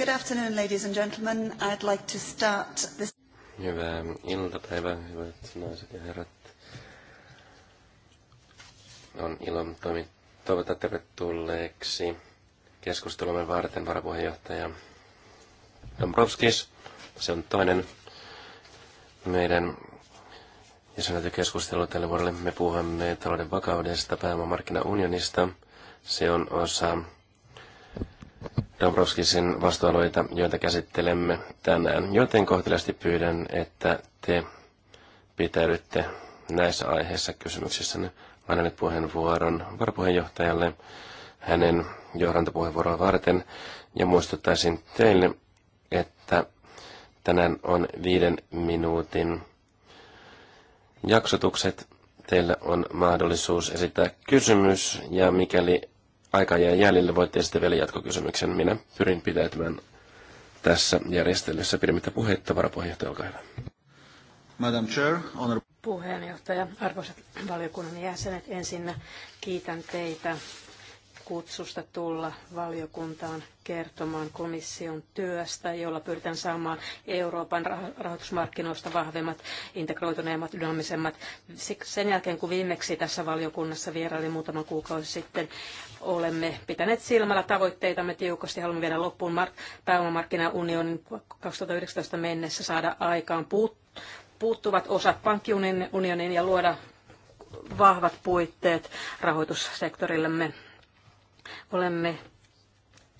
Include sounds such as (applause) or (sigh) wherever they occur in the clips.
Good afternoon, ladies and gentlemen. I'd like to start this... Hyvää iltapäivää, hyvät naiset ja herrat. On ilo toimi, toivota tervetulleeksi keskustelumme varten varapuheenjohtaja Dombrovskis. Se on toinen meidän jäsenäytökeskustelu tälle vuodelle. Me puhumme talouden vakaudesta, pääomamarkkinaunionista. Se on osa Dombrovskisin vastuualueita, joita käsittelemme tänään. Joten kohtelijasti pyydän, että te pitäydytte näissä aiheissa kysymyksissä. Annan nyt puheenvuoron varapuheenjohtajalle hänen johdantopuheenvuoroa varten. Ja muistuttaisin teille, että tänään on viiden minuutin jaksotukset. Teillä on mahdollisuus esittää kysymys ja mikäli aika jää jäljelle, voitte esittää vielä jatkokysymyksen. Minä pyrin pitäytymään tässä järjestelyssä pidemmittä puheitta. Varapuheenjohtaja, olkaa hyvä. Madam Chair, honor... Puheenjohtaja, arvoisat valiokunnan jäsenet, ensin kiitän teitä kutsusta tulla valiokuntaan kertomaan komission työstä, jolla pyritään saamaan Euroopan rahoitusmarkkinoista vahvemmat, integroituneemmat, dynaamisemmat. Sen jälkeen, kun viimeksi tässä valiokunnassa vierailin muutama kuukausi sitten, olemme pitäneet silmällä tavoitteitamme tiukasti. Haluamme viedä loppuun mark- pääomamarkkinaunionin 2019 mennessä saada aikaan puut- puuttuvat osat pankkiunionin ja luoda vahvat puitteet rahoitussektorillemme. Olemme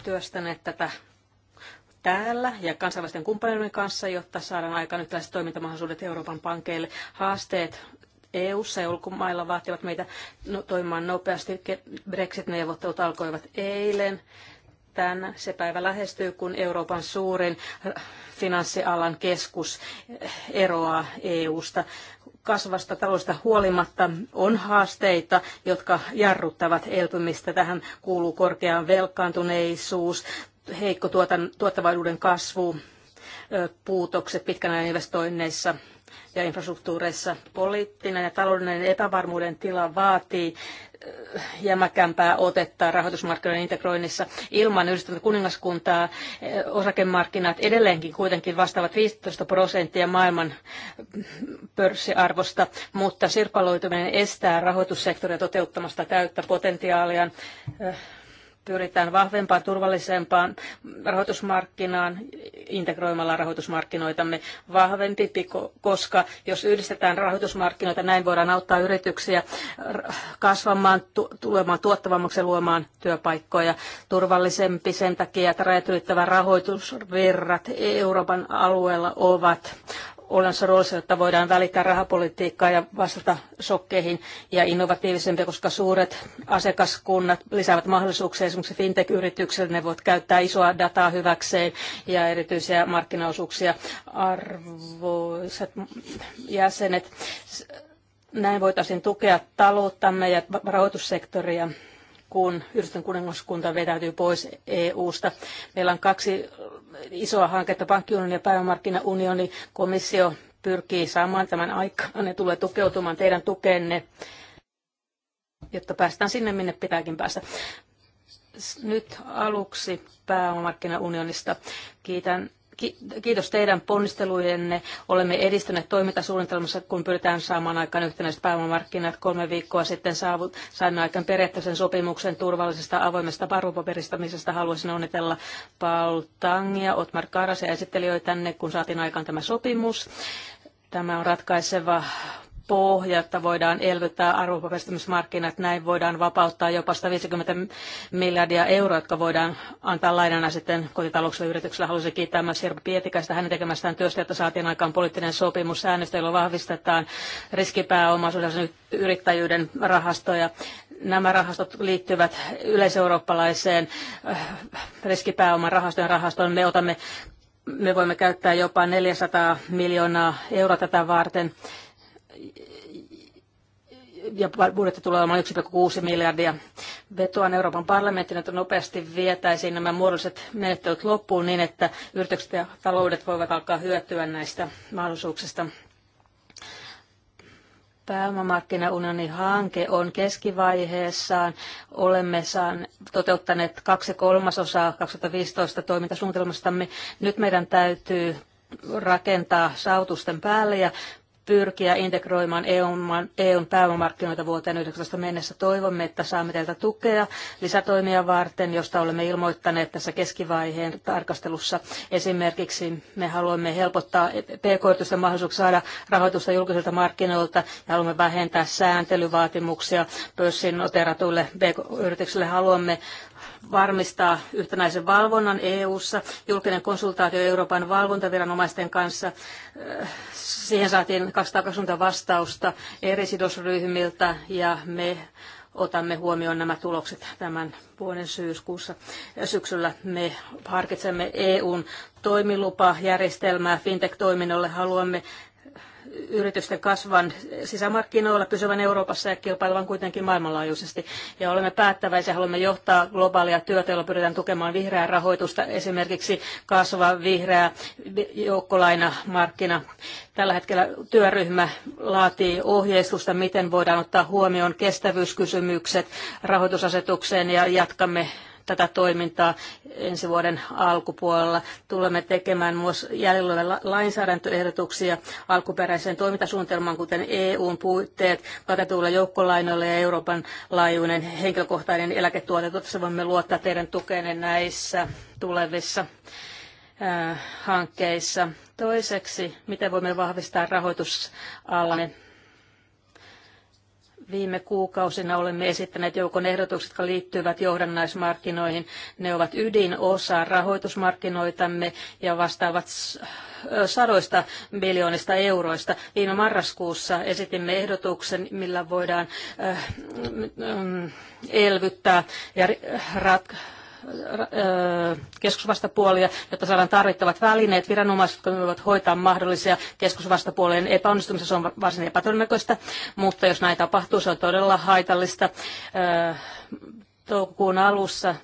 työstäneet tätä täällä ja kansainvälisten kumppaneiden kanssa, jotta saadaan aikaan nyt tällaiset toimintamahdollisuudet Euroopan pankeille. Haasteet EU-ssa ja ulkomailla vaativat meitä no, toimimaan nopeasti. Brexit-neuvottelut alkoivat eilen. Tänä se päivä lähestyy, kun Euroopan suurin finanssialan keskus eroaa EU-sta. Kasvasta taloudesta huolimatta on haasteita, jotka jarruttavat elpymistä. Tähän kuuluu korkea velkaantuneisuus, heikko tuotan, tuottavuuden kasvu, puutokset pitkän ajan investoinneissa – ja infrastruktuureissa. Poliittinen ja taloudellinen epävarmuuden tila vaatii eh, jämäkämpää otetta rahoitusmarkkinoiden integroinnissa ilman yhdistynyttä kuningaskuntaa. Eh, osakemarkkinat edelleenkin kuitenkin vastaavat 15 prosenttia maailman mm, pörssiarvosta, mutta sirpaloituminen estää rahoitussektoria toteuttamasta täyttä potentiaalia eh, pyritään vahvempaan, turvallisempaan rahoitusmarkkinaan integroimalla rahoitusmarkkinoitamme vahvempi, koska jos yhdistetään rahoitusmarkkinoita, näin voidaan auttaa yrityksiä kasvamaan, tulemaan tuottavammaksi ja luomaan työpaikkoja. Turvallisempi sen takia, että rajat ylittävät rahoitusvirrat Euroopan alueella ovat olensa roolissa, jotta voidaan välittää rahapolitiikkaa ja vastata shokkeihin ja innovatiivisempia, koska suuret asiakaskunnat lisäävät mahdollisuuksia esimerkiksi fintech-yrityksille. Ne voivat käyttää isoa dataa hyväkseen ja erityisiä markkinaosuuksia arvoiset jäsenet. Näin voitaisiin tukea talouttamme ja rahoitussektoria kun yhdistön kuningaskunta vetäytyy pois EU-sta. Meillä on kaksi isoa hanketta, pankkiunioni ja pääomarkkinaunioni. Komissio pyrkii saamaan tämän aikaan. Ne tulee tukeutumaan teidän tukeenne, jotta päästään sinne, minne pitääkin päästä. Nyt aluksi pääomarkkinaunionista. Kiitän Kiitos teidän ponnistelujenne. Olemme edistäneet toimintasuunnitelmassa, kun pyritään saamaan aikaan yhtenäiset pääomamarkkinat. Kolme viikkoa sitten saavut, saimme aikaan periaatteellisen sopimuksen turvallisesta avoimesta arvopaperistamisesta. Haluaisin onnitella Paul Tangia, Otmar Karas ja esittelijöitänne, kun saatiin aikaan tämä sopimus. Tämä on ratkaiseva että voidaan elvyttää arvopaperistämismarkkinat. Näin voidaan vapauttaa jopa 150 miljardia euroa, jotka voidaan antaa lainana sitten kotitalouksille yrityksille. Haluaisin kiittää myös Sirpa Pietikäistä hänen tekemästään työstä, että saatiin aikaan poliittinen sopimus säännöstä, jolla vahvistetaan riskipääomaisuuden yrittäjyyden rahastoja nämä rahastot liittyvät yleiseurooppalaiseen äh, riskipääoman rahastojen rahastoon. Me, otamme, me voimme käyttää jopa 400 miljoonaa euroa tätä varten ja budjetti tulee olemaan 1,6 miljardia. Vetoan Euroopan parlamenttiin, että nopeasti vietäisiin nämä muodolliset menettelyt loppuun niin, että yritykset ja taloudet voivat alkaa hyötyä näistä mahdollisuuksista. Pääomamarkkinaunionin hanke on keskivaiheessaan. Olemme saan, toteuttaneet kaksi kolmasosaa 2015 toimintasuunnitelmastamme. Nyt meidän täytyy rakentaa sautusten päälle ja pyrkiä integroimaan EUn, EUn pääomamarkkinoita vuoteen 19 mennessä. Toivomme, että saamme teiltä tukea lisätoimia varten, josta olemme ilmoittaneet tässä keskivaiheen tarkastelussa. Esimerkiksi me haluamme helpottaa pk-yritysten mahdollisuus saada rahoitusta julkisilta markkinoilta ja haluamme vähentää sääntelyvaatimuksia pörssin noteratuille pk-yrityksille. Haluamme varmistaa yhtenäisen valvonnan EU-ssa, julkinen konsultaatio Euroopan valvontaviranomaisten kanssa. Äh, siihen saatiin 220 vastausta eri sidosryhmiltä ja me otamme huomioon nämä tulokset tämän vuoden syyskuussa. Syksyllä me harkitsemme EUn toimilupajärjestelmää fintech-toiminnolle. Haluamme yritysten kasvan sisämarkkinoilla, pysyvän Euroopassa ja kilpailevan kuitenkin maailmanlaajuisesti. Ja olemme päättäväisiä, haluamme johtaa globaalia työtä, jolla pyritään tukemaan vihreää rahoitusta, esimerkiksi kasva vihreä joukkolainamarkkina. Tällä hetkellä työryhmä laatii ohjeistusta, miten voidaan ottaa huomioon kestävyyskysymykset rahoitusasetukseen ja jatkamme tätä toimintaa ensi vuoden alkupuolella. Tulemme tekemään myös jäljellä lainsäädäntöehdotuksia alkuperäiseen toimintasuunnitelmaan, kuten EUn puitteet katetuilla joukkolainoilla ja Euroopan laajuinen henkilökohtainen eläketuote. Toivottavasti voimme luottaa teidän tukeenne näissä tulevissa äh, hankkeissa. Toiseksi, miten voimme vahvistaa rahoitusalamme Viime kuukausina olemme esittäneet joukon ehdotukset, jotka liittyvät johdannaismarkkinoihin. Ne ovat ydinosa rahoitusmarkkinoitamme ja vastaavat sadoista miljoonista euroista. Viime marraskuussa esitimme ehdotuksen, millä voidaan elvyttää ja ratkaista keskusvastapuolia, jotta saadaan tarvittavat välineet. Viranomaiset voivat hoitaa mahdollisia keskusvastapuolien epäonnistumisia. Se on varsin epätodennäköistä, mutta jos näin tapahtuu, se on todella haitallista toukokuun alussa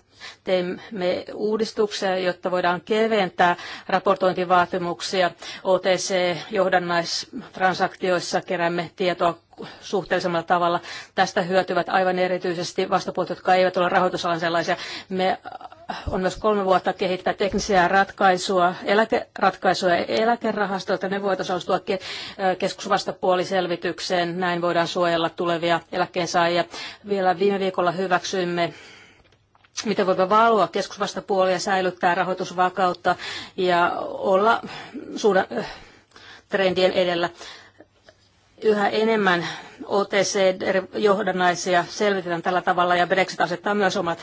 teemme uudistuksia, jotta voidaan keventää raportointivaatimuksia. OTC-johdannaistransaktioissa keräämme tietoa suhteellisemmalla tavalla. Tästä hyötyvät aivan erityisesti vastapuolet, jotka eivät ole rahoitusalan sellaisia. Me äh, on myös kolme vuotta kehittää teknisiä ratkaisuja, eläkeratkaisuja eläkerahastoilta. Ne voivat osallistua äh, keskusvastapuoliselvitykseen. Näin voidaan suojella tulevia eläkkeensaajia. Vielä viime viikolla hyväksyimme miten voimme valvoa keskusvastapuolia, säilyttää rahoitusvakautta ja olla suhdan, trendien edellä. Yhä enemmän OTC-johdannaisia selvitetään tällä tavalla ja Brexit asettaa myös omat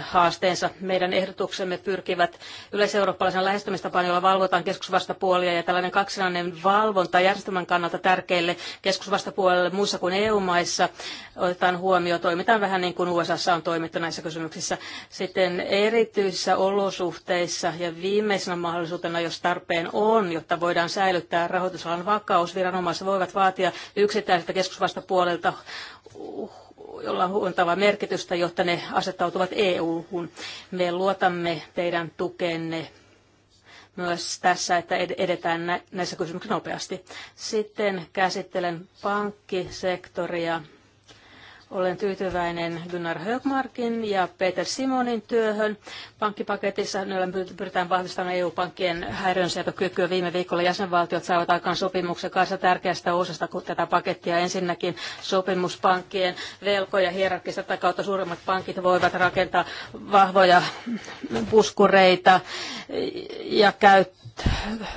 haasteensa. Meidän ehdotuksemme pyrkivät yleiseurooppalaisen lähestymistapaan, jolla valvotaan keskusvastapuolia ja tällainen kaksinainen valvonta järjestelmän kannalta tärkeille keskusvastapuolelle muissa kuin EU-maissa otetaan huomioon. Toimitaan vähän niin kuin USAssa on toimittu näissä kysymyksissä. Sitten erityisissä olosuhteissa ja viimeisenä mahdollisuutena, jos tarpeen on, jotta voidaan säilyttää rahoitusalan vakaus, viranomaiset voivat vaatia yksittäisiltä keskus puolelta, jolla on huomattavaa merkitystä, jotta ne asettautuvat EU-hun. Me luotamme teidän tukenne myös tässä, että edetään näissä kysymyksissä nopeasti. Sitten käsittelen pankkisektoria olen tyytyväinen Gunnar Högmarkin ja Peter Simonin työhön. Pankkipaketissa joilla pyritään vahvistamaan EU-pankkien häiriönsietokykyä. Viime viikolla jäsenvaltiot saivat aikaan sopimuksen kanssa tärkeästä osasta kuin tätä pakettia. Ensinnäkin sopimuspankkien velkoja hierarkista tätä kautta suuremmat pankit voivat rakentaa vahvoja puskureita ja käyttää Äh,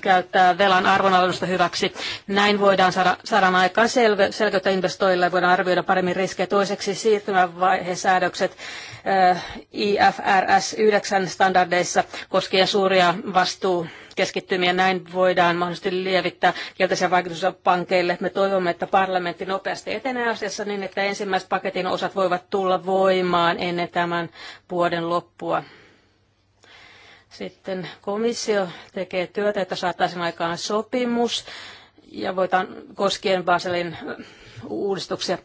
käyttää velan arvonalennusta hyväksi. Näin voidaan saada, saada aikaan selve, selkeyttä investoijille, voidaan arvioida paremmin riskejä. Toiseksi siirtymävaiheen säädökset äh, IFRS 9 standardeissa koskien suuria vastuu keskittymiä. Näin voidaan mahdollisesti lievittää kielteisiä vaikutuksia pankeille. Me toivomme, että parlamentti nopeasti etenee asiassa niin, että ensimmäiset paketin osat voivat tulla voimaan ennen tämän vuoden loppua. Sitten komissio tekee työtä, että saataisiin aikaan sopimus ja voitaan koskien Baselin uudistuksia.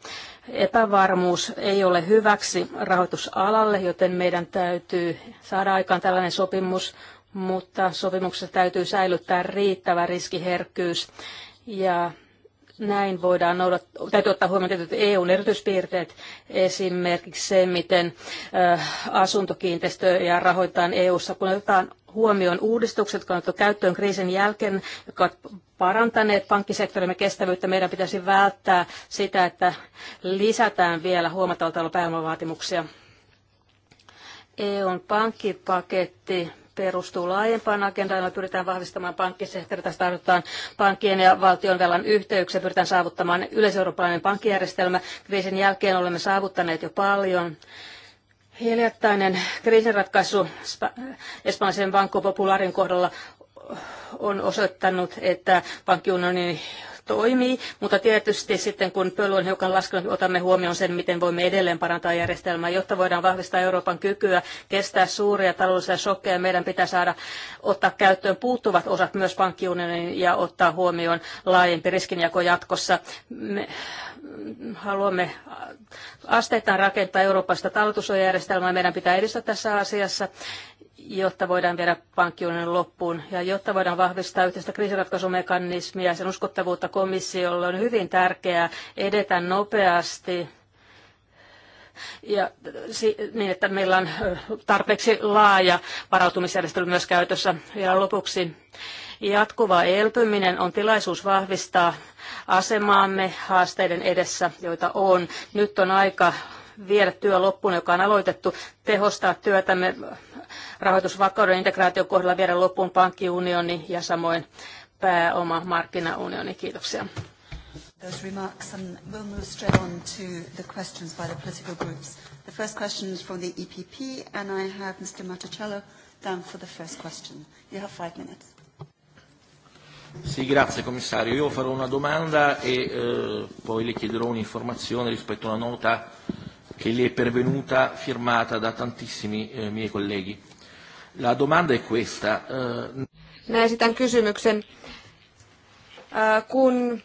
Epävarmuus ei ole hyväksi rahoitusalalle, joten meidän täytyy saada aikaan tällainen sopimus, mutta sopimuksessa täytyy säilyttää riittävä riskiherkkyys ja näin voidaan noudattaa, täytyy ottaa huomioon tietyt EUn erityispiirteet, esimerkiksi se, miten äh, asuntokiinteistöjä rahoitetaan EUssa, kun otetaan huomioon uudistukset, jotka on otettu käyttöön kriisin jälkeen, jotka ovat parantaneet pankkisektorimme kestävyyttä. Meidän pitäisi välttää sitä, että lisätään vielä huomattavalla pääomavaatimuksia. EUn pankkipaketti perustuu laajempaan agendaan, jolla pyritään vahvistamaan pankkisektoria. Tässä tarvitaan pankkien ja valtion velan yhteyksiä, pyritään saavuttamaan yleiseurooppalainen pankkijärjestelmä. Kriisin jälkeen olemme saavuttaneet jo paljon. Hiljattainen kriisinratkaisu espanjalaisen Banco Popularin kohdalla on osoittanut, että pankkiunionin toimii, mutta tietysti sitten kun pöly on hiukan laskenut, niin otamme huomioon sen, miten voimme edelleen parantaa järjestelmää, jotta voidaan vahvistaa Euroopan kykyä kestää suuria taloudellisia shokkeja. Meidän pitää saada ottaa käyttöön puuttuvat osat myös pankkiunionin ja ottaa huomioon laajempi riskinjako jatkossa. Me, haluamme asteittain rakentaa Euroopasta talletussuojajärjestelmää. Meidän pitää edistää tässä asiassa, jotta voidaan viedä pankkiunionin loppuun ja jotta voidaan vahvistaa yhteistä kriisiratkaisumekanismia ja sen uskottavuutta komissiolle on hyvin tärkeää edetä nopeasti ja niin, että meillä on tarpeeksi laaja varautumisjärjestely myös käytössä. Vielä lopuksi Jatkuva elpyminen on tilaisuus vahvistaa asemaamme haasteiden edessä, joita on. Nyt on aika viedä työ loppuun, joka on aloitettu, tehostaa työtämme rahoitusvakauden integraation kohdalla, viedä loppuun pankkiunioni ja samoin pääoma markkinaunioni. Kiitoksia. Those remarks and we'll move straight on to the questions by the political groups. The first question is from the EPP and I have Mr. Matticello down for the first question. You have five minutes. Sì, grazie commissario. Io farò una domanda e eh, poi le chiederò un'informazione rispetto a una nota che le è pervenuta firmata da tantissimi eh, miei colleghi. La domanda è questa. Eh... Mä esitän kysymyksen. Äh, kun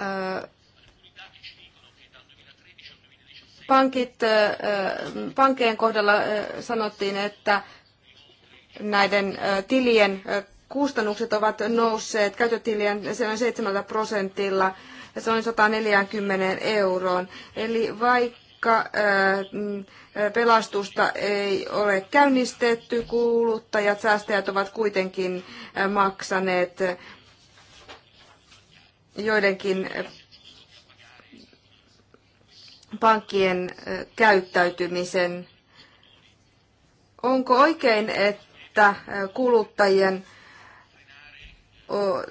äh, pankit, äh, pankkien kohdalla äh, sanottiin, että näiden äh, tilien äh, kustannukset ovat nousseet käytötilien se 7 prosentilla ja se on 140 euroon. Eli vaikka mm, pelastusta ei ole käynnistetty, kuluttajat, säästäjät ovat kuitenkin maksaneet joidenkin pankkien käyttäytymisen. Onko oikein, että kuluttajien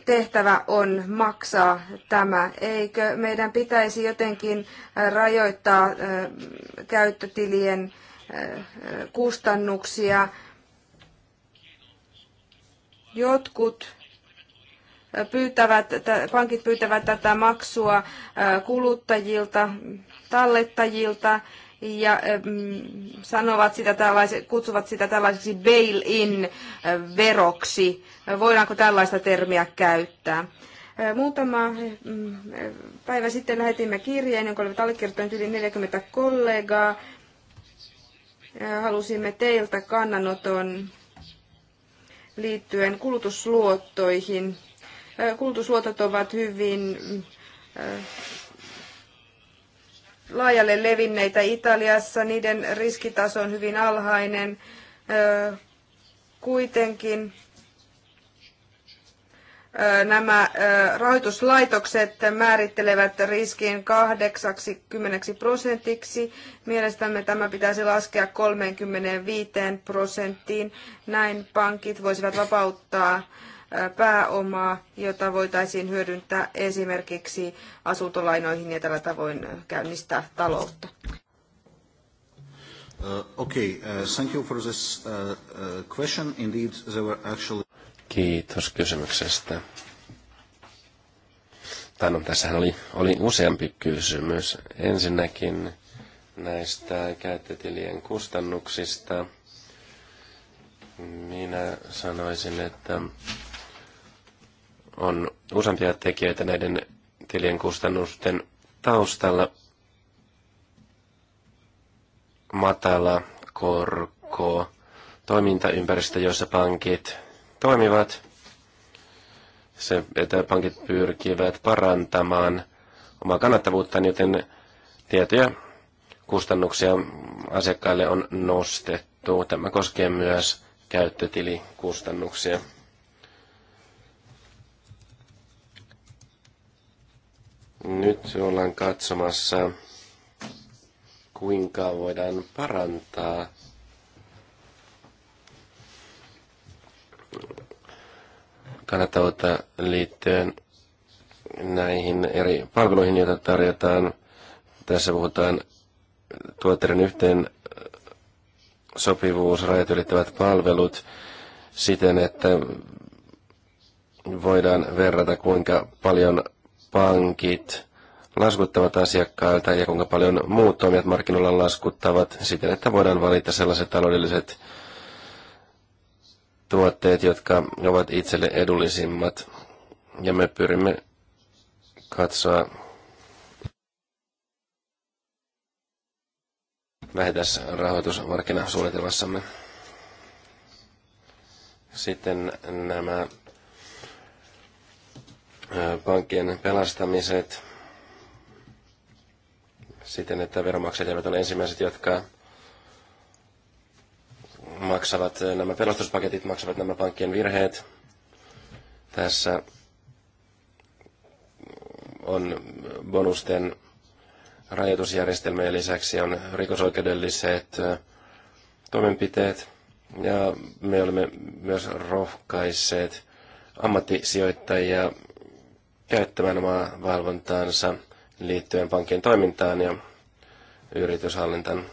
tehtävä on maksaa tämä. Eikö meidän pitäisi jotenkin rajoittaa käyttötilien kustannuksia? Jotkut pyytävät, pankit pyytävät tätä maksua kuluttajilta, tallettajilta ja ähm, sanovat sitä kutsuvat sitä tällaiseksi bail-in äh, veroksi. Voidaanko tällaista termiä käyttää? Äh, muutama äh, päivä sitten lähetimme kirjeen, jonka olivat allekirjoittaneet yli 40 kollegaa. Halusimme teiltä kannanoton liittyen kulutusluottoihin. Kulutusluotot ovat hyvin laajalle levinneitä Italiassa, niiden riskitaso on hyvin alhainen. Kuitenkin nämä rahoituslaitokset määrittelevät riskin 80 prosentiksi. Mielestämme tämä pitäisi laskea 35 prosenttiin. Näin pankit voisivat vapauttaa pääomaa, jota voitaisiin hyödyntää esimerkiksi asuntolainoihin ja tällä tavoin käynnistää taloutta. Uh, okay, uh, thank you for this uh, uh, question. Indeed, there were actually... Kiitos kysymyksestä. Tai no, tässähän oli, oli useampi kysymys. Ensinnäkin näistä käyttötilien kustannuksista. Minä sanoisin, että on useampia tekijöitä näiden tilien kustannusten taustalla. Matala korko, toimintaympäristö, jossa pankit toimivat. Se, että pankit pyrkivät parantamaan omaa kannattavuuttaan, joten tietoja kustannuksia asiakkaille on nostettu. Tämä koskee myös käyttötilikustannuksia. Nyt ollaan katsomassa, kuinka voidaan parantaa kannattavuutta liittyen näihin eri palveluihin, joita tarjotaan. Tässä puhutaan tuotteiden yhteen sopivuus, rajat ylittävät palvelut siten, että voidaan verrata kuinka paljon pankit laskuttavat asiakkailta ja kuinka paljon muut toimijat markkinoilla laskuttavat siten, että voidaan valita sellaiset taloudelliset tuotteet, jotka ovat itselle edullisimmat. Ja me pyrimme katsoa rahoitusmarkkinasuunnitelmassamme. Sitten nämä pankkien pelastamiset siten, että veronmaksajat eivät ole ensimmäiset, jotka maksavat nämä pelastuspaketit, maksavat nämä pankkien virheet. Tässä on bonusten rajoitusjärjestelmien lisäksi on rikosoikeudelliset toimenpiteet ja me olemme myös rohkaisseet ammattisijoittajia käyttämään omaa valvontaansa liittyen pankkien toimintaan ja yrityshallintaan.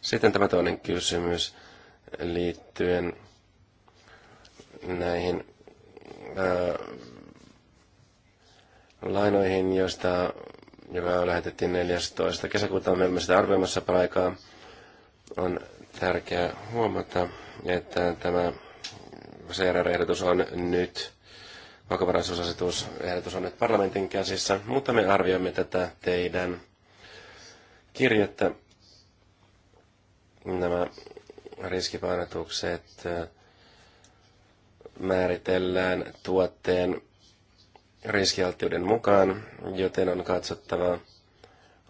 Sitten tämä toinen kysymys liittyen näihin ää, äh, lainoihin, joista, joka lähetettiin 14. kesäkuuta. Me olemme sitä arvioimassa paraikaa. On tärkeää huomata, että tämä CRR-ehdotus on nyt vakavaraisuusasetusehdotus on nyt parlamentin käsissä, mutta me arvioimme tätä teidän kirjettä. Nämä riskipainotukset äh, määritellään tuotteen riskialttiuden mukaan, joten on katsottava,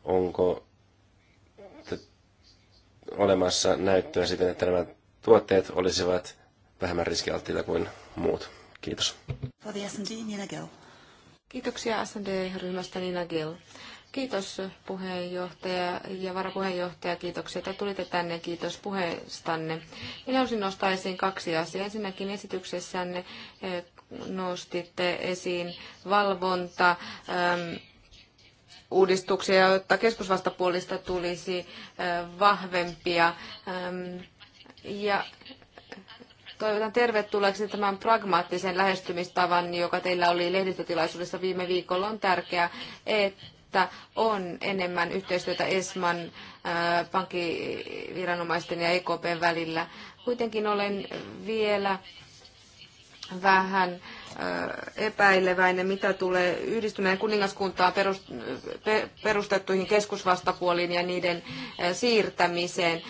onko olemassa näyttöä siten, että nämä tuotteet olisivat vähemmän riskialttiita kuin muut. Kiitos. S&D, Nina Gill. Kiitoksia S&D-ryhmästä Nina Gill. Kiitos puheenjohtaja ja varapuheenjohtaja. Kiitoksia, että tulitte tänne. Kiitos puheestanne. Minä olisin nostaa esiin kaksi asiaa. Ensinnäkin esityksessänne eh, nostitte esiin valvonta, ehm, uudistuksia, jotta keskusvastapuolista tulisi eh, vahvempia. Ehm, ja Toivotan tervetulleeksi tämän pragmaattisen lähestymistavan, joka teillä oli lehdistötilaisuudessa viime viikolla. On tärkeää, että on enemmän yhteistyötä ESMAN, pankkiviranomaisten ja EKPn välillä. Kuitenkin olen vielä vähän epäileväinen, mitä tulee yhdistyneen kuningaskuntaan perustettuihin keskusvastapuoliin ja niiden siirtämiseen.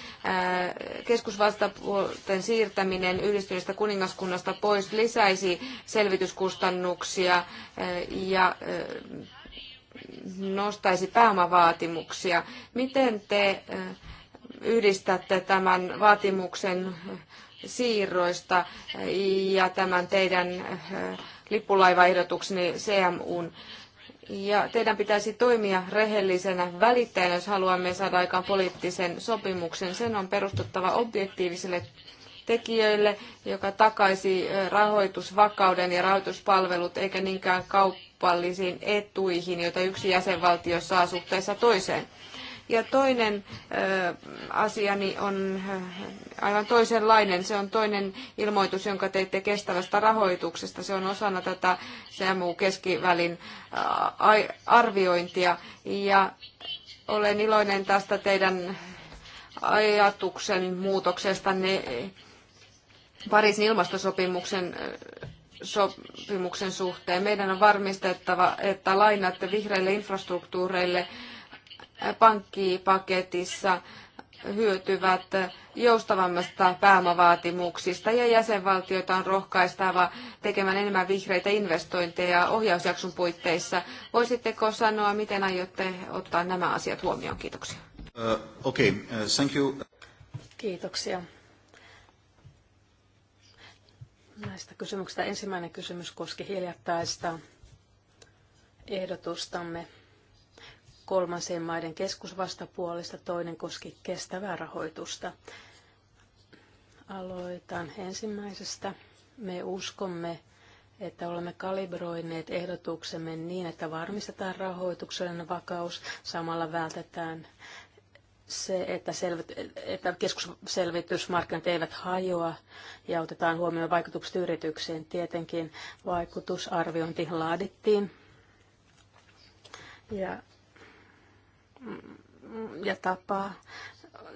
Keskusvastapuolten siirtäminen yhdistyneestä kuningaskunnasta pois lisäisi selvityskustannuksia ja nostaisi pääomavaatimuksia. Miten te yhdistätte tämän vaatimuksen siirroista ja tämän teidän eh, lippulaivaehdotukseni CMUn. Ja teidän pitäisi toimia rehellisenä välittäjänä, jos haluamme saada aikaan poliittisen sopimuksen. Sen on perustuttava objektiivisille tekijöille, joka takaisi eh, rahoitusvakauden ja rahoituspalvelut, eikä niinkään kauppallisiin etuihin, joita yksi jäsenvaltio saa suhteessa toiseen. Ja toinen asiani on aivan toisenlainen. Se on toinen ilmoitus, jonka teitte kestävästä rahoituksesta. Se on osana tätä CMU-keskivälin arviointia. Ja olen iloinen tästä teidän ajatuksen muutoksesta ne Pariisin ilmastosopimuksen sopimuksen suhteen. Meidän on varmistettava, että lainat vihreille infrastruktuureille pankkipaketissa hyötyvät joustavammasta pääomavaatimuksista ja jäsenvaltioita on rohkaistava tekemään enemmän vihreitä investointeja ohjausjakson puitteissa. Voisitteko sanoa, miten aiotte ottaa nämä asiat huomioon? Kiitoksia. Uh, okay. uh, thank you. Kiitoksia. Näistä kysymyksistä ensimmäinen kysymys koski hiljattaista ehdotustamme kolmansien maiden keskusvastapuolesta, toinen koski kestävää rahoitusta. Aloitan ensimmäisestä. Me uskomme, että olemme kalibroineet ehdotuksemme niin, että varmistetaan rahoituksellinen vakaus, samalla vältetään se, että, selvit, että keskusselvitysmarkkinat eivät hajoa ja otetaan huomioon vaikutukset yrityksiin. Tietenkin vaikutusarviointi laadittiin ja ja tapa,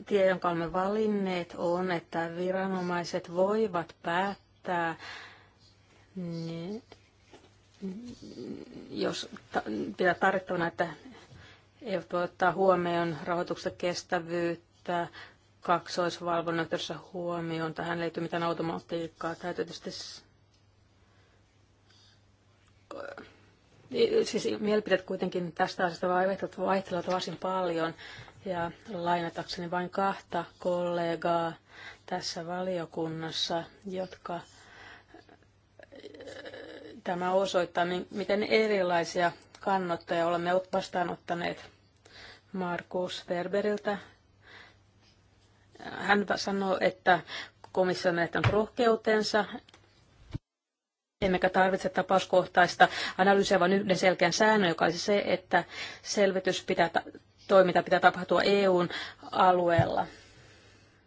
tie, jonka olemme valinneet, on, että viranomaiset voivat päättää, niin, jos pitää tarvittavana, että ei voi ottaa huomioon rahoituksen kestävyyttä, kaksoisvalvonnan huomioon. Tähän liittyy mitään automatiikkaa. Täytyy tietysti siis mielipiteet kuitenkin tästä asiasta vaihtelevat, vaihtelevat varsin paljon. Ja lainatakseni vain kahta kollegaa tässä valiokunnassa, jotka eh, tämä osoittaa, niin miten erilaisia kannattajia olemme vastaanottaneet Markus Ferberiltä. Hän sanoo, että komissio on rohkeutensa, Emmekä tarvitse tapauskohtaista analyysiä, vaan yhden selkeän säännön, joka olisi se, että selvitys pitää, toiminta pitää tapahtua EUn alueella.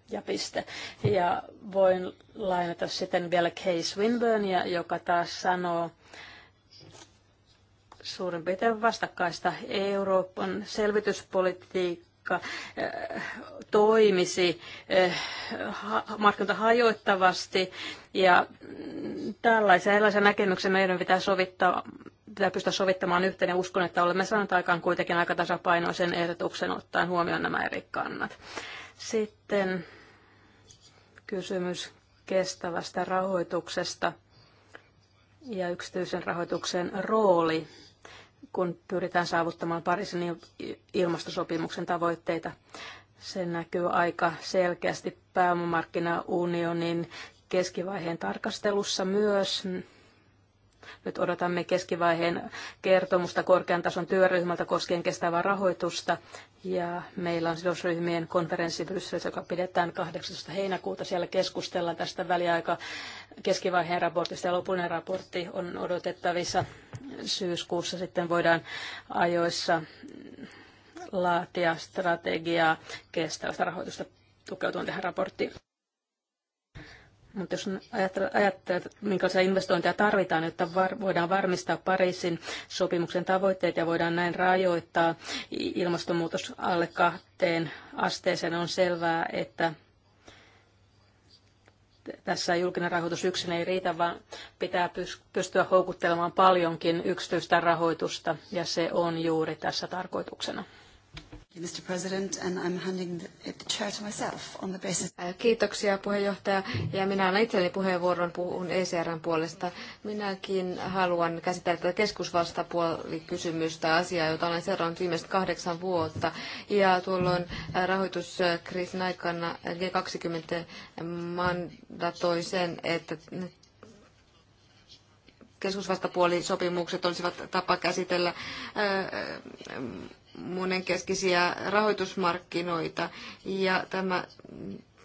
Ja piste. Ja voin lainata sitten vielä Kay Swinburnia, joka taas sanoo, suurin piirtein vastakkaista Euroopan selvityspolitiikkaa politiikka äh, toimisi äh, markkinoita hajoittavasti. Ja mm, tällaisen erilaisen näkemyksen meidän pitää sovittaa pitää pystyä sovittamaan yhteen ja uskon, että olemme saaneet aikaan kuitenkin aika tasapainoisen ehdotuksen ottaen huomioon nämä eri kannat. Sitten kysymys kestävästä rahoituksesta ja yksityisen rahoituksen rooli kun pyritään saavuttamaan Pariisin ilmastosopimuksen tavoitteita. Se näkyy aika selkeästi pääomamarkkinaunionin keskivaiheen tarkastelussa myös. Nyt odotamme keskivaiheen kertomusta korkean tason työryhmältä koskien kestävää rahoitusta. Ja meillä on sidosryhmien konferenssi Brysselissä, joka pidetään 18. heinäkuuta. Siellä keskustellaan tästä väliaika keskivaiheen raportista ja lopullinen raportti on odotettavissa syyskuussa. Sitten voidaan ajoissa laatia strategiaa kestävästä rahoitusta tukeutuen tähän raporttiin. Mutta jos ajattelee, minkälaisia investointeja tarvitaan, jotta var, voidaan varmistaa Pariisin sopimuksen tavoitteet ja voidaan näin rajoittaa ilmastonmuutos alle kahteen asteeseen, on selvää, että tässä julkinen rahoitus yksin ei riitä, vaan pitää pystyä houkuttelemaan paljonkin yksityistä rahoitusta, ja se on juuri tässä tarkoituksena. Mr. President, and I'm handing the chair to myself on the basis. Kiitoksia puheenjohtaja, ja minä annan itselleni puheenvuoron puhun ECRn puolesta. Minäkin haluan käsitellä tätä keskusvastapuolikysymystä, asiaa, jota olen seurannut viimeiset kahdeksan vuotta. Ja tuolloin rahoituskriisin aikana G20 mandatoi sen, että keskusvastapuolisopimukset olisivat tapa käsitellä monenkeskisiä rahoitusmarkkinoita ja tämä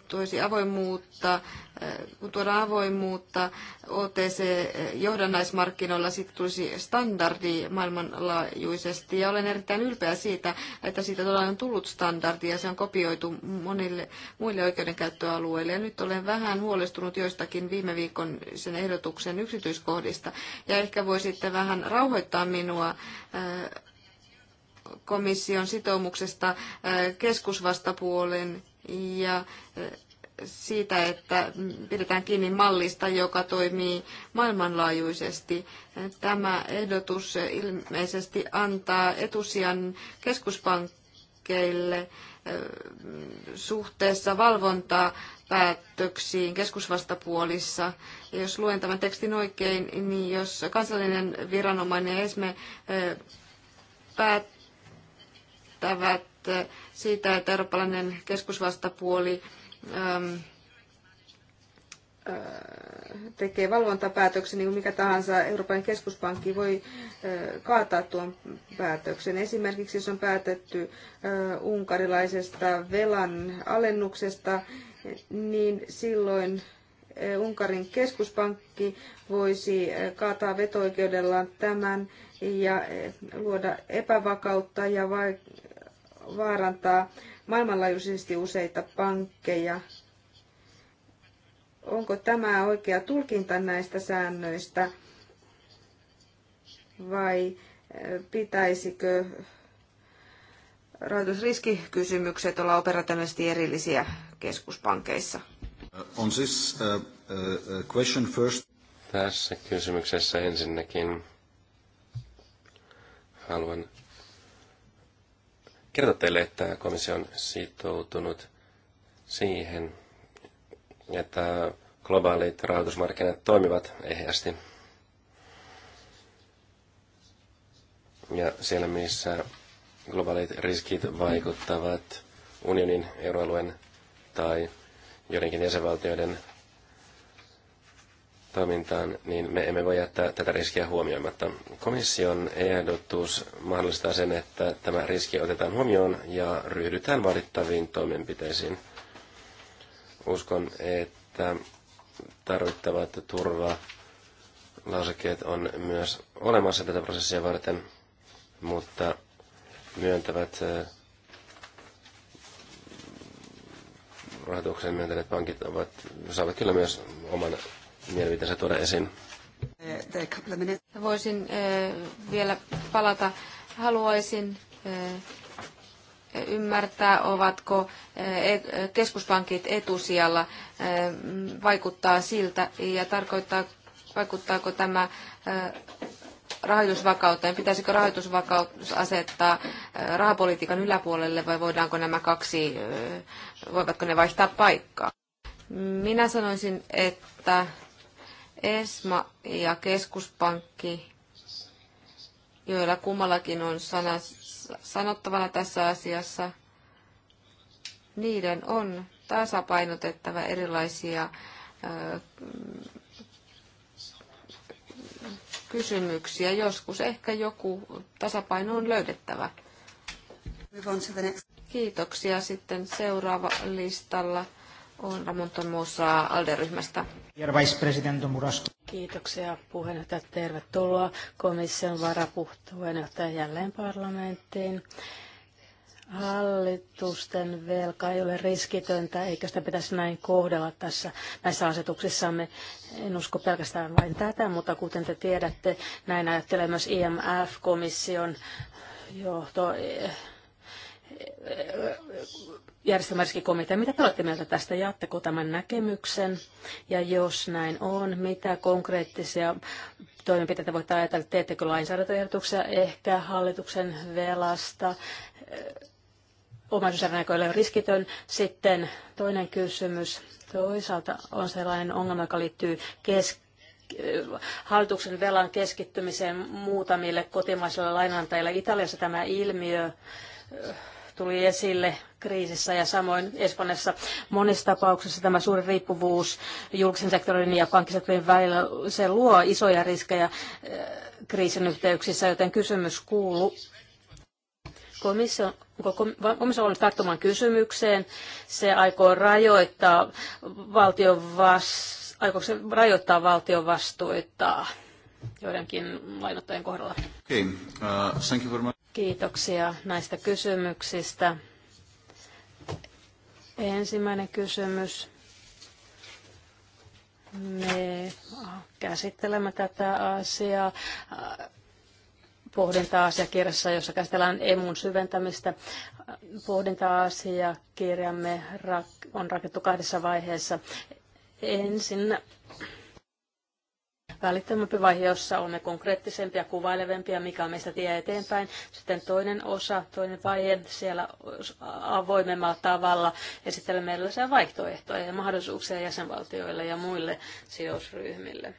toisi avoimuutta, eh, kun tuodaan avoimuutta OTC-johdannaismarkkinoilla, sitten tulisi standardi maailmanlaajuisesti. Ja olen erittäin ylpeä siitä, että siitä todella on tullut standardi ja se on kopioitu monille muille oikeudenkäyttöalueille. Ja nyt olen vähän huolestunut joistakin viime viikon sen ehdotuksen yksityiskohdista. Ja ehkä voisitte vähän rauhoittaa minua eh, komission sitoumuksesta äh, keskusvastapuolen ja äh, siitä, että pidetään kiinni mallista, joka toimii maailmanlaajuisesti. Tämä ehdotus ilmeisesti antaa etusijan keskuspankkeille äh, suhteessa valvontaa päätöksiin keskusvastapuolissa. Ja jos luen tämän tekstin oikein, niin jos kansallinen viranomainen ja ESME päättää, väittävät siitä, että eurooppalainen keskusvastapuoli ähm, äh, tekee valvontapäätöksen, niin mikä tahansa Euroopan keskuspankki voi äh, kaataa tuon päätöksen. Esimerkiksi jos on päätetty äh, unkarilaisesta velan alennuksesta, niin silloin Unkarin keskuspankki voisi eh, kaataa vetoikeudellaan tämän ja eh, luoda epävakautta ja vaarantaa maailmanlaajuisesti useita pankkeja. Onko tämä oikea tulkinta näistä säännöistä vai eh, pitäisikö rahoitusriskikysymykset olla operatiivisesti erillisiä keskuspankeissa? Uh, on this uh, uh, question first. Tässä kysymyksessä ensinnäkin haluan kertoa teille, että komissio on sitoutunut siihen, että globaalit rahoitusmarkkinat toimivat ehjästi. Ja siellä, missä globaalit riskit vaikuttavat unionin, euroalueen tai joidenkin jäsenvaltioiden toimintaan, niin me emme voi jättää tätä riskiä huomioimatta. Komission ehdotus mahdollistaa sen, että tämä riski otetaan huomioon ja ryhdytään vaadittaviin toimenpiteisiin. Uskon, että tarvittavat turva lausekkeet on myös olemassa tätä prosessia varten, mutta myöntävät rahoituksen myöntäneet pankit ovat, saavat kyllä myös oman mielipiteensä tuoda esiin. Voisin eh, vielä palata. Haluaisin eh, ymmärtää, ovatko eh, keskuspankit etusijalla, vaikuttaa siltä ja tarkoittaa, vaikuttaako tämä rahoitusvakauteen, pitäisikö rahoitusvakaus asettaa äh, rahapolitiikan yläpuolelle vai voidaanko nämä kaksi, äh, voivatko ne vaihtaa paikkaa? Minä sanoisin, että ESMA ja keskuspankki, joilla kummallakin on sana, sanottavana tässä asiassa, niiden on tasapainotettava erilaisia äh, kysymyksiä. Joskus ehkä joku tasapaino on löydettävä. Kiitoksia. Sitten seuraava listalla on Ramon Tomosa Alderyhmästä. Kiitoksia puheenjohtaja. Tervetuloa komission varapuheenjohtaja jälleen parlamenttiin. Hallitusten velka ei ole riskitöntä, eikä sitä pitäisi näin kohdella tässä näissä asetuksissamme. En usko pelkästään vain tätä, mutta kuten te tiedätte, näin ajattelee myös IMF-komission johto eh, eh, järjestelmäriskikomitea. Mitä te olette mieltä tästä? Jaatteko tämän näkemyksen? Ja jos näin on, mitä konkreettisia toimenpiteitä voitte ajatella? Teettekö lainsäädäntöehdotuksia ehkä hallituksen velasta? Eh, omaisuusjärjestelmä ole riskitön. Sitten toinen kysymys toisaalta on sellainen ongelma, joka liittyy kes- hallituksen velan keskittymiseen muutamille kotimaisille lainantajille. Italiassa tämä ilmiö äh, tuli esille kriisissä ja samoin Espanjassa monissa tapauksissa tämä suuri riippuvuus julkisen sektorin ja pankkisektorin välillä, se luo isoja riskejä äh, kriisin yhteyksissä, joten kysymys kuuluu, Komissio, on tarttumaan kysymykseen. Se aikoo rajoittaa valtion vas, rajoittaa valtion vastuita joidenkin lainottajien kohdalla. Okay. Uh, thank you very much. Kiitoksia näistä kysymyksistä. Ensimmäinen kysymys. Me käsittelemme tätä asiaa pohdinta-asiakirjassa, jossa käsitellään emun syventämistä. Pohdinta-asiakirjamme on rakettu kahdessa vaiheessa. Ensin välittömämpi vaihe, jossa on konkreettisempia, kuvailevempia, mikä on meistä tie eteenpäin. Sitten toinen osa, toinen vaihe, siellä avoimemmalla tavalla esittelemme erilaisia vaihtoehtoja ja mahdollisuuksia jäsenvaltioille ja muille sijoitusryhmille.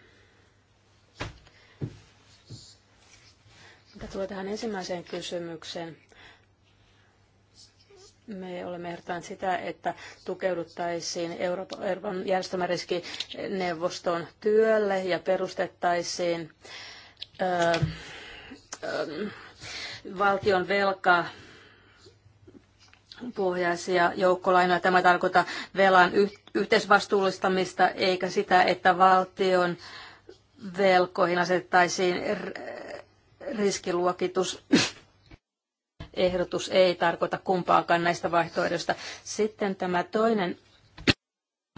Mitä tulee tähän ensimmäiseen kysymykseen, me olemme ehdottaneet sitä, että tukeuduttaisiin Euroopan järjestelmäriskineuvoston työlle ja perustettaisiin ö, ö, valtion velka pohjaisia joukkolainoja. Tämä tarkoittaa velan yhteisvastuullistamista eikä sitä, että valtion velkoihin asettaisiin riskiluokitus ehdotus ei tarkoita kumpaakaan näistä vaihtoehdoista. Sitten tämä toinen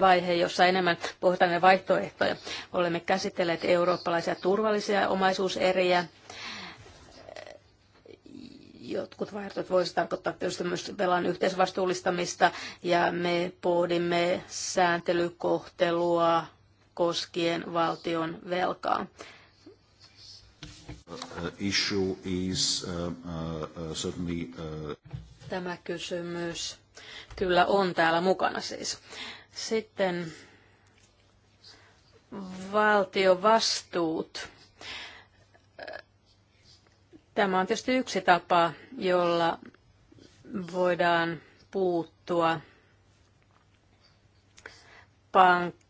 vaihe, jossa enemmän pohditaan vaihtoehtoja. Olemme käsitelleet eurooppalaisia turvallisia omaisuuseriä. Jotkut vaihtoehdot voisivat tarkoittaa tietysti myös velan yhteisvastuullistamista ja me pohdimme sääntelykohtelua koskien valtion velkaa. Uh, uh, uh, Tämä kysymys kyllä on täällä mukana siis. Sitten valtiovastuut. Tämä on tietysti yksi tapa, jolla voidaan puuttua pank-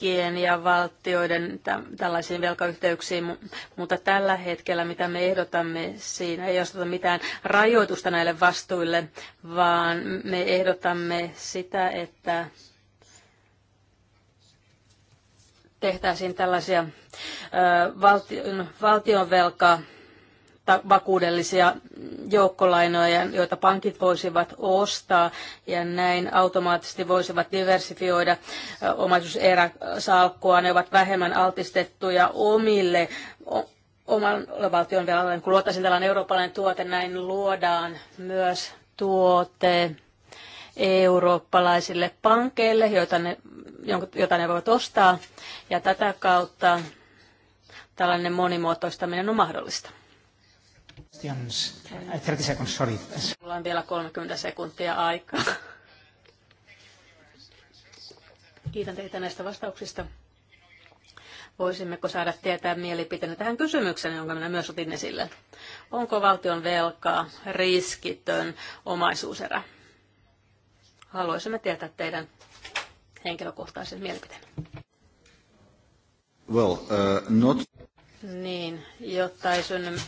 pankkien ja valtioiden tällaisiin velkayhteyksiin, mutta tällä hetkellä mitä me ehdotamme siinä ei osteta mitään rajoitusta näille vastuille, vaan me ehdotamme sitä, että tehtäisiin tällaisia valtion, valtionvelkaa vakuudellisia joukkolainoja, joita pankit voisivat ostaa ja näin automaattisesti voisivat diversifioida omaisuuseräsalkkua. Ne ovat vähemmän altistettuja omille oman valtion velalle. Kun luotaisiin tällainen eurooppalainen tuote, näin luodaan myös tuote eurooppalaisille pankeille, joita ne, joita ne voivat ostaa. Ja tätä kautta tällainen monimuotoistaminen on mahdollista questions. 30 eh, seconds, sorry. Minulla on vielä 30 sekuntia aikaa. Kiitän teitä näistä vastauksista. Voisimmeko saada tietää mielipiteenä tähän kysymykseen, jonka minä myös otin esille? Onko valtion velkaa riskitön omaisuuserä? Haluaisimme tietää teidän henkilökohtaisen mielipiteen. Well, uh, not... Niin, jotta ei synny,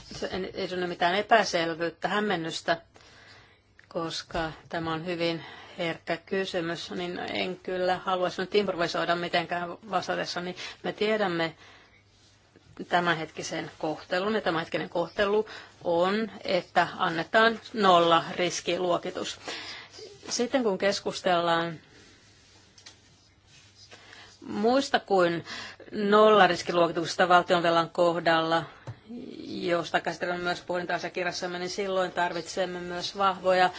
ei synny mitään epäselvyyttä, hämmennystä, koska tämä on hyvin herkkä kysymys, niin en kyllä haluaisi nyt improvisoida mitenkään vastatessa, niin me tiedämme tämänhetkisen kohtelun, ja tämänhetkinen kohtelu on, että annetaan nolla riskiluokitus. Sitten kun keskustellaan muista kuin nollariskiluokituksesta valtionvelan kohdalla, josta käsitellään myös puolinta-asiakirjassamme, niin silloin tarvitsemme myös vahvoja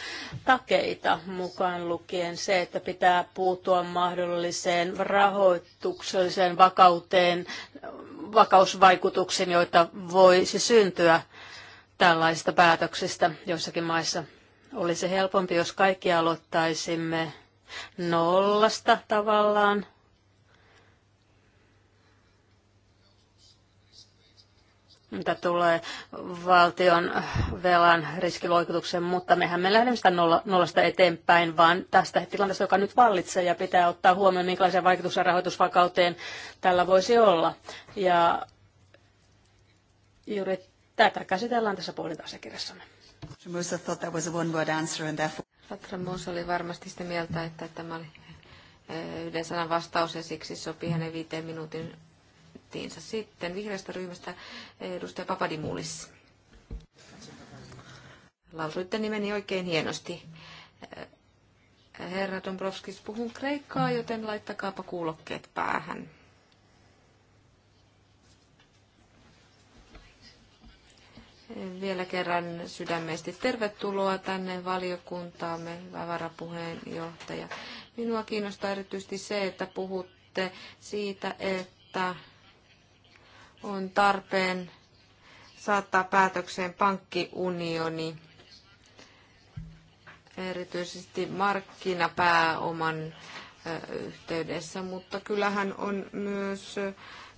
takeita, mukaan lukien se, että pitää puuttua mahdolliseen rahoitukselliseen vakauteen, vakausvaikutuksiin, joita voisi syntyä tällaisista päätöksistä joissakin maissa. Olisi helpompi, jos kaikki aloittaisimme nollasta tavallaan mitä tulee valtion velan riskiloikutuksen, mutta mehän me lähdemme sitä nollasta eteenpäin, vaan tästä tilanteesta, joka nyt vallitsee ja pitää ottaa huomioon, minkälaisia vaikutuksia rahoitusvakauteen tällä voisi olla. Ja juuri tätä käsitellään tässä pohdinta-asiakirjassamme. Mons oli varmasti sitä mieltä, että tämä oli eh, yhden sanan vastaus ja siksi sopii hänen viiteen minuutin tekstiinsä. Sitten vihreästä ryhmästä edustaja Papadimulis. Lausuitte nimeni oikein hienosti. Herra Dombrovskis, puhun kreikkaa, joten laittakaapa kuulokkeet päähän. Vielä kerran sydämeesti tervetuloa tänne valiokuntaamme, varapuheenjohtaja. Minua kiinnostaa erityisesti se, että puhutte siitä, että on tarpeen saattaa päätökseen pankkiunioni, erityisesti markkinapääoman yhteydessä, mutta kyllähän on myös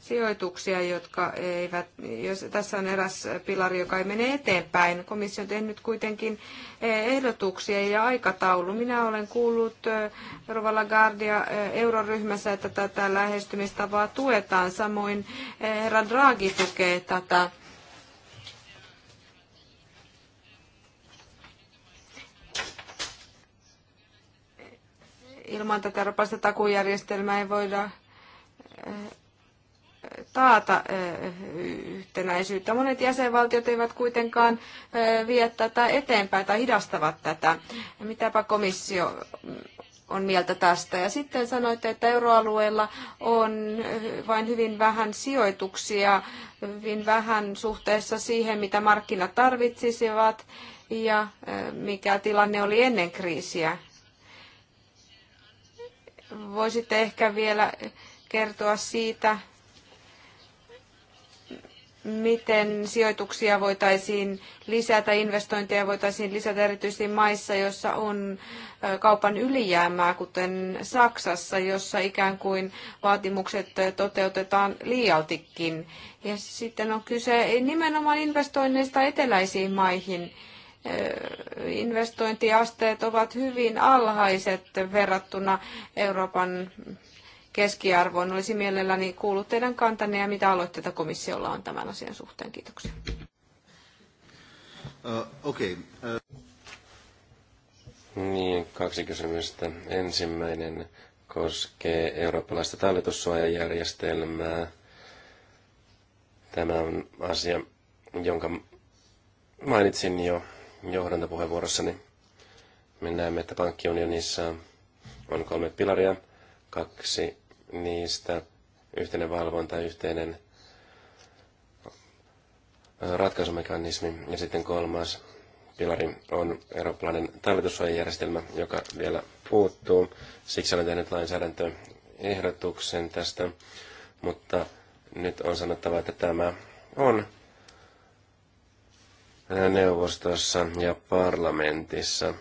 sijoituksia, jotka eivät, jos tässä on eräs pilari, joka ei mene eteenpäin. Komissio on tehnyt kuitenkin eh, ehdotuksia ja aikataulu. Minä olen kuullut eh, Rova Lagardia eh, euroryhmässä, että tätä lähestymistavaa tuetaan. Samoin herra Draghi tukee tätä. Ilman tätä rapasta takujärjestelmää ei voida taata eh, yhtenäisyyttä. Monet jäsenvaltiot eivät kuitenkaan eh, vie tätä eteenpäin tai hidastavat tätä. Mitäpä komissio on mieltä tästä. Ja sitten sanoitte, että euroalueella on eh, vain hyvin vähän sijoituksia, hyvin vähän suhteessa siihen, mitä markkinat tarvitsisivat ja mikä tilanne oli ennen kriisiä. Voisitte ehkä vielä kertoa siitä, miten sijoituksia voitaisiin lisätä, investointeja voitaisiin lisätä erityisesti maissa, joissa on kaupan ylijäämää, kuten Saksassa, jossa ikään kuin vaatimukset toteutetaan liialtikin. Ja sitten on kyse nimenomaan investoinneista eteläisiin maihin. Investointiasteet ovat hyvin alhaiset verrattuna Euroopan keskiarvoon. Olisi mielelläni kuullut teidän kantanne ja mitä aloitteita komissiolla on tämän asian suhteen. Kiitoksia. Uh, okay. uh... Niin, kaksi kysymystä. Ensimmäinen koskee eurooppalaista talletussuojajärjestelmää. Tämä on asia, jonka mainitsin jo johdantapuheenvuorossani. Me näemme, että pankkiunionissa on kolme pilaria. Kaksi niistä, yhteinen valvonta, yhteinen ratkaisumekanismi ja sitten kolmas pilari on eurooppalainen talletussuojajärjestelmä, joka vielä puuttuu. Siksi olen tehnyt lainsäädäntöehdotuksen tästä, mutta nyt on sanottava, että tämä on neuvostossa ja parlamentissa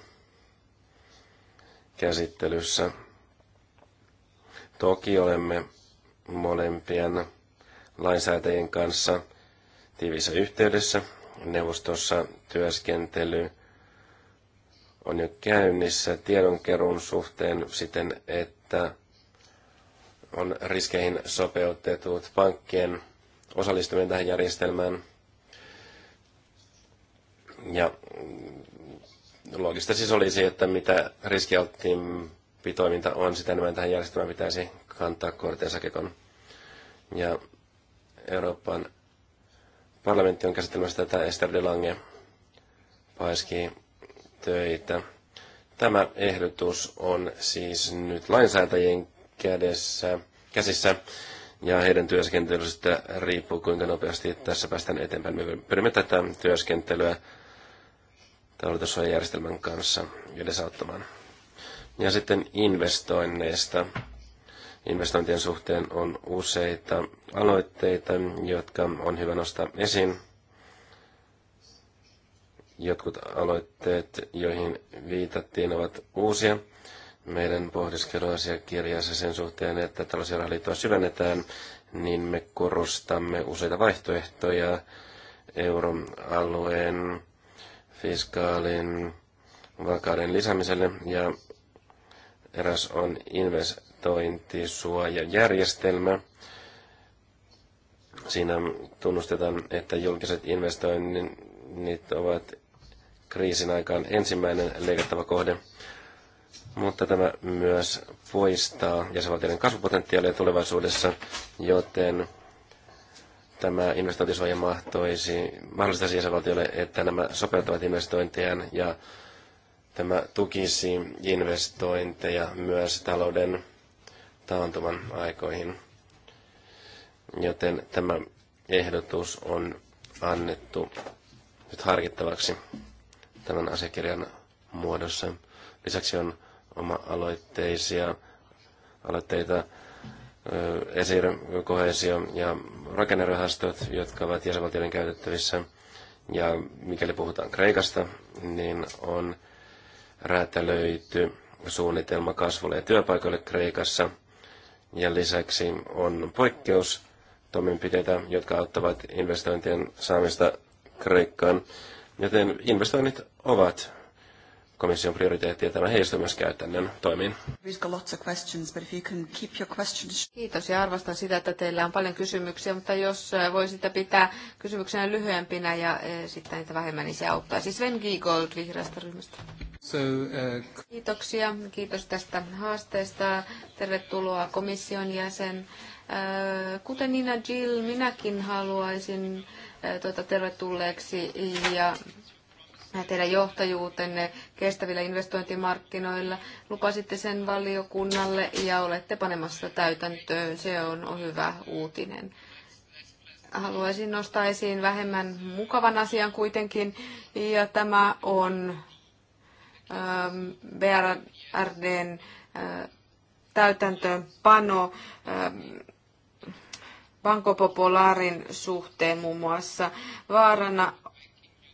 käsittelyssä Toki olemme molempien lainsäätäjien kanssa tiivissä yhteydessä. Neuvostossa työskentely on jo käynnissä tiedonkerun suhteen siten, että on riskeihin sopeutetut pankkien osallistuminen tähän järjestelmään. Ja loogista siis olisi, että mitä riskialttiimpi pitoiminta on, sitä enemmän tähän järjestelmään pitäisi kantaa kortensa kekon. Ja Euroopan parlamentti on käsittelemässä tätä Esther de Lange paiski töitä. Tämä ehdotus on siis nyt lainsäätäjien kädessä, käsissä ja heidän työskentelystä riippuu, kuinka nopeasti tässä päästään eteenpäin. Me pyrimme tätä työskentelyä järjestelmän kanssa edesauttamaan. Ja sitten investoinneista. Investointien suhteen on useita aloitteita, jotka on hyvä nostaa esiin. Jotkut aloitteet, joihin viitattiin, ovat uusia meidän pohdiskeluasiakirjassa sen suhteen, että tällaisia rahaliittoa syvennetään, niin me korostamme useita vaihtoehtoja euroalueen, fiskaalin, vakauden lisäämiselle ja Eräs on investointisuojajärjestelmä. Siinä tunnustetaan, että julkiset investoinnit ovat kriisin aikaan ensimmäinen leikattava kohde, mutta tämä myös poistaa jäsenvaltioiden kasvupotentiaalia tulevaisuudessa, joten tämä investointisuoja mahtoisi, mahdollistaisi jäsenvaltioille, että nämä sopeuttavat investointejaan ja Tämä tukisi investointeja myös talouden taantuman aikoihin, joten tämä ehdotus on annettu nyt harkittavaksi tämän asiakirjan muodossa. Lisäksi on oma-aloitteisia aloitteita esir, kohesio ja rakennerahastot, jotka ovat jäsenvaltioiden käytettävissä. Ja mikäli puhutaan Kreikasta, niin on räätälöity suunnitelma kasvulle ja työpaikoille Kreikassa. Ja lisäksi on poikkeus toimenpiteitä, jotka auttavat investointien saamista Kreikkaan. Joten investoinnit ovat komission prioriteetti ja tämä heistä myös käytännön toimiin. Kiitos ja arvostan sitä, että teillä on paljon kysymyksiä, mutta jos voisitte pitää kysymyksenä lyhyempinä ja sitten niitä vähemmän, niin se auttaa. Siis Sven Giegold vihreästä ryhmästä. Uh, Kiitoksia. Kiitos tästä haasteesta. Tervetuloa komission jäsen. Äh, kuten Nina Jill, minäkin haluaisin äh, tuota, tervetulleeksi ja teidän johtajuutenne kestävillä investointimarkkinoilla. Lupasitte sen valiokunnalle ja olette panemassa täytäntöön. Se on hyvä uutinen. Haluaisin nostaa esiin vähemmän mukavan asian kuitenkin, ja tämä on Ähm, BRDn äh, täytäntöönpano ähm, Banco Popularin suhteen muun muassa. Vaarana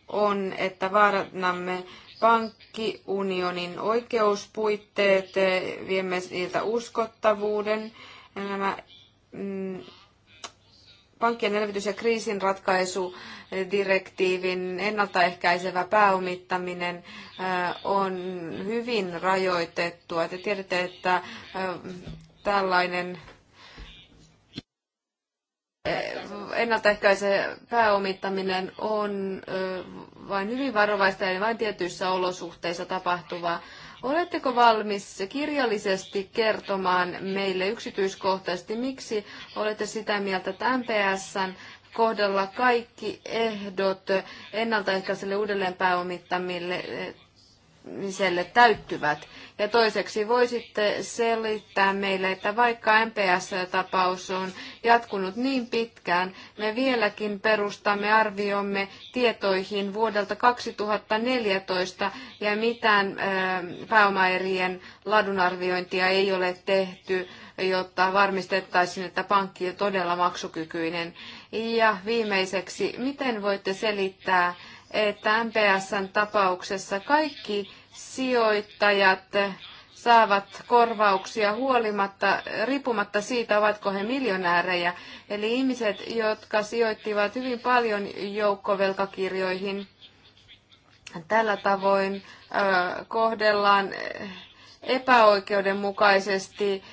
on, että vaarannamme pankkiunionin oikeuspuitteet, äh, viemme niiltä uskottavuuden. Nämä mm, pankkien elvytys- ja kriisinratkaisudirektiivin ennaltaehkäisevä pääomittaminen äh, on hyvin rajoitettua. Te tiedätte, että äh, tällainen äh, ennaltaehkäisevä pääomittaminen on vain hyvin varovaista ja vain tietyissä olosuhteissa tapahtuvaa Oletteko valmis kirjallisesti kertomaan meille yksityiskohtaisesti, miksi olette sitä mieltä, että MPSn kohdalla kaikki ehdot ennaltaehkäiselle uudelleenpääomittamille selle täyttyvät. Ja toiseksi voisitte selittää meille, että vaikka MPS-tapaus on jatkunut niin pitkään, me vieläkin perustamme arviomme tietoihin vuodelta 2014 ja mitään pääomaerien ladunarviointia ei ole tehty, jotta varmistettaisiin, että pankki on todella maksukykyinen. Ja viimeiseksi, miten voitte selittää, että MPSn tapauksessa kaikki sijoittajat saavat korvauksia huolimatta, riippumatta siitä, ovatko he miljonäärejä. Eli ihmiset, jotka sijoittivat hyvin paljon joukkovelkakirjoihin, tällä tavoin kohdellaan epäoikeudenmukaisesti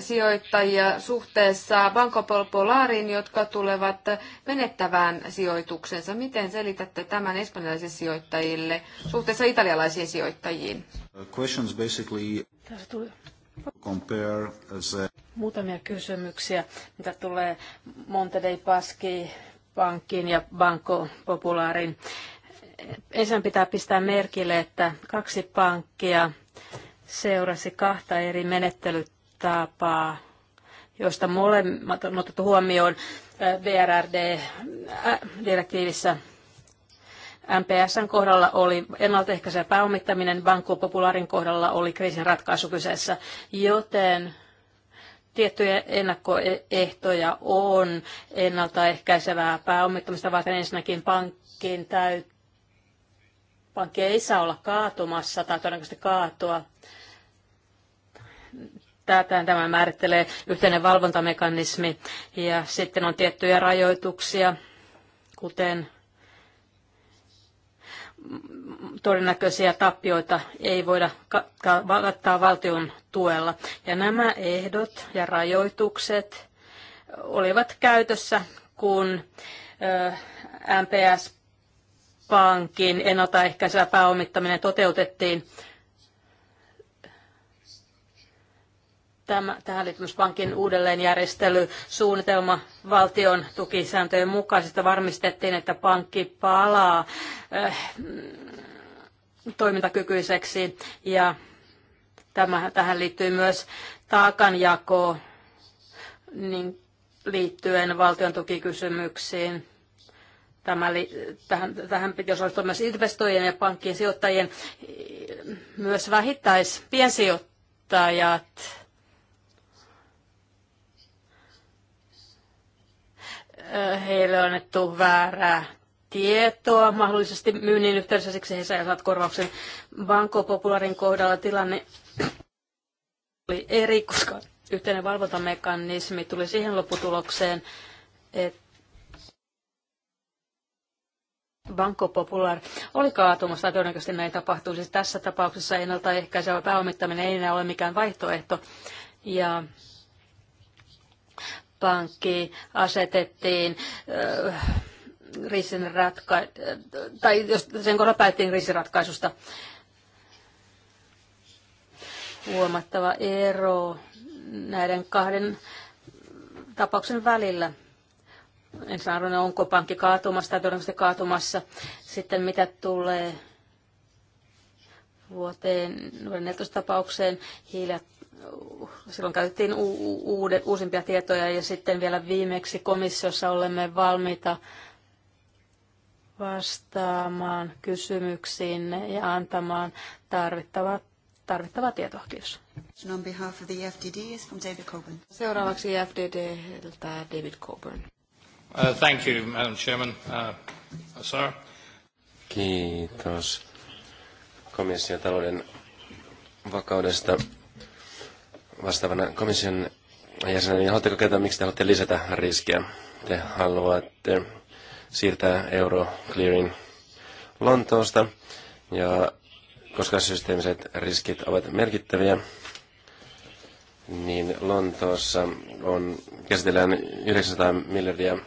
sijoittajia suhteessa Banco Populariin, jotka tulevat menettävään sijoituksensa. Miten selitätte tämän espanjalaisille sijoittajille suhteessa italialaisiin sijoittajiin? Muutamia kysymyksiä, mitä tulee Monte dei Paschi pankkiin ja Banco Popularin. Ensin pitää pistää merkille, että kaksi pankkia seurasi kahta eri menettelyt tapaa, joista molemmat on otettu huomioon BRRD-direktiivissä. MPSn kohdalla oli ennaltaehkäisevä pääomittaminen, Banco Popularin kohdalla oli kriisin ratkaisu kyseessä, joten tiettyjä ennakkoehtoja on ennaltaehkäisevää pääomittamista varten ensinnäkin pankkiin täytyy pankki ei saa olla kaatumassa tai todennäköisesti kaatua tätä tämä määrittelee yhteinen valvontamekanismi ja sitten on tiettyjä rajoituksia, kuten todennäköisiä tappioita ei voida kattaa valtion tuella. Ja nämä ehdot ja rajoitukset olivat käytössä, kun MPS-pankin ennaltaehkäisevä pääomittaminen toteutettiin Tämä, tähän liittyy myös pankin uudelleenjärjestelysuunnitelma valtion tukisääntöjen mukaisesti. varmistettiin, että pankki palaa äh, toimintakykyiseksi ja tämä, tähän liittyy myös taakanjako niin, liittyen valtion tukikysymyksiin. Tämä tähän, tähän piti osallistua myös investoijien ja pankkien sijoittajien, myös vähittäis piensijoittajat heille on annettu väärää tietoa mahdollisesti myynnin yhteydessä, siksi he saivat korvauksen Banco Popularin kohdalla tilanne oli eri, koska yhteinen valvontamekanismi tuli siihen lopputulokseen, että Banco Popular oli kaatumassa, todennäköisesti näin tapahtuu. Siis tässä tapauksessa ennaltaehkäisevä pääomittaminen ei enää ole mikään vaihtoehto. Ja pankki asetettiin riisin ratka- tai jos sen kohdalla päättiin riisiratkaisusta. Huomattava ero näiden kahden tapauksen välillä. En sano, onko pankki kaatumassa tai todennäköisesti kaatumassa. Sitten mitä tulee vuoteen 14 tapaukseen hiilat silloin käytettiin uusimpia tietoja ja sitten vielä viimeksi komissiossa olemme valmiita vastaamaan kysymyksiin ja antamaan tarvittavaa, tarvittavaa tietoa. Kiitos. On behalf of the e FDD is from David Coburn. Seuraavaksi e FDDltä David Coburn. Uh, thank you, Madam Chairman. Uh, sir. Kiitos komission talouden vakaudesta vastaavana komission jäsenenä, niin haluatteko kertoa, miksi te haluatte lisätä riskiä? Te haluatte siirtää euro clearing Lontoosta, ja koska systeemiset riskit ovat merkittäviä, niin Lontoossa on, käsitellään 900 miljardia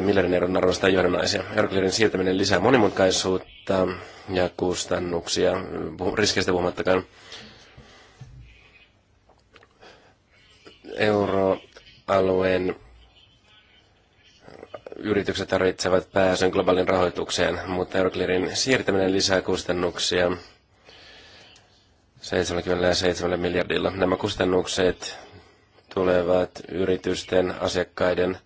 miljardin euron arvosta johdannaisia. Euroclearin siirtäminen lisää monimutkaisuutta ja kustannuksia, riskeistä puhumattakaan. euroalueen yritykset tarvitsevat pääsyn globaalin rahoitukseen, mutta Euroclearin siirtäminen lisää kustannuksia 77 miljardilla. Nämä kustannukset tulevat yritysten asiakkaiden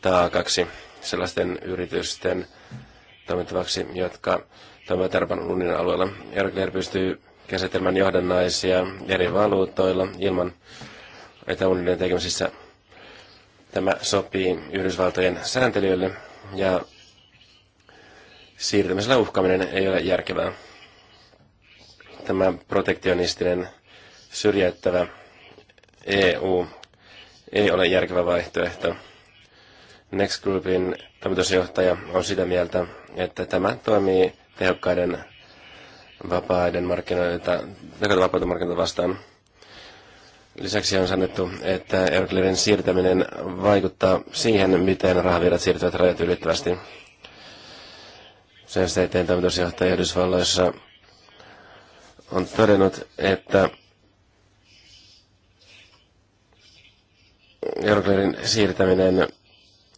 taakaksi, sellaisten yritysten toimittavaksi, jotka toimivat Euroopan unionin alueella. Euroclear pystyy käsittelemään johdannaisia eri valuutoilla ilman että unionin tekemisissä tämä sopii Yhdysvaltojen sääntelijöille ja siirtymisellä uhkaaminen ei ole järkevää. Tämä protektionistinen syrjäyttävä EU ei ole järkevä vaihtoehto. Next Groupin toimitusjohtaja on sitä mieltä, että tämä toimii tehokkaiden vapaiden markkinoita, vapaiden markkinoita vastaan. Lisäksi on sanottu, että Euroclearin siirtäminen vaikuttaa siihen, miten rahavirrat siirtyvät rajat ylittävästi. Sen sitten toimitusjohtaja Yhdysvalloissa on todennut, että Euroclearin siirtäminen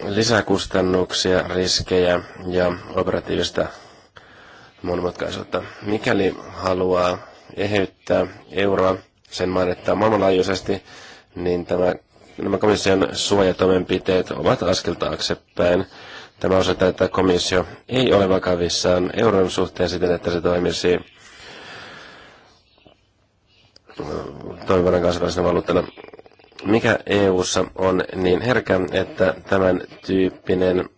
lisää kustannuksia, riskejä ja operatiivista monimutkaisuutta. Mikäli haluaa eheyttää euroa, sen mainittaa maailmanlaajuisesti, niin tämä, nämä komission suojatoimenpiteet ovat askel taaksepäin. Tämä osoittaa, että komissio ei ole vakavissaan euron suhteen siten, että se toimisi äh, toimivana kansainvälisenä valuuttana. Mikä EU:ssa on niin herkä, että tämän tyyppinen äh,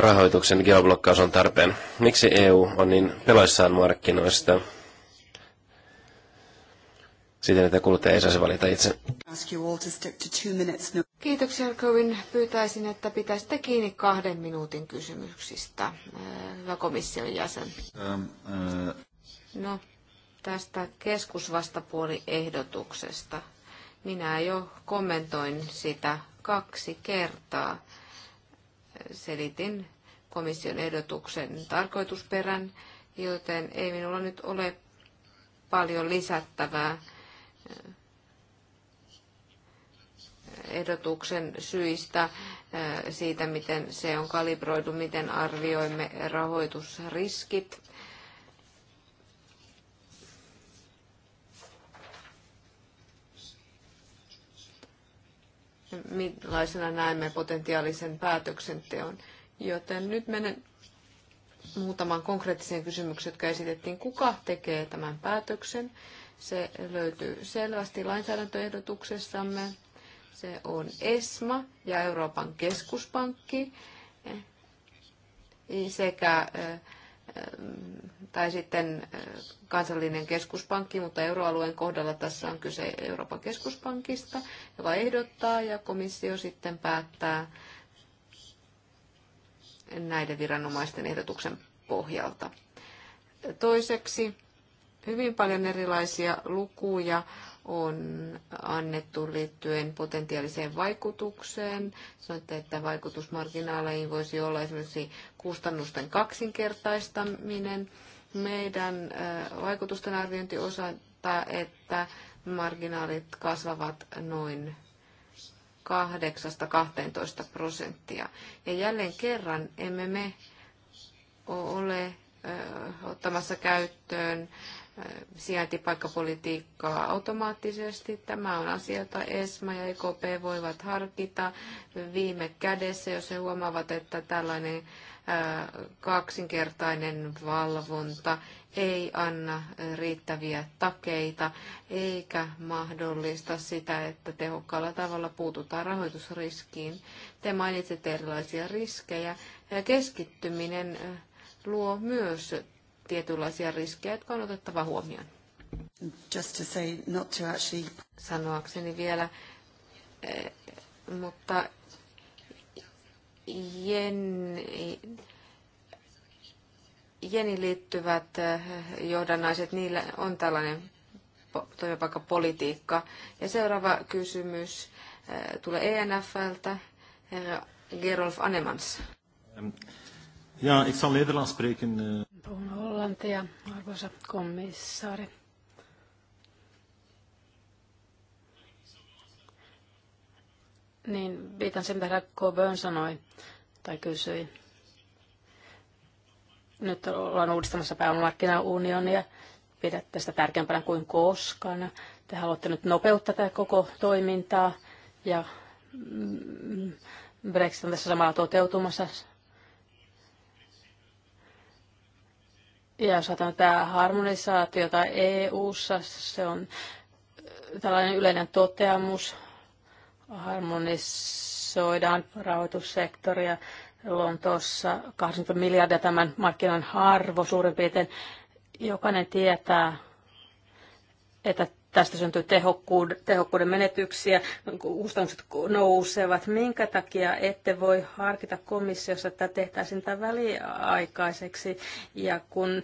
rahoituksen geoblokkaus on tarpeen? Miksi EU on niin peloissaan markkinoista? siten, että kuluttaja ei saisi valita itse. No- Kiitoksia, Kovin. Pyytäisin, että pitäisitte kiinni kahden minuutin kysymyksistä, äh, hyvä komission jäsen. Ähm, äh. No, tästä keskusvastapuoliehdotuksesta. Minä jo kommentoin sitä kaksi kertaa. Selitin komission ehdotuksen tarkoitusperän, joten ei minulla nyt ole paljon lisättävää. ehdotuksen syistä, äh, siitä miten se on kalibroitu, miten arvioimme rahoitusriskit. millaisena näemme potentiaalisen päätöksenteon. Joten nyt menen muutaman konkreettiseen kysymykseen, jotka esitettiin. Kuka tekee tämän päätöksen? Se löytyy selvästi lainsäädäntöehdotuksessamme. Se on ESMA ja Euroopan keskuspankki eh, sekä eh, eh, tai sitten kansallinen keskuspankki, mutta euroalueen kohdalla tässä on kyse Euroopan keskuspankista, joka ehdottaa ja komissio sitten päättää näiden viranomaisten ehdotuksen pohjalta. Toiseksi hyvin paljon erilaisia lukuja on annettu liittyen potentiaaliseen vaikutukseen. Sanoitte, että vaikutusmarginaaleihin voisi olla esimerkiksi kustannusten kaksinkertaistaminen. Meidän vaikutusten arviointi osoittaa, että marginaalit kasvavat noin 8-12 prosenttia. Ja jälleen kerran emme me ole ottamassa käyttöön sijaintipaikkapolitiikkaa automaattisesti. Tämä on asia, jota ESMA ja EKP voivat harkita viime kädessä, jos he huomaavat, että tällainen kaksinkertainen valvonta ei anna riittäviä takeita eikä mahdollista sitä, että tehokkaalla tavalla puututaan rahoitusriskiin. Te mainitsette erilaisia riskejä. Keskittyminen luo myös tietynlaisia riskejä, jotka on otettava huomioon. Just to say, not to actually... Sanoakseni vielä, eh, mutta jen, jeni liittyvät eh, johdannaiset, niillä on tällainen toimipaikkapolitiikka. Ja seuraava kysymys eh, tulee ENFltä, herra Gerolf Anemans. Ja, ik zal Nederlands spreken. Puhun ja arvoisa komissaari. Niin, viitan sen, mitä Coburn sanoi tai kysyi. Nyt ollaan uudistamassa pääomamarkkinaunionia. Pidätte tästä tärkeämpänä kuin koskaan. Te haluatte nyt nopeuttaa tätä koko toimintaa ja mm, mm, Brexit on tässä samalla toteutumassa. Ja jos otetaan tämä harmonisaatio tai eu se on äh, tällainen yleinen toteamus. Harmonisoidaan rahoitussektoria. Lontoossa 80 miljardia tämän markkinan arvo suurin piirtein. Jokainen tietää, että tästä syntyy tehokkuuden, menetyksiä, kustannukset nousevat. Minkä takia ette voi harkita komissiossa, että tehtäisiin tämä väliaikaiseksi? Ja kun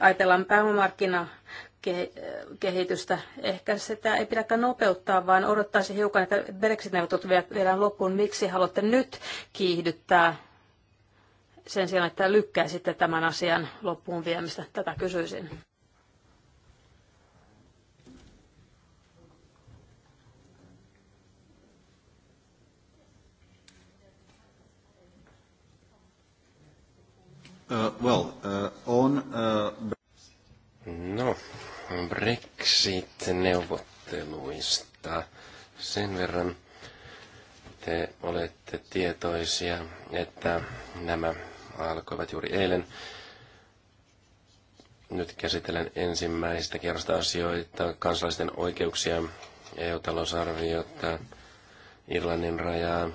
ajatellaan pääomamarkkina kehitystä. Ehkä sitä ei pidäkään nopeuttaa, vaan odottaisi hiukan, että Brexit-neuvottelut viedään loppuun. Miksi haluatte nyt kiihdyttää sen sijaan, että lykkäisitte tämän asian loppuun viemistä? Tätä kysyisin. Uh, well, uh, on, uh... No, Brexit-neuvotteluista sen verran te olette tietoisia, että nämä alkoivat juuri eilen. Nyt käsitellen ensimmäistä kerrosta asioita, kansalaisten oikeuksia, EU-talousarviota, Irlannin rajaa,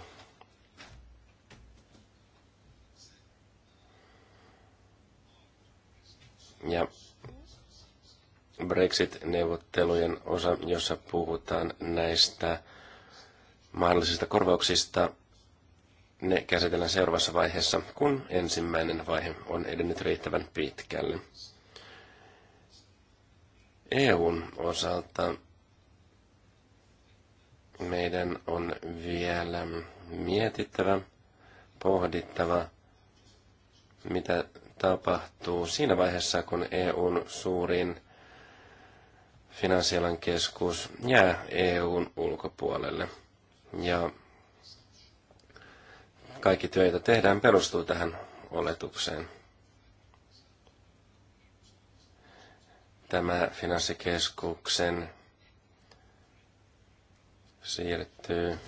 Ja Brexit-neuvottelujen osa, jossa puhutaan näistä mahdollisista korvauksista, ne käsitellään seuraavassa vaiheessa, kun ensimmäinen vaihe on edennyt riittävän pitkälle. EUn osalta meidän on vielä mietittävä, pohdittava, mitä tapahtuu siinä vaiheessa, kun EUn suurin finanssialan keskus jää EUn ulkopuolelle. Ja kaikki työ, tehdään, perustuu tähän oletukseen. Tämä finanssikeskuksen siirtyy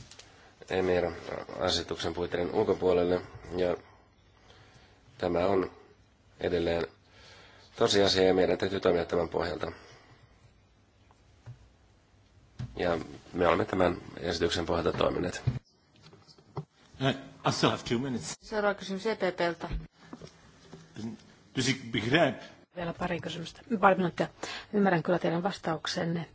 EMIR-asetuksen puitteiden ulkopuolelle ja tämä on edelleen tosiasia ja meidän täytyy toimia tämän pohjalta. Ja me olemme tämän esityksen pohjalta toimineet. I still have two minutes. Seuraava kysymys EPPltä. Vielä pari kysymystä. Pari minuuttia. Ymmärrän kyllä teidän vastauksenne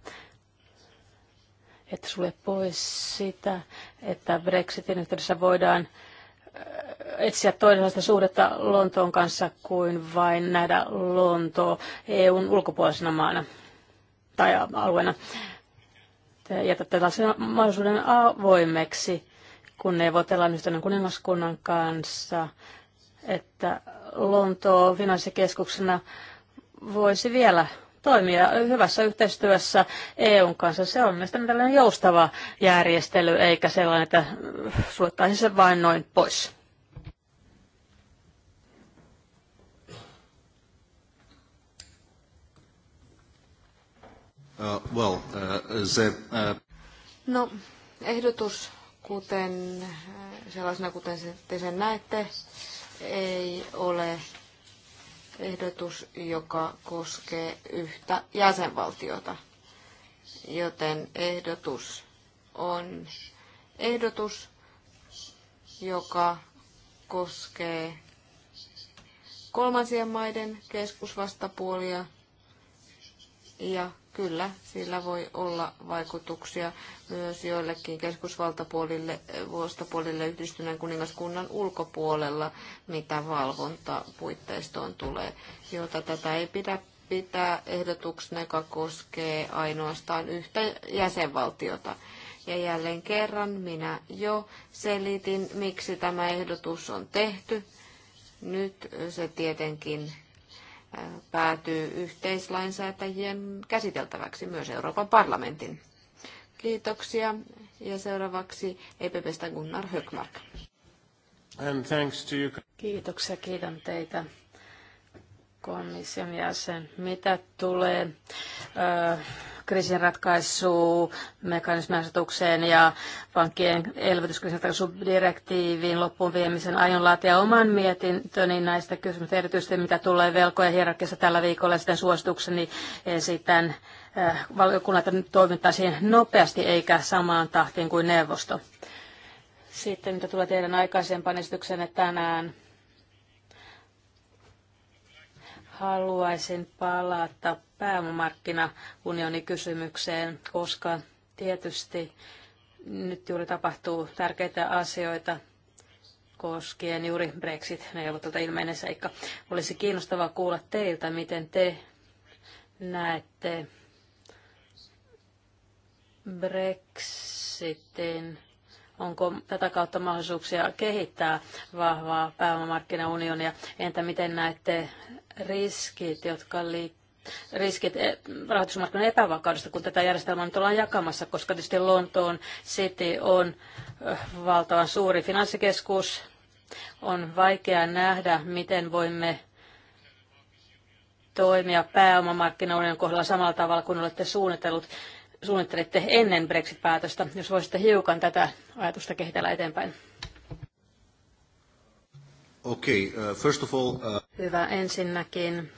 että sulle pois sitä, että Brexitin yhteydessä voidaan etsiä toisenlaista suhdetta Lontoon kanssa kuin vain nähdä Lontoa EUn ulkopuolisena maana tai alueena. Te jätätte tällaisen mahdollisuuden avoimeksi, kun neuvotellaan yhtenä kuningaskunnan kanssa, että Lontoo finanssikeskuksena voisi vielä toimia hyvässä yhteistyössä EUn kanssa. Se on mielestäni tällainen joustava järjestely, eikä sellainen, että suottaisi se vain noin pois. Uh, well, uh, the, uh... No, ehdotus, kuten äh, sellaisena, kuten te sen näette, ei ole ehdotus, joka koskee yhtä jäsenvaltiota. Joten ehdotus on ehdotus, joka koskee kolmansien maiden keskusvastapuolia ja kyllä, sillä voi olla vaikutuksia myös joillekin keskusvaltapuolille, vuostapuolille yhdistyneen kuningaskunnan ulkopuolella, mitä valvontapuitteistoon tulee, jota tätä ei pidä pitää ehdotuksena, joka koskee ainoastaan yhtä jäsenvaltiota. Ja jälleen kerran minä jo selitin, miksi tämä ehdotus on tehty. Nyt se tietenkin päätyy yhteislainsäätäjien käsiteltäväksi myös Euroopan parlamentin. Kiitoksia. Ja seuraavaksi EPPstä Gunnar Högmark. Kiitoksia, kiitän teitä komission jäsen. Mitä tulee äh, kriisinratkaisumekanismiasetukseen ja pankkien elvytyskriisinratkaisudirektiiviin loppuun viemisen aion laatia oman mietintöni näistä kysymyksistä, erityisesti mitä tulee velkojen hierarkiassa tällä viikolla. Sitten suositukseni esitän äh, valiokunnalta nyt toimittaisiin nopeasti eikä samaan tahtiin kuin neuvosto. Sitten mitä tulee teidän aikaisempaan että tänään, Haluaisin palata pääomamarkkinaunionikysymykseen, koska tietysti nyt juuri tapahtuu tärkeitä asioita koskien juuri Brexit-neuvottelta ilmeinen seikka. Olisi kiinnostavaa kuulla teiltä, miten te näette Brexitin. Onko tätä kautta mahdollisuuksia kehittää vahvaa pääomamarkkinaunionia? Entä miten näette riskit, jotka liittyvät riskit eh, rahoitusmarkkinoiden epävakaudesta, kun tätä järjestelmää nyt ollaan jakamassa, koska tietysti Lontoon City on eh, valtavan suuri finanssikeskus. On vaikea nähdä, miten voimme toimia pääomamarkkinoiden kohdalla samalla tavalla kuin olette suunnitellut, suunnittelitte ennen Brexit-päätöstä, jos voisitte hiukan tätä ajatusta kehitellä eteenpäin. Okay, uh, first of all, uh, Hyvä. Ensinnäkin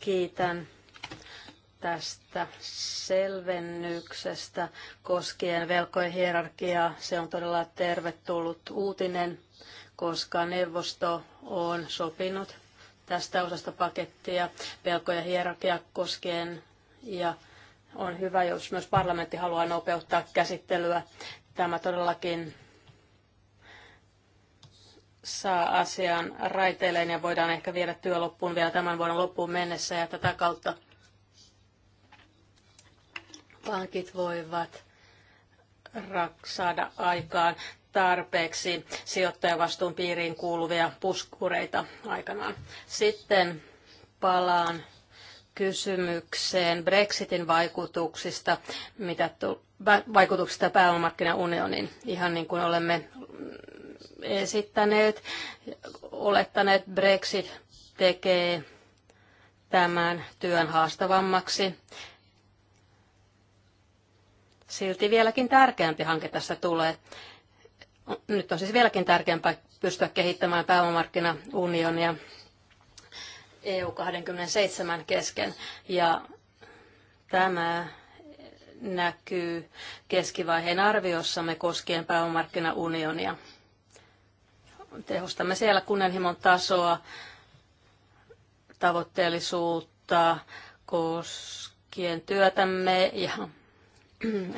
kiitän tästä selvennyksestä koskien velkojen hierarkiaa. Se on todella tervetullut uutinen, koska neuvosto on sopinut tästä osasta pakettia velkojen hierarkia koskien ja on hyvä, jos myös parlamentti haluaa nopeuttaa käsittelyä. Tämä todellakin saa asian raiteilleen ja voidaan ehkä viedä työ loppuun vielä tämän vuoden loppuun mennessä ja tätä kautta pankit voivat saada aikaan tarpeeksi sijoittajavastuun piiriin kuuluvia puskureita aikanaan. Sitten palaan kysymykseen Brexitin vaikutuksista, mitä tu- vaikutuksista pääomamarkkinaunioniin, ihan niin kuin olemme esittäneet, olettaneet Brexit tekee tämän työn haastavammaksi. Silti vieläkin tärkeämpi hanke tässä tulee. Nyt on siis vieläkin tärkeämpää pystyä kehittämään pääomamarkkinaunionia EU27 kesken. Ja tämä näkyy keskivaiheen arviossamme koskien pääomamarkkinaunionia tehostamme siellä kunnianhimon tasoa, tavoitteellisuutta koskien työtämme ja (clears throat)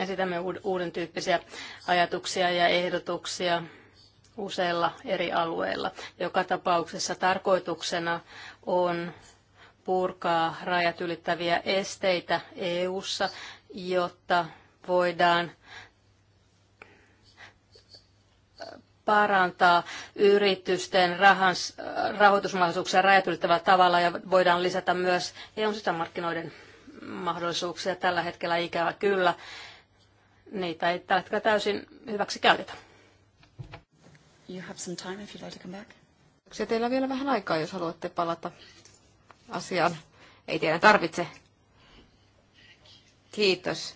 esitämme uuden tyyppisiä ajatuksia ja ehdotuksia useilla eri alueilla. Joka tapauksessa tarkoituksena on purkaa rajat ylittäviä esteitä EU:ssa, jotta voidaan parantaa yritysten rahans, rahoitusmahdollisuuksia rajat ylittävällä tavalla ja voidaan lisätä myös EUn sisämarkkinoiden mahdollisuuksia. Tällä hetkellä ikävä kyllä niitä ei tällä hetkellä täysin hyväksi käytetä. You have some time if you'd like to come back. Onko teillä on vielä vähän aikaa, jos haluatte palata asiaan? Ei teidän tarvitse. Kiitos.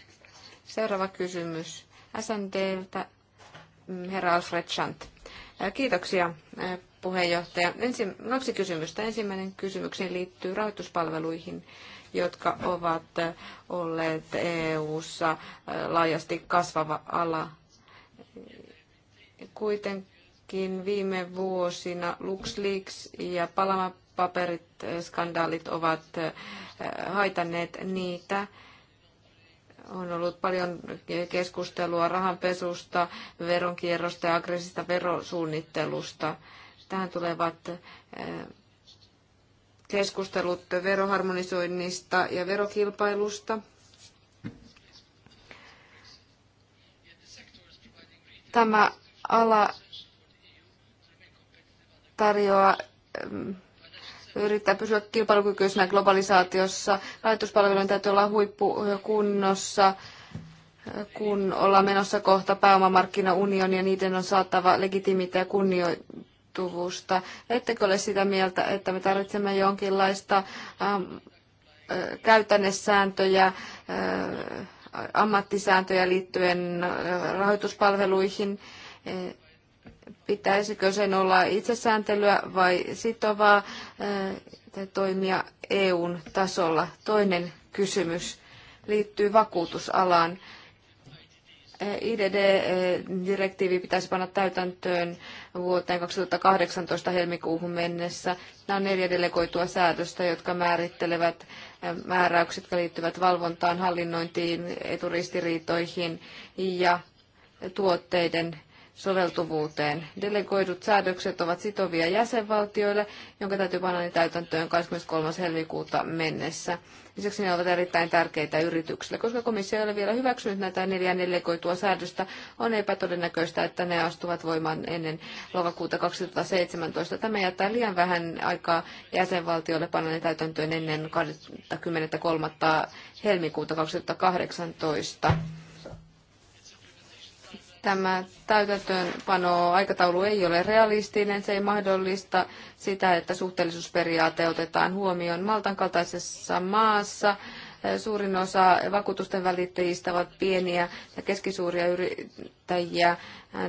Seuraava kysymys. SNDltä Mm, herra Alfred Schant. Kiitoksia puheenjohtaja. Ensin, kaksi kysymystä. Ensimmäinen kysymykseen liittyy rahoituspalveluihin, jotka ovat olleet EU-ssa laajasti kasvava ala. Kuitenkin viime vuosina LuxLeaks ja Palama-paperit, skandaalit ovat haitanneet niitä on ollut paljon keskustelua rahanpesusta, veronkierrosta ja aggressiivista verosuunnittelusta. Tähän tulevat eh, keskustelut veroharmonisoinnista ja verokilpailusta. Tämä ala tarjoaa mm, yrittää pysyä kilpailukykyisenä globalisaatiossa. Rahoituspalvelujen täytyy olla huippukunnossa, kun ollaan menossa kohta ja niiden on saatava legitimiteettiä ja kunnioituvuusta. Ettekö ole sitä mieltä, että me tarvitsemme jonkinlaista ähm, äh, käytännessääntöjä, äh, ammattisääntöjä liittyen äh, rahoituspalveluihin? Äh, pitäisikö sen olla itsesääntelyä vai sitovaa toimia EUn tasolla. Toinen kysymys liittyy vakuutusalaan. IDD-direktiivi pitäisi panna täytäntöön vuoteen 2018 helmikuuhun mennessä. Nämä on neljä delegoitua säädöstä, jotka määrittelevät määräykset, jotka liittyvät valvontaan, hallinnointiin, eturistiriitoihin ja tuotteiden soveltuvuuteen. Delegoidut säädökset ovat sitovia jäsenvaltioille, jonka täytyy panna ne täytäntöön 23. helmikuuta mennessä. Lisäksi ne ovat erittäin tärkeitä yrityksille. Koska komissio ei ole vielä hyväksynyt näitä neljä delegoitua säädöstä, on epätodennäköistä, että ne astuvat voimaan ennen lokakuuta 2017. Tämä jättää liian vähän aikaa jäsenvaltioille panna ne täytäntöön ennen 23. helmikuuta 2018. Tämä täytäntöönpano aikataulu ei ole realistinen, se ei mahdollista sitä, että suhteellisuusperiaate otetaan huomioon Maltan kaltaisessa maassa. Suurin osa vakuutusten välittäjistä ovat pieniä ja keskisuuria yrittäjiä.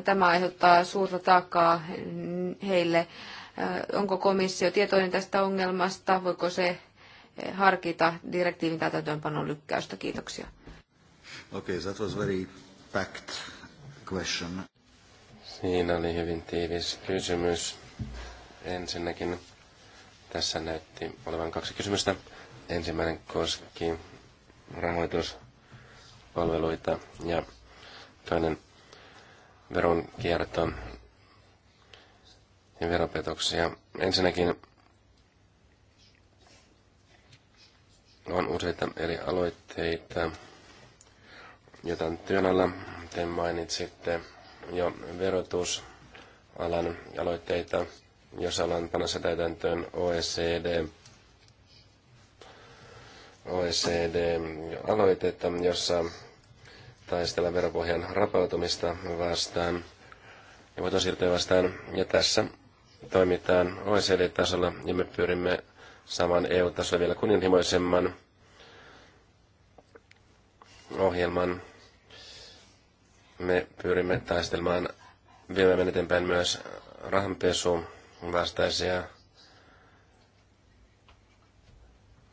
Tämä aiheuttaa suurta taakkaa heille. Onko komissio tietoinen tästä ongelmasta? Voiko se harkita direktiivin täytäntöönpanon lykkäystä? Kiitoksia. Okay, that was very packed question. Siinä oli hyvin tiivis kysymys. Ensinnäkin tässä näytti olevan kaksi kysymystä. Ensimmäinen koski rahoituspalveluita ja toinen veronkierto ja veropetoksia. Ensinnäkin on useita eri aloitteita, joita on työn alla te mainitsitte jo verotusalan aloitteita, jos alan panossa täytäntöön OECD OECD-aloitetta, jossa taistella veropohjan rapautumista vastaan ja voitonsiirtoja vastaan. Ja tässä toimitaan OECD-tasolla ja me pyrimme saman EU-tasolla vielä kunnianhimoisemman ohjelman me pyrimme taistelemaan viemään eteenpäin myös rahanpesuun vastaisia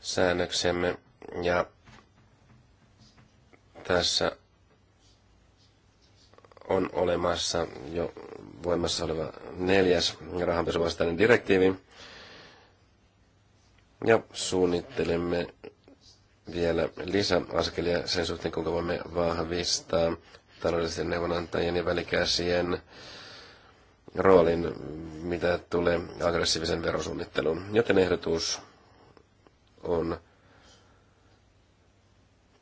säännöksemme ja tässä on olemassa jo voimassa oleva neljäs rahanpesuvastainen direktiivi. Ja suunnittelemme vielä lisäaskelia sen suhteen, kuinka voimme vahvistaa taloudellisen neuvonantajien ja välikäsien roolin, mitä tulee aggressiivisen verosuunnitteluun. Joten ehdotus on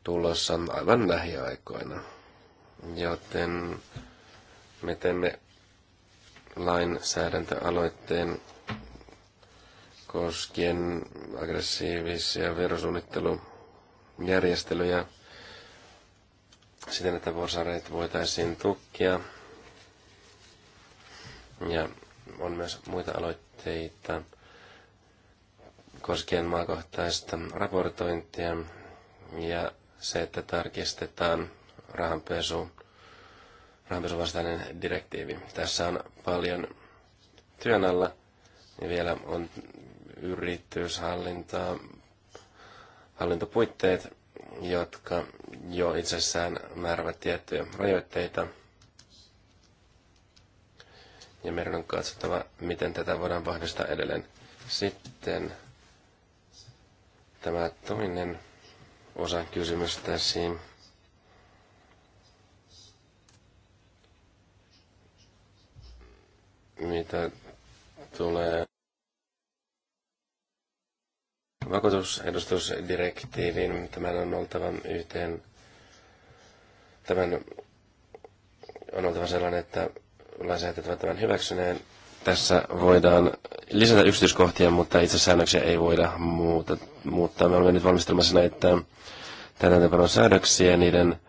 tulossa aivan lähiaikoina. Joten me teemme lainsäädäntöaloitteen koskien aggressiivisia verosuunnittelujärjestelyjä – siten, että porsareet voitaisiin tukkia. Ja on myös muita aloitteita koskien maakohtaista raportointia ja se, että tarkistetaan rahanpesu, rahanpesuvastainen direktiivi. Tässä on paljon työn alla ja vielä on yrityshallintaa, hallintopuitteet, jotka jo itsessään määräävät tiettyjä rajoitteita. Ja meidän on katsottava, miten tätä voidaan vahvistaa edelleen. Sitten tämä toinen osa tässä. Siis mitä tulee vakuutusedustusdirektiiviin, tämän on oltava yhteen Tämän on oltava sellainen, että lainsäätäjät ovat tämän hyväksyneen. Tässä voidaan lisätä yksityiskohtia, mutta itse säännöksiä ei voida muuta, muuttaa. Me olemme nyt valmistelemassa näitä täytäntöpanon säädöksiä niiden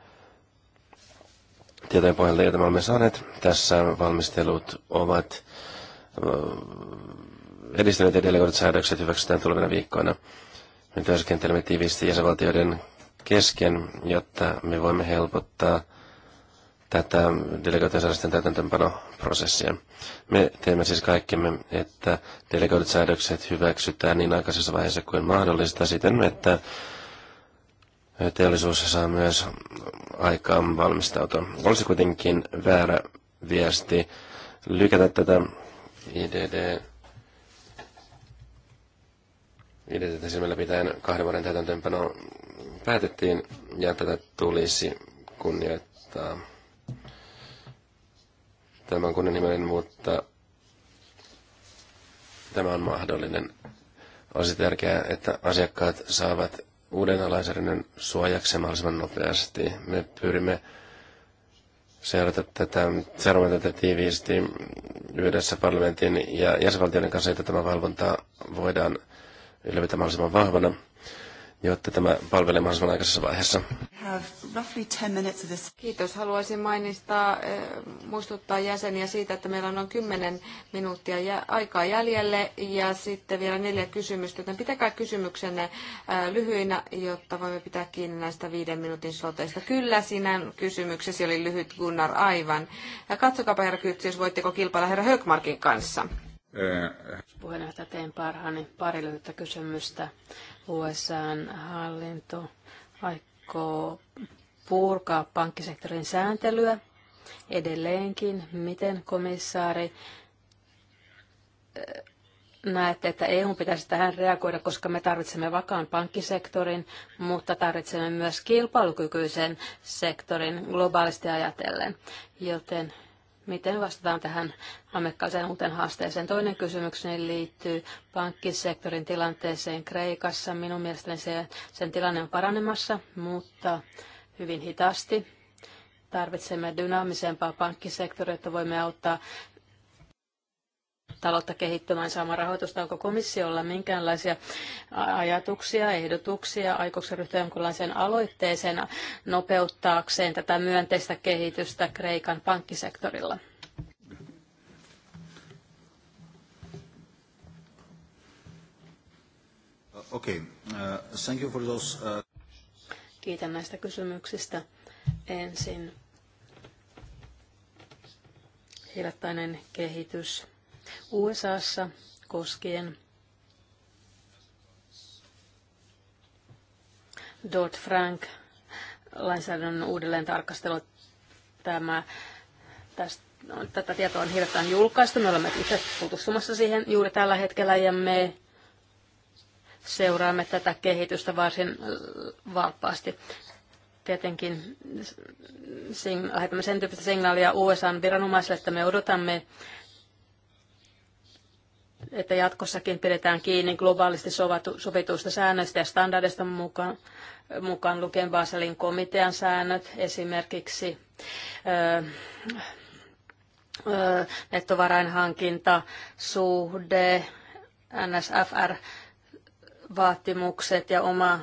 tietojen pohjalta, joita me olemme saaneet. Tässä valmistelut ovat äh, edistyneet ja delegoidut säädökset hyväksytään tulevina viikkoina. Me työskentelemme tiiviisti jäsenvaltioiden kesken, jotta me voimme helpottaa tätä delegoitujen säädösten täytäntöönpanoprosessia. Me teemme siis kaikkemme, että delegoidut säädökset hyväksytään niin aikaisessa vaiheessa kuin mahdollista siten, että teollisuus saa myös aikaan valmistautua. Olisi kuitenkin väärä viesti lykätä tätä IDD IDD silmällä pitäen kahden vuoden täytäntöönpano päätettiin ja tätä tulisi kunnioittaa. Tämä on kunnianhimoinen, mutta tämä on mahdollinen. Olisi tärkeää, että asiakkaat saavat uuden lainsäädännön suojaksi mahdollisimman nopeasti. Me pyrimme seurata tätä, seuraamaan tätä tiiviisti yhdessä parlamentin ja jäsenvaltioiden kanssa, että tämä valvonta voidaan ylläpitää mahdollisimman vahvana jotta tämä palvelee mahdollisimman aikaisessa vaiheessa. Kiitos. Haluaisin mainistaa, eh, muistuttaa jäseniä siitä, että meillä on noin 10 minuuttia aikaa jäljelle ja sitten vielä neljä kysymystä, joten pitäkää kysymyksenne eh, lyhyinä, jotta voimme pitää kiinni näistä viiden minuutin sloteista. Kyllä, sinä kysymyksesi oli lyhyt Gunnar aivan. Ja katsokaa, herra jos voitteko kilpailla herra Högmarkin kanssa. Eh. Puheenjohtaja, teen parhaani pari lyhyttä kysymystä USAn hallinto aikoo purkaa pankkisektorin sääntelyä edelleenkin. Miten komissaari eh, näette, että EU pitäisi tähän reagoida, koska me tarvitsemme vakaan pankkisektorin, mutta tarvitsemme myös kilpailukykyisen sektorin globaalisti ajatellen. Joten miten vastataan tähän ammekkaiseen uuteen haasteeseen. Toinen kysymykseni liittyy pankkisektorin tilanteeseen Kreikassa. Minun mielestäni se, sen tilanne on paranemassa, mutta hyvin hitaasti. Tarvitsemme dynaamisempaa pankkisektoria, että voimme auttaa taloutta kehittämään saama rahoitusta. Onko komissiolla minkäänlaisia ajatuksia, ehdotuksia, aikoksi ryhtyä jonkinlaiseen aloitteeseen nopeuttaakseen tätä myönteistä kehitystä Kreikan pankkisektorilla? Okay. Uh, thank you for those, uh... Kiitän näistä kysymyksistä. Ensin hiljattainen kehitys USAssa koskien Dodd-Frank lainsäädännön uudelleen tarkastelu tämä, tästä, no, tätä tietoa on hirveän julkaistu. Me olemme itse tutustumassa siihen juuri tällä hetkellä ja me seuraamme tätä kehitystä varsin äh, valppaasti. Tietenkin lähetämme sen tyyppistä signaalia USA viranomaisille, että me odotamme että jatkossakin pidetään kiinni globaalisti sovituista säännöistä ja standardeista mukaan, mukaan lukien Baselin komitean säännöt, esimerkiksi öö, öö, nettovarainhankinta, suhde, NSFR-vaatimukset ja oma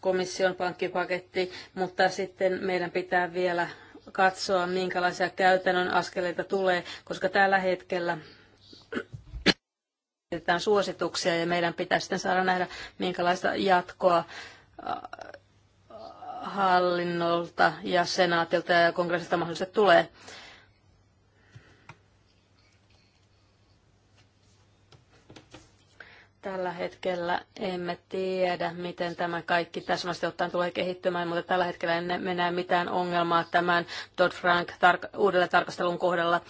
komission pankkipaketti, mutta sitten meidän pitää vielä katsoa, minkälaisia käytännön askeleita tulee, koska tällä hetkellä esitetään suosituksia ja meidän pitää sitten saada nähdä, minkälaista jatkoa äh, hallinnolta ja senaatilta ja kongressista mahdollisesti tulee. Tällä hetkellä emme tiedä, miten tämä kaikki täsmästi ottaen tulee kehittymään, mutta tällä hetkellä emme näe mitään ongelmaa tämän Dodd-Frank tar- uudelle tarkastelun kohdalla.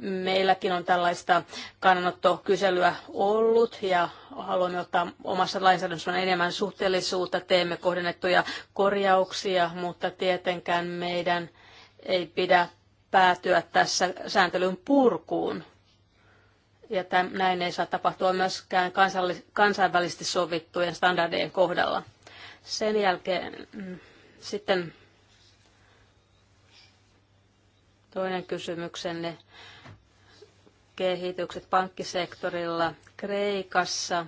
Meilläkin on tällaista kannanottokyselyä ollut ja haluamme ottaa omassa lainsäädännössä enemmän suhteellisuutta, teemme kohdennettuja korjauksia, mutta tietenkään meidän ei pidä päätyä tässä sääntelyn purkuun ja täm näin ei saa tapahtua myöskään kansallis- kansainvälisesti sovittujen standardien kohdalla. Sen jälkeen mm, sitten toinen kysymyksenne kehitykset pankkisektorilla Kreikassa.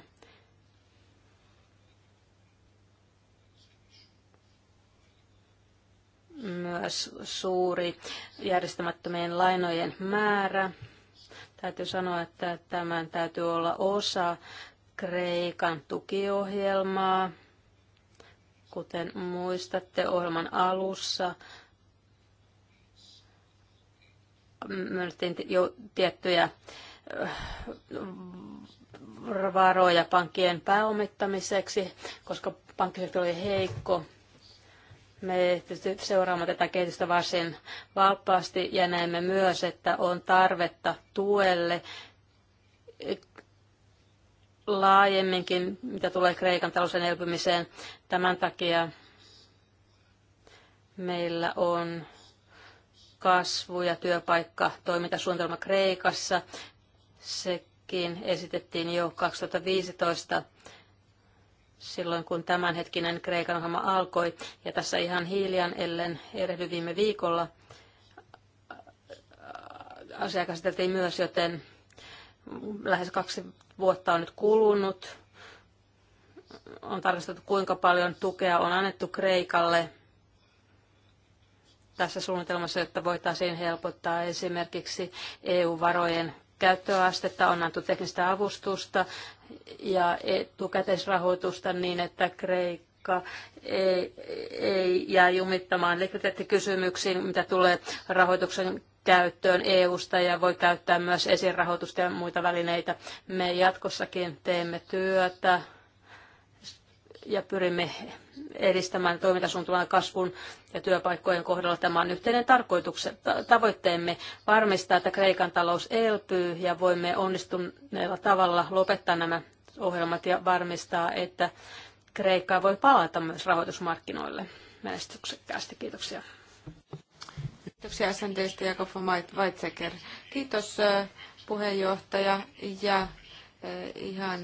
Myös suuri järjestämättömien lainojen määrä Täytyy sanoa, että tämän täytyy olla osa Kreikan tukiohjelmaa. Kuten muistatte, ohjelman alussa myönnettiin jo tiettyjä äh, varoja pankkien pääomittamiseksi, koska pankkisektori oli heikko me pysty seuraamaan tätä kehitystä varsin vapaasti ja näemme myös, että on tarvetta tuelle laajemminkin, mitä tulee Kreikan talousen elpymiseen. Tämän takia meillä on kasvu- ja työpaikka toimintasuunnitelma Kreikassa. Sekin esitettiin jo 2015 silloin, kun tämänhetkinen Kreikan ohjelma alkoi. Ja tässä ihan hiljan, ellen erehdy viime viikolla, asia käsiteltiin myös, joten lähes kaksi vuotta on nyt kulunut. On tarkasteltu, kuinka paljon tukea on annettu Kreikalle tässä suunnitelmassa, jotta voitaisiin helpottaa esimerkiksi EU-varojen käyttöastetta, on annettu teknistä avustusta, ja etukäteisrahoitusta niin, että Kreikka ei, ei jää jumittamaan likviditeettikysymyksiin, mitä tulee rahoituksen käyttöön EUsta ja voi käyttää myös esirahoitusta ja muita välineitä. Me jatkossakin teemme työtä ja pyrimme edistämään toimintasuuntaan kasvun ja työpaikkojen kohdalla. Tämä on yhteinen tavoitteemme varmistaa, että Kreikan talous elpyy ja voimme onnistuneella tavalla lopettaa nämä ohjelmat ja varmistaa, että Kreikka voi palata myös rahoitusmarkkinoille menestyksekkäästi. Kiitoksia. Kiitoksia SNTstä Jakob Weitzeker. Kiitos äh, puheenjohtaja ja äh, ihan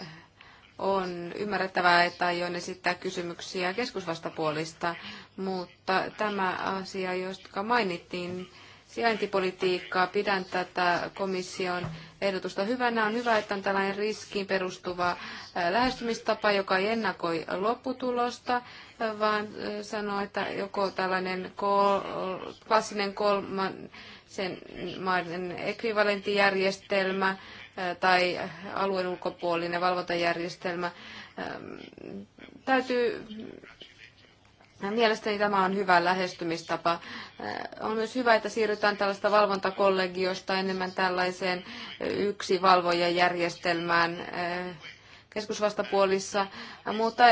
äh, on ymmärrettävää, että aion esittää kysymyksiä keskusvastapuolista, mutta tämä asia, josta mainittiin, sijaintipolitiikkaa, pidän tätä komission ehdotusta hyvänä. On hyvä, että on tällainen riskiin perustuva lähestymistapa, joka ei ennakoi lopputulosta, vaan sanoo, että joko tällainen kol, klassinen kolman sen maiden ekvivalenttijärjestelmä, tai alueen ulkopuolinen valvontajärjestelmä. Ähm, täytyy Mielestäni tämä on hyvä lähestymistapa. Äh, on myös hyvä, että siirrytään tällaista valvontakollegiosta enemmän tällaiseen yksi valvojajärjestelmään. järjestelmään äh, keskusvastapuolissa, mutta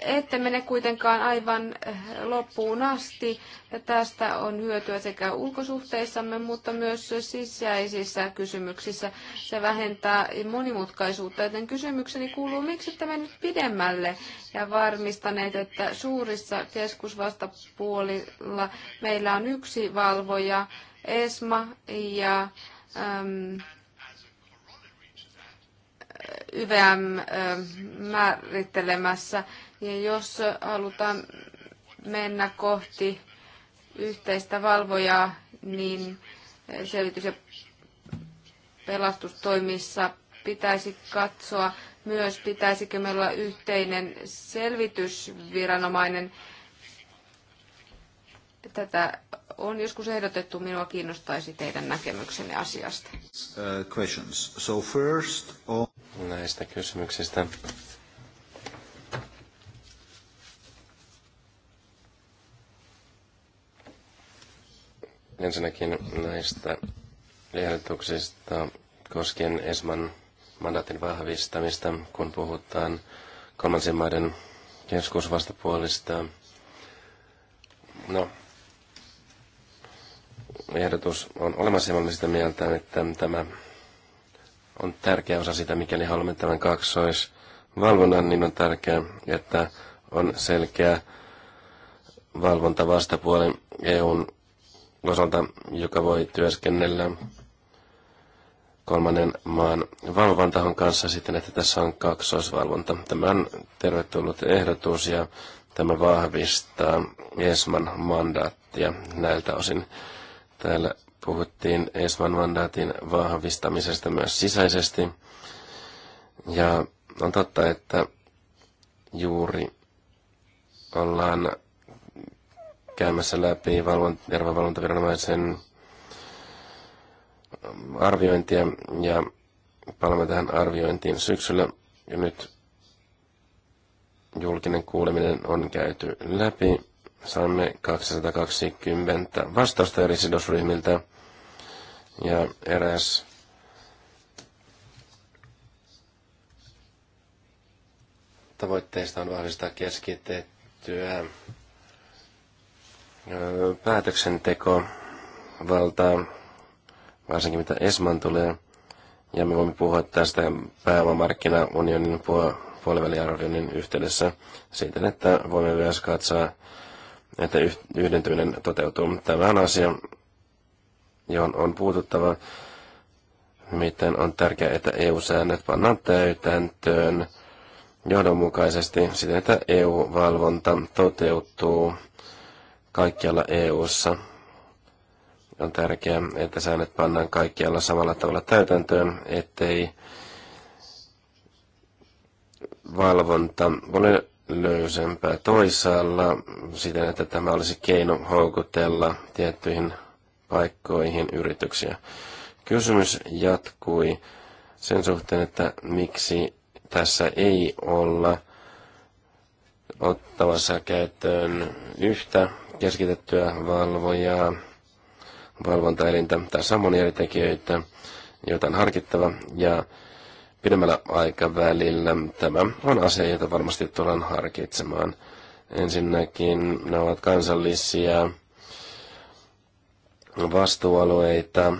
ette mene kuitenkaan aivan loppuun asti. Ja tästä on hyötyä sekä ulkosuhteissamme, mutta myös sisäisissä kysymyksissä. Se vähentää monimutkaisuutta, joten kysymykseni kuuluu, miksi te mennyt pidemmälle ja varmistaneet, että suurissa keskusvastapuolilla meillä on yksi valvoja, ESMA ja... Äm, YVM määrittelemässä. Ja jos halutaan mennä kohti yhteistä valvojaa, niin selvitys- ja pelastustoimissa pitäisi katsoa myös, pitäisikö meillä olla yhteinen selvitysviranomainen. Tätä on joskus ehdotettu, minua kiinnostaisi teidän näkemyksenne asiasta. Uh, questions. So first on näistä kysymyksistä. Ensinnäkin näistä ehdotuksista koskien ESMAN mandaatin vahvistamista, kun puhutaan kolmansien maiden keskusvastapuolista. No, ehdotus on olemassa ja sitä mieltä, että tämä on tärkeä osa sitä, mikäli haluamme tämän kaksoisvalvonnan, niin on tärkeää, että on selkeä valvonta vastapuolen EUn osalta, joka voi työskennellä kolmannen maan valvontahon kanssa siten, että tässä on kaksoisvalvonta. Tämä on tervetullut ehdotus ja tämä vahvistaa ESMAn mandaattia näiltä osin. Täällä puhuttiin ESVAn mandaatin vahvistamisesta myös sisäisesti. Ja on totta, että juuri ollaan käymässä läpi valvontaviranomaisen arviointia ja palaamme tähän arviointiin syksyllä. Ja nyt julkinen kuuleminen on käyty läpi saamme 220 vastausta eri sidosryhmiltä ja eräs tavoitteista on vahvistaa keskitettyä päätöksenteko valtaa, varsinkin mitä Esman tulee. Ja me voimme puhua tästä pääomamarkkinaunionin puoliväliarvioinnin yhteydessä siten, että voimme myös katsoa että yhdentyminen toteutuu. Tämä on asia, johon on puututtava. Miten on tärkeää, että EU-säännöt pannaan täytäntöön johdonmukaisesti siten, että EU-valvonta toteutuu kaikkialla EU:ssa. On tärkeää, että säännöt pannaan kaikkialla samalla tavalla täytäntöön, ettei valvonta ole löysempää toisaalla siten, että tämä olisi keino houkutella tiettyihin paikkoihin yrityksiä. Kysymys jatkui sen suhteen, että miksi tässä ei olla ottavassa käyttöön yhtä keskitettyä valvojaa, valvontaelintä. tai on eri tekijöitä, joita on harkittava, ja pidemmällä aikavälillä tämä on asia, jota varmasti tullaan harkitsemaan. Ensinnäkin ne ovat kansallisia vastuualueita,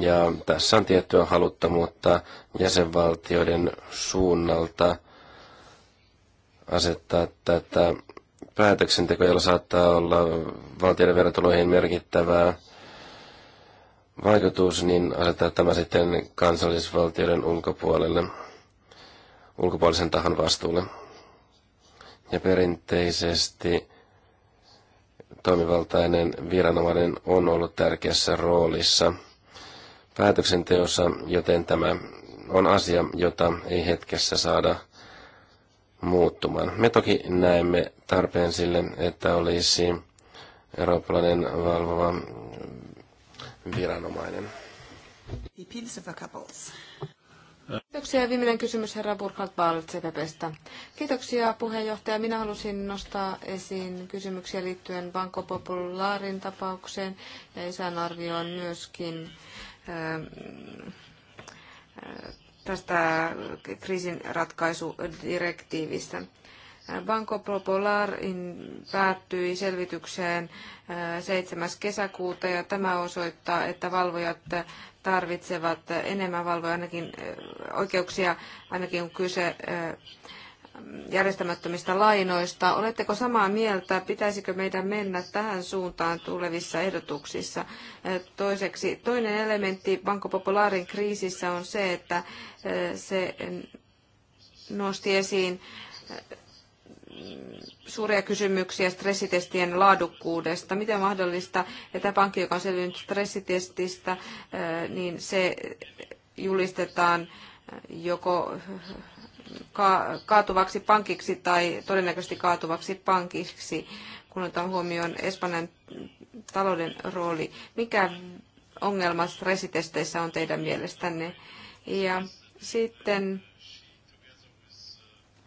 ja tässä on tiettyä haluttomuutta jäsenvaltioiden suunnalta asettaa tätä päätöksentekoa, jolla saattaa olla valtioiden verotuloihin merkittävää vaikutus, niin asettaa tämä sitten kansallisvaltioiden ulkopuolelle, ulkopuolisen tahan vastuulle. Ja perinteisesti toimivaltainen viranomainen on ollut tärkeässä roolissa päätöksenteossa, joten tämä on asia, jota ei hetkessä saada muuttumaan. Me toki näemme tarpeen sille, että olisi eurooppalainen valvova viranomainen. Kiitoksia. Viimeinen kysymys herra Burkhard Baal CPPstä. Kiitoksia puheenjohtaja. Minä halusin nostaa esiin kysymyksiä liittyen Banco Popularin tapaukseen ja isän arvioon myöskin ähm, äh, tästä kriisin ratkaisudirektiivistä. Banco Popular päättyi selvitykseen 7. kesäkuuta ja tämä osoittaa, että valvojat tarvitsevat enemmän valvoja ainakin oikeuksia, ainakin on kyse järjestämättömistä lainoista. Oletteko samaa mieltä, pitäisikö meidän mennä tähän suuntaan tulevissa ehdotuksissa? Toiseksi, toinen elementti Banco Popularin kriisissä on se, että se nosti esiin suuria kysymyksiä stressitestien laadukkuudesta. Miten mahdollista, että pankki, joka on selvinnyt stressitestistä, niin se julistetaan joko kaatuvaksi pankiksi tai todennäköisesti kaatuvaksi pankiksi, kun otetaan huomioon Espanjan talouden rooli. Mikä ongelma stressitesteissä on teidän mielestänne? Ja sitten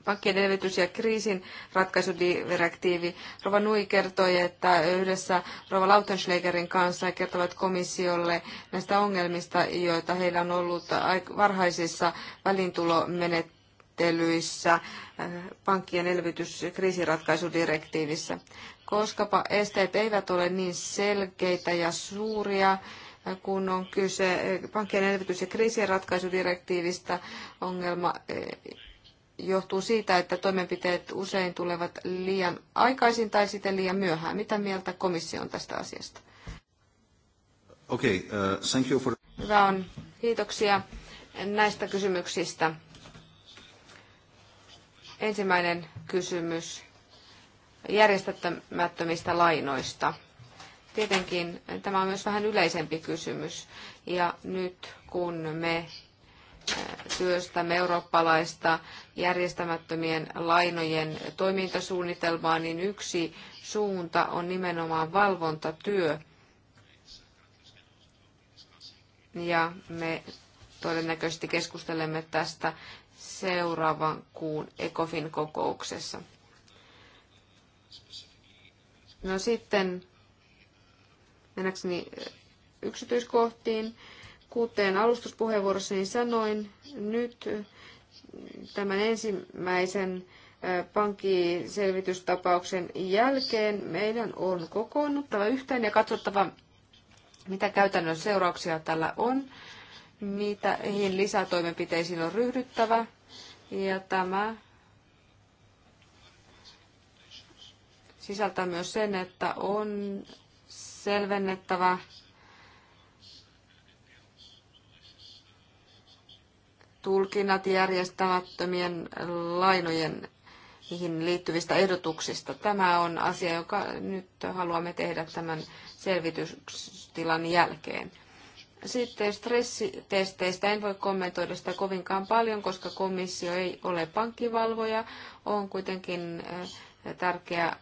pankkien elvytys- ja kriisin ratkaisudirektiivi. Rova Nui kertoi, että yhdessä Rova Lautenschlägerin kanssa he kertovat komissiolle näistä ongelmista, joita heillä on ollut varhaisissa välintulomenettelyissä äh, pankkien elvytys- ja kriisiratkaisudirektiivissä. Koska esteet eivät ole niin selkeitä ja suuria, äh, kun on kyse äh, pankkien elvytys- ja kriisienratkaisudirektiivistä ongelma, johtuu siitä, että toimenpiteet usein tulevat liian aikaisin tai sitten liian myöhään. Mitä mieltä komissio on tästä asiasta? Okay, uh, thank you for... Hyvä on. Kiitoksia näistä kysymyksistä. Ensimmäinen kysymys järjestämättömistä lainoista. Tietenkin tämä on myös vähän yleisempi kysymys. Ja nyt kun me työstämme eurooppalaista järjestämättömien lainojen toimintasuunnitelmaa, niin yksi suunta on nimenomaan valvontatyö. Ja me todennäköisesti keskustelemme tästä seuraavan kuun ECOFIN kokouksessa. No sitten mennäkseni yksityiskohtiin. Kuten alustuspuheenvuorossani sanoin, nyt tämän ensimmäisen pankkiselvitystapauksen jälkeen meidän on kokoonnuttava yhteen ja katsottava, mitä käytännön seurauksia tällä on, mitä lisätoimenpiteisiin on ryhdyttävä. Ja tämä sisältää myös sen, että on selvennettävä tulkinnat järjestämättömien lainojen niihin liittyvistä ehdotuksista. Tämä on asia, joka nyt haluamme tehdä tämän selvitystilan jälkeen. Sitten stressitesteistä en voi kommentoida sitä kovinkaan paljon, koska komissio ei ole pankkivalvoja. On kuitenkin eh, tärkeää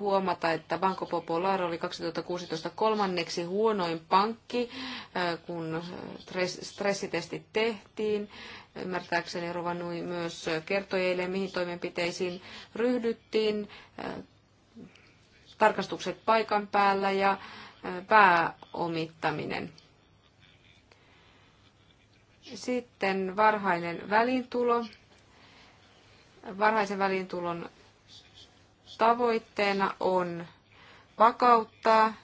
huomata, että Banco Popular oli 2016 kolmanneksi huonoin pankki, eh, kun stressitestit tehtiin. Ymmärtääkseni Rovanui myös kertoi eilen, mihin toimenpiteisiin ryhdyttiin. Tarkastukset paikan päällä ja pääomittaminen. Sitten varhainen välintulo. Varhaisen välintulon tavoitteena on vakauttaa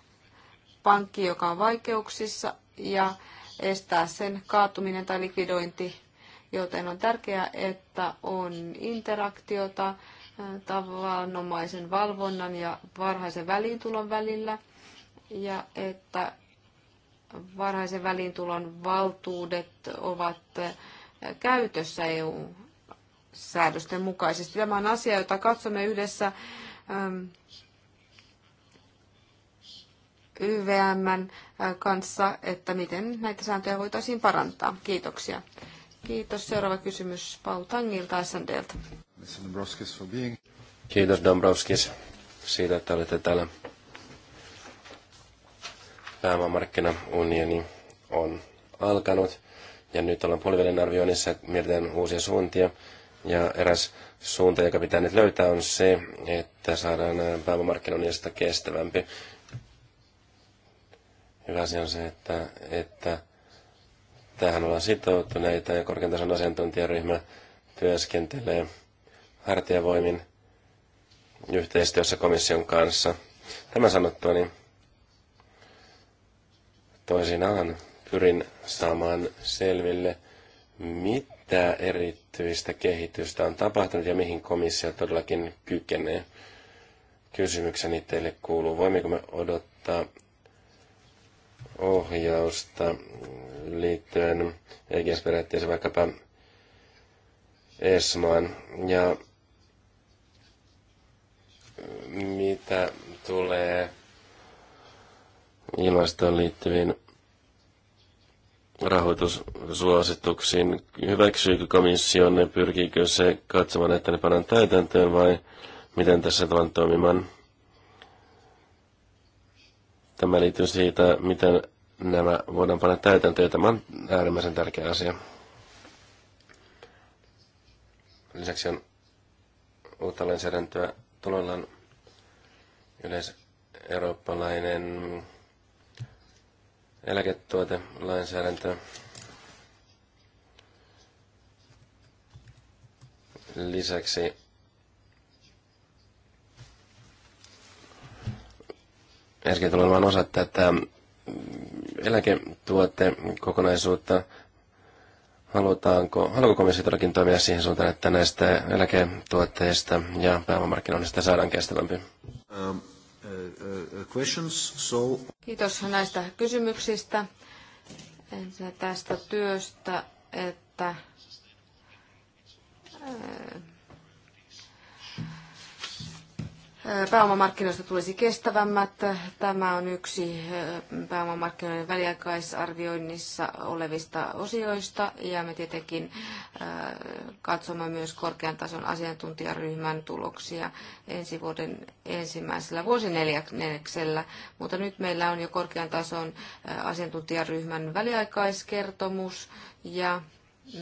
pankki, joka on vaikeuksissa, ja estää sen kaatuminen tai likvidointi joten on tärkeää, että on interaktiota tavanomaisen valvonnan ja varhaisen väliintulon välillä ja että varhaisen väliintulon valtuudet ovat käytössä EU-säädösten mukaisesti. Tämä on asia, jota katsomme yhdessä YVM kanssa, että miten näitä sääntöjä voitaisiin parantaa. Kiitoksia. Kiitos. Seuraava kysymys Paul Tangilta SNDltä. Kiitos Dombrovskis siitä, että olette täällä. Pääomamarkkinaunioni on alkanut ja nyt ollaan puolivälin arvioinnissa, mietitään uusia suuntia. Ja eräs suunta, joka pitää nyt löytää, on se, että saadaan pääomamarkkinoinnista kestävämpi. Hyvä asia on se, että, että Tähän ollaan sitoutuneita ja korkeintason asiantuntijaryhmä työskentelee hartiavoimin yhteistyössä komission kanssa. Tämä sanottua, niin toisinaan pyrin saamaan selville, mitä erityistä kehitystä on tapahtunut ja mihin komissio todellakin kykenee. Kysymykseni teille kuuluu, voimmeko me odottaa ohjausta liittyen EGS-periaatteeseen vaikkapa ESMAan. Ja mitä tulee ilmastoon liittyviin rahoitussuosituksiin. Hyväksyykö komissio ne, pyrkiikö se katsomaan, että ne pannaan täytäntöön vai miten tässä tullaan toimimaan? Tämä liittyy siitä, miten nämä voidaan panna täytäntöön. Tämä on äärimmäisen tärkeä asia. Lisäksi on uutta lainsäädäntöä tulollaan eläketuote eläketuotelainsäädäntö. Lisäksi äsken tulee vain osa tätä eläketuotekokonaisuutta. Halutaanko, haluaako komissio todellakin toimia siihen suuntaan, että näistä eläketuotteista ja pääomamarkkinoinnista saadaan kestävämpi? Um, uh, uh, Kiitos näistä kysymyksistä tästä työstä, että uh, Pääomamarkkinoista tulisi kestävämmät. Tämä on yksi pääomamarkkinoiden väliaikaisarvioinnissa olevista osioista ja me tietenkin katsomme myös korkean tason asiantuntijaryhmän tuloksia ensi vuoden ensimmäisellä vuosineljänneksellä, mutta nyt meillä on jo korkean tason asiantuntijaryhmän väliaikaiskertomus ja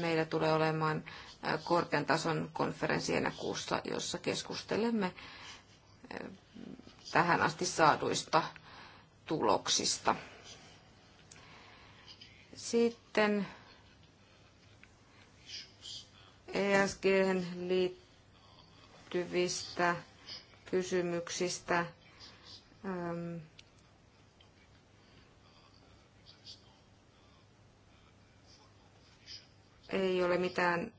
meillä tulee olemaan korkean tason konferenssi enäkuussa, jossa keskustelemme tähän asti saaduista tuloksista. Sitten ESG liittyvistä kysymyksistä. ei ole mitään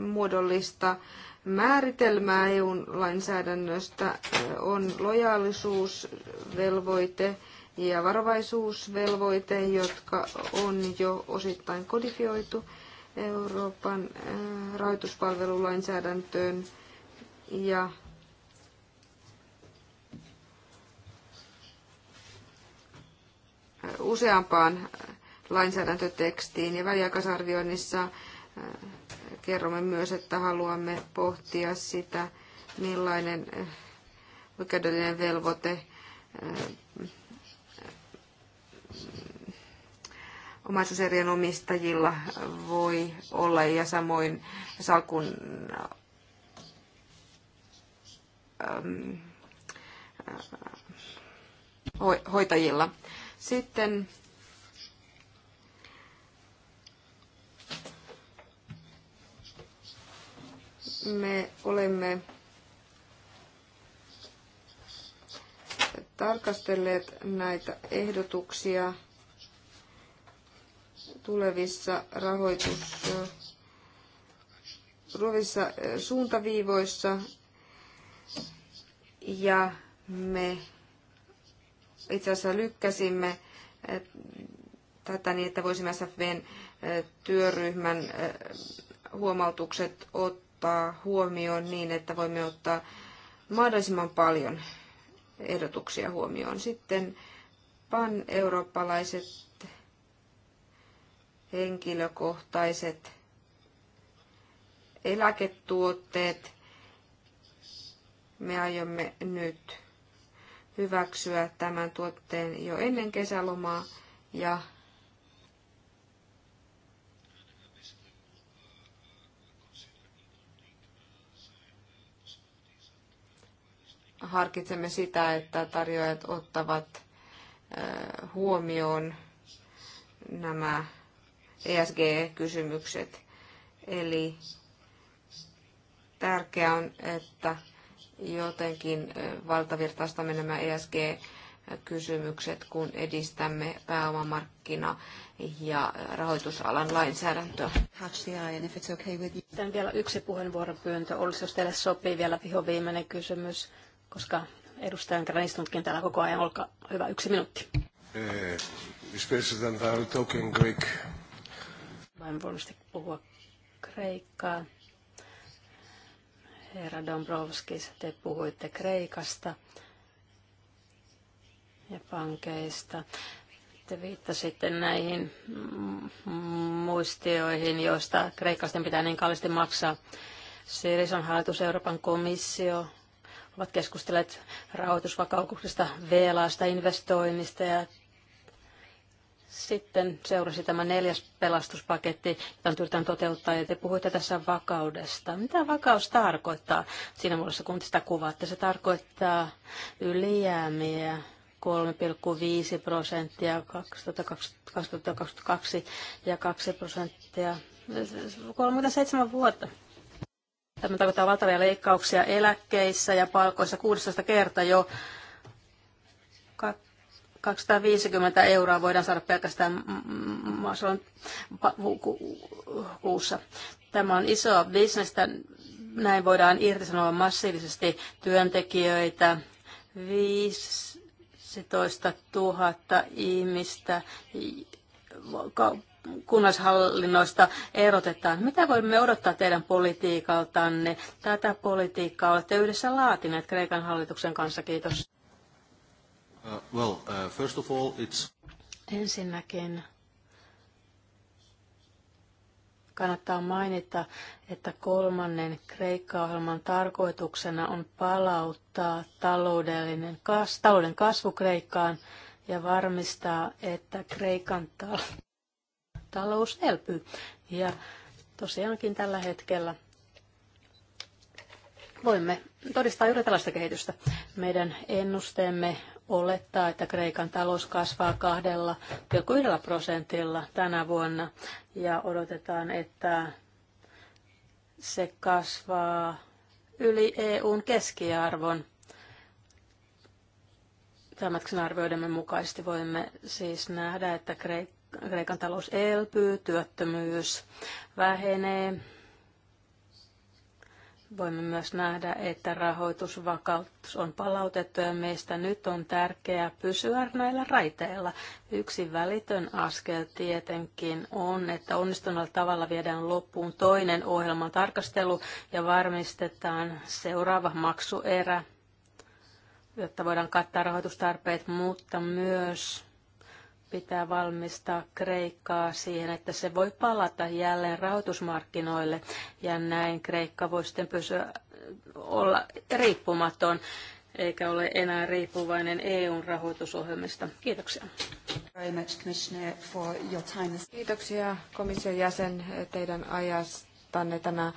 muodollista määritelmää EU-lainsäädännöstä on lojaalisuusvelvoite ja varovaisuusvelvoite, jotka on jo osittain kodifioitu Euroopan rahoituspalvelulainsäädäntöön ja useampaan lainsäädäntötekstiin ja väliaikaisarvioinnissa kerromme myös, että haluamme pohtia sitä, millainen eh, oikeudellinen velvoite eh, omaisuuserien omistajilla voi olla ja samoin salkun ehm, eh, hoitajilla. Sitten me olemme tarkastelleet näitä ehdotuksia tulevissa rahoitus suuntaviivoissa ja me itse asiassa lykkäsimme tätä niin, että voisimme SFVn työryhmän huomautukset ottaa ottaa huomioon niin, että voimme ottaa mahdollisimman paljon ehdotuksia huomioon. Sitten pan-eurooppalaiset henkilökohtaiset eläketuotteet. Me aiomme nyt hyväksyä tämän tuotteen jo ennen kesälomaa ja harkitsemme sitä, että tarjoajat ottavat huomioon nämä ESG-kysymykset. Eli tärkeää on, että jotenkin valtavirtaistamme nämä ESG-kysymykset, kun edistämme pääomamarkkina- ja rahoitusalan lainsäädäntöä. Tämä vielä yksi puheenvuoropyyntö olisi, jos teille sopii vielä viho viimeinen kysymys koska edustajan kerran istunutkin täällä koko ajan. Olkaa hyvä, yksi minuutti. Eh, en voinut puhua kreikkaa. Herra Dombrovskis, te puhuitte Kreikasta ja pankeista. Te viittasitte näihin muistioihin, joista kreikkaisten pitää niin kallisti maksaa. Syrizan hallitus, Euroopan komissio ovat keskustelleet rahoitusvakautuksesta, VLAsta, investoinnista ja sitten seurasi tämä neljäs pelastuspaketti, jota nyt yritetään toteuttaa, ja te puhuitte tässä vakaudesta. Mitä vakaus tarkoittaa siinä muodossa, kun sitä kuvaatte? Se tarkoittaa ylijäämiä 3,5 prosenttia 2022 ja 2 prosenttia 37 vuotta. Tämä tarkoittaa valtavia leikkauksia eläkkeissä ja palkoissa 16 kertaa jo 250 euroa voidaan saada pelkästään maasolon kuussa. Tämä on isoa bisnestä. Näin voidaan irtisanoa massiivisesti työntekijöitä. 15 000 ihmistä kunnallishallinnoista erotetaan. Mitä voimme odottaa teidän politiikaltanne? Tätä politiikkaa olette yhdessä laatineet Kreikan hallituksen kanssa. Kiitos. Uh, well, uh, first of all, it's... Ensinnäkin kannattaa mainita, että kolmannen Kreikka-ohjelman tarkoituksena on palauttaa taloudellinen, kas, talouden kasvu Kreikkaan – ja varmistaa, että Kreikan talous elpyy. Ja tosiaankin tällä hetkellä voimme todistaa juuri tällaista kehitystä. Meidän ennusteemme olettaa, että Kreikan talous kasvaa kahdella kuudella prosentilla tänä vuonna ja odotetaan, että se kasvaa yli EUn keskiarvon tämän arvioidemme mukaisesti voimme siis nähdä, että Kreikan talous elpyy, työttömyys vähenee. Voimme myös nähdä, että rahoitusvakautus on palautettu ja meistä nyt on tärkeää pysyä näillä raiteilla. Yksi välitön askel tietenkin on, että onnistuneella tavalla viedään loppuun toinen ohjelman tarkastelu ja varmistetaan seuraava maksuerä jotta voidaan kattaa rahoitustarpeet, mutta myös pitää valmistaa Kreikkaa siihen, että se voi palata jälleen rahoitusmarkkinoille ja näin Kreikka voi sitten pysyä olla riippumaton eikä ole enää riippuvainen EUn rahoitusohjelmista. Kiitoksia. Kiitoksia komission jäsen teidän ajasta kantanne tänä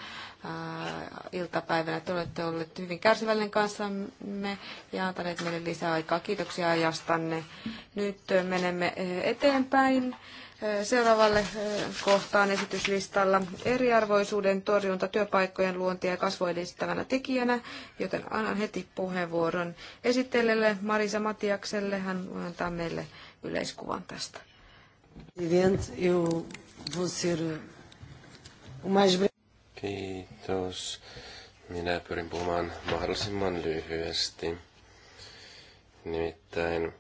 iltapäivänä. Te olette olleet hyvin kärsivällinen kanssamme ja antaneet meille lisää aikaa. Kiitoksia ajastanne. Nyt menemme eteenpäin. Seuraavalle kohtaan esityslistalla eriarvoisuuden torjunta työpaikkojen luontia ja kasvua edistävänä tekijänä, joten annan heti puheenvuoron esittelijälle Marisa Matiakselle. Hän antaa meille yleiskuvan tästä. Presidente, eu vou ser Kiitos. Minä pyrin puhumaan mahdollisimman lyhyesti. Nimittäin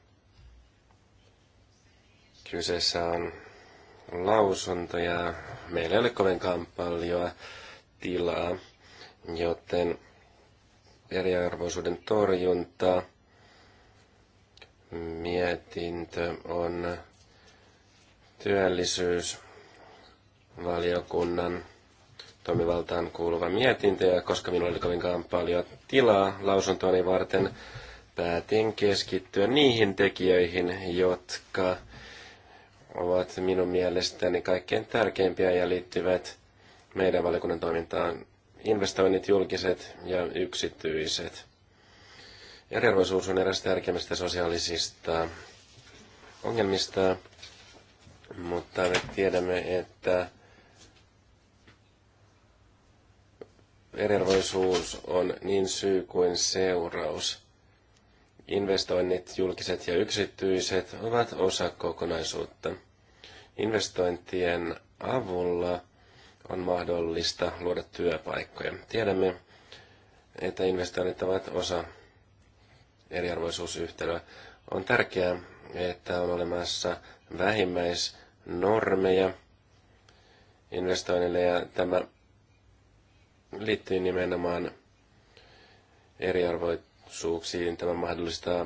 kyseessä on lausunto ja meillä ei ole kovinkaan paljon tilaa, joten eriarvoisuuden torjunta mietintö on työllisyysvaliokunnan toimivaltaan kuuluva mietintö, ja koska minulla oli kovinkaan paljon tilaa lausuntoani varten, päätin keskittyä niihin tekijöihin, jotka ovat minun mielestäni kaikkein tärkeimpiä ja liittyvät meidän valiokunnan toimintaan investoinnit, julkiset ja yksityiset. Eriarvoisuus on eräs tärkeimmistä sosiaalisista ongelmista, mutta me tiedämme, että Eriarvoisuus on niin syy kuin seuraus. Investoinnit, julkiset ja yksityiset, ovat osa kokonaisuutta. Investointien avulla on mahdollista luoda työpaikkoja. Tiedämme, että investoinnit ovat osa eriarvoisuusyhtälöä. On tärkeää, että on olemassa vähimmäisnormeja investoinnille ja tämä liittyy nimenomaan eriarvoisuuksiin. Tämä mahdollistaa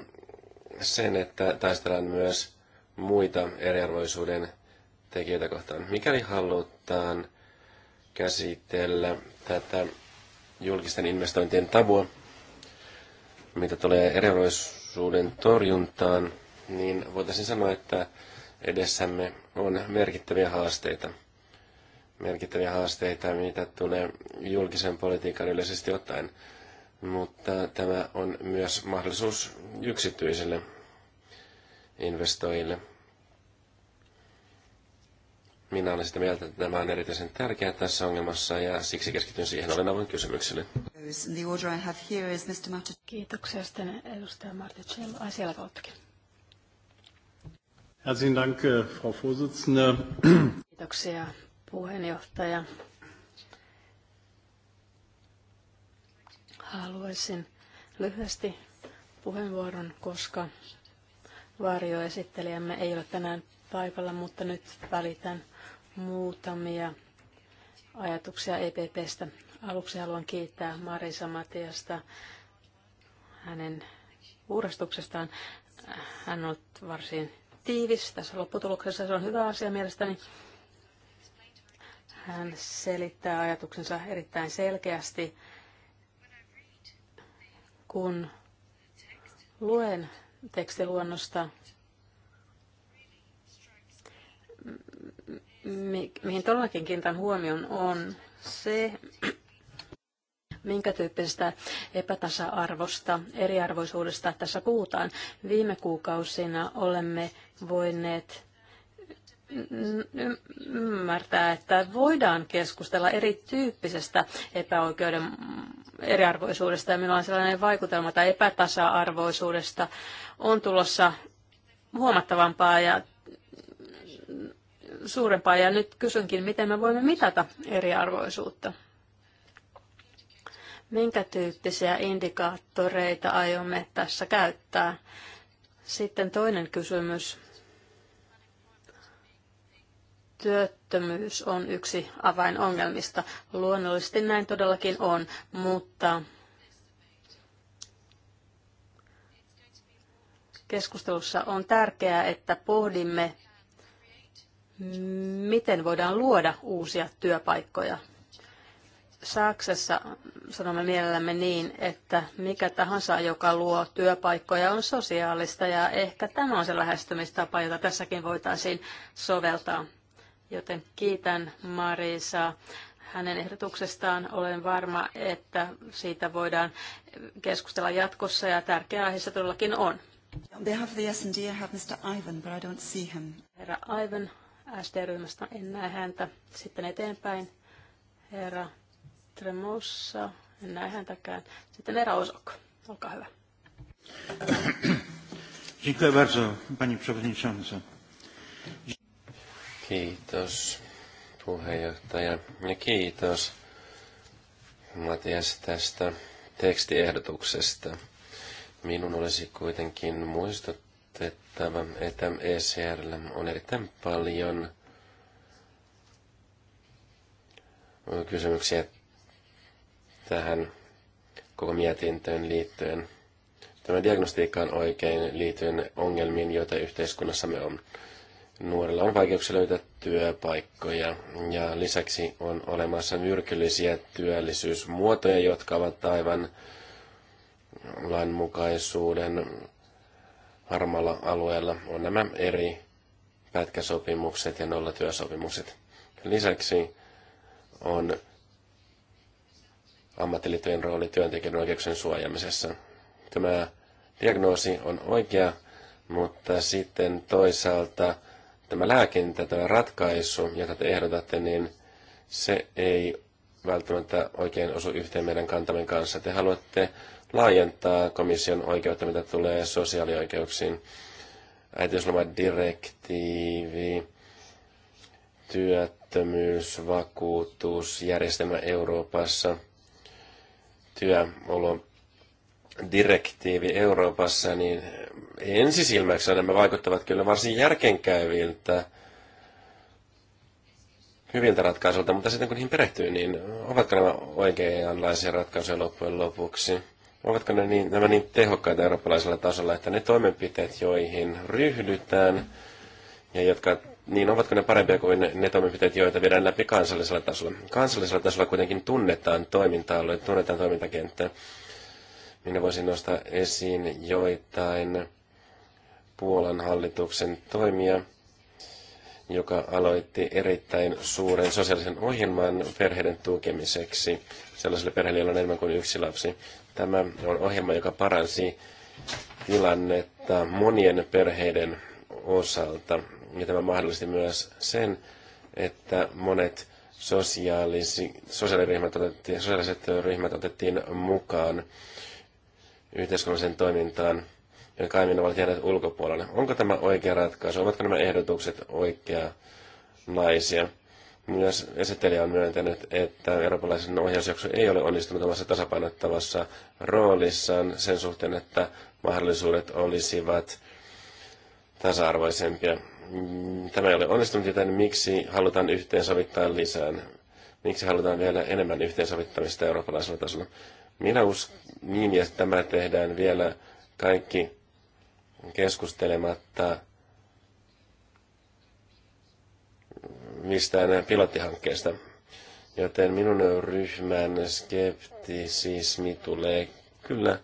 sen, että taistellaan myös muita eriarvoisuuden tekijöitä kohtaan. Mikäli halutaan käsitellä tätä julkisten investointien tabua, mitä tulee eriarvoisuuden torjuntaan, niin voitaisiin sanoa, että edessämme on merkittäviä haasteita – merkittäviä haasteita, mitä tulee julkisen politiikan yleisesti ottaen. Mutta tämä on myös mahdollisuus yksityisille investoijille. Minä olen sitä mieltä, että tämä on erityisen tärkeää tässä ongelmassa ja siksi keskityn siihen. Olen avoin kysymyksille. Kiitoksia sitten edustaja Marticell. Ai siellä kauttakin. Herzlichen Dank, äh, Frau Vorsitzende. Kiitoksia puheenjohtaja. Haluaisin lyhyesti puheenvuoron, koska varjoesittelijämme ei ole tänään paikalla, mutta nyt välitän muutamia ajatuksia EPPstä. Aluksi haluan kiittää Marisa Matiasta hänen uurastuksestaan. Hän on varsin tiivis tässä lopputuloksessa. Se on hyvä asia mielestäni. Hän selittää ajatuksensa erittäin selkeästi. Kun luen tekstiluonnosta, mi- mihin todellakin kiinnitän huomion, on se, minkä tyyppisestä epätasa-arvosta, eriarvoisuudesta tässä puhutaan. Viime kuukausina olemme voineet ymmärtää, että voidaan keskustella erityyppisestä epäoikeuden eriarvoisuudesta ja minulla on sellainen vaikutelma, että epätasa-arvoisuudesta on tulossa huomattavampaa ja suurempaa. Ja nyt kysynkin, miten me voimme mitata eriarvoisuutta. Minkä tyyppisiä indikaattoreita aiomme tässä käyttää? Sitten toinen kysymys työttömyys on yksi avainongelmista. Luonnollisesti näin todellakin on, mutta keskustelussa on tärkeää, että pohdimme, miten voidaan luoda uusia työpaikkoja. Saksassa sanomme mielellämme niin, että mikä tahansa, joka luo työpaikkoja, on sosiaalista ja ehkä tämä on se lähestymistapa, jota tässäkin voitaisiin soveltaa. Joten kiitän Marisa hänen ehdotuksestaan. Olen varma, että siitä voidaan keskustella jatkossa ja tärkeä aihe se todellakin on. On behalf of the S&D, I have Mr. Ivan, but I don't see him. Herra Ivan, SD-ryhmästä en näe häntä. Sitten eteenpäin herra Tremossa, en näe häntäkään. Sitten herra Osok, olkaa hyvä. Dziękuję bardzo, pani przewodnicząca. Kiitos puheenjohtaja ja kiitos Matias tästä tekstiehdotuksesta. Minun olisi kuitenkin muistutettava, että ECRllä on erittäin paljon kysymyksiä tähän koko mietintöön liittyen. Tämä diagnostiikka on oikein liittyen ongelmiin, joita yhteiskunnassamme on nuorilla on vaikeuksia löytää työpaikkoja ja lisäksi on olemassa myrkyllisiä työllisyysmuotoja, jotka ovat aivan lainmukaisuuden harmalla alueella. On nämä eri pätkäsopimukset ja nollatyösopimukset. Lisäksi on ammattiliittojen rooli työntekijän oikeuksien suojaamisessa. Tämä diagnoosi on oikea, mutta sitten toisaalta tämä lääkintä, tämä ratkaisu, jota te ehdotatte, niin se ei välttämättä oikein osu yhteen meidän kantamen kanssa. Te haluatte laajentaa komission oikeutta, mitä tulee sosiaalioikeuksiin. Äitiyslomadirektiivi, työttömyysvakuutusjärjestelmä Euroopassa, työolo direktiivi Euroopassa, niin ensisilmäksi nämä vaikuttavat kyllä varsin järkenkäyviltä hyviltä ratkaisuilta, mutta sitten kun niihin perehtyy, niin ovatko nämä oikeanlaisia ratkaisuja loppujen lopuksi? Ovatko ne niin, nämä niin tehokkaita eurooppalaisella tasolla, että ne toimenpiteet, joihin ryhdytään, ja jotka, niin ovatko ne parempia kuin ne toimenpiteet, joita viedään läpi kansallisella tasolla? Kansallisella tasolla kuitenkin tunnetaan toiminta-alueet, tunnetaan toimintakenttää. Minä niin voisin nostaa esiin joitain Puolan hallituksen toimia, joka aloitti erittäin suuren sosiaalisen ohjelman perheiden tukemiseksi sellaisille perheille, joilla on enemmän kuin yksi lapsi. Tämä on ohjelma, joka paransi tilannetta monien perheiden osalta. Ja tämä mahdollisti myös sen, että monet sosiaalisi, sosiaaliryhmät otettiin, sosiaaliset ryhmät otettiin mukaan yhteiskunnalliseen toimintaan, jotka aiemmin ovat jääneet ulkopuolelle. Onko tämä oikea ratkaisu? Ovatko nämä ehdotukset oikea naisia? Myös esittelijä on myöntänyt, että eurooppalaisen ohjausjakso ei ole onnistunut omassa tasapainottavassa roolissaan sen suhteen, että mahdollisuudet olisivat tasa-arvoisempia. Tämä ei ole onnistunut, joten miksi halutaan yhteensovittaa lisää? Miksi halutaan vielä enemmän yhteensovittamista eurooppalaisella tasolla? Minä uskon, niin, ja tämä tehdään vielä kaikki keskustelematta mistään pilottihankkeesta. Joten minun ryhmän skeptisismi tulee kyllä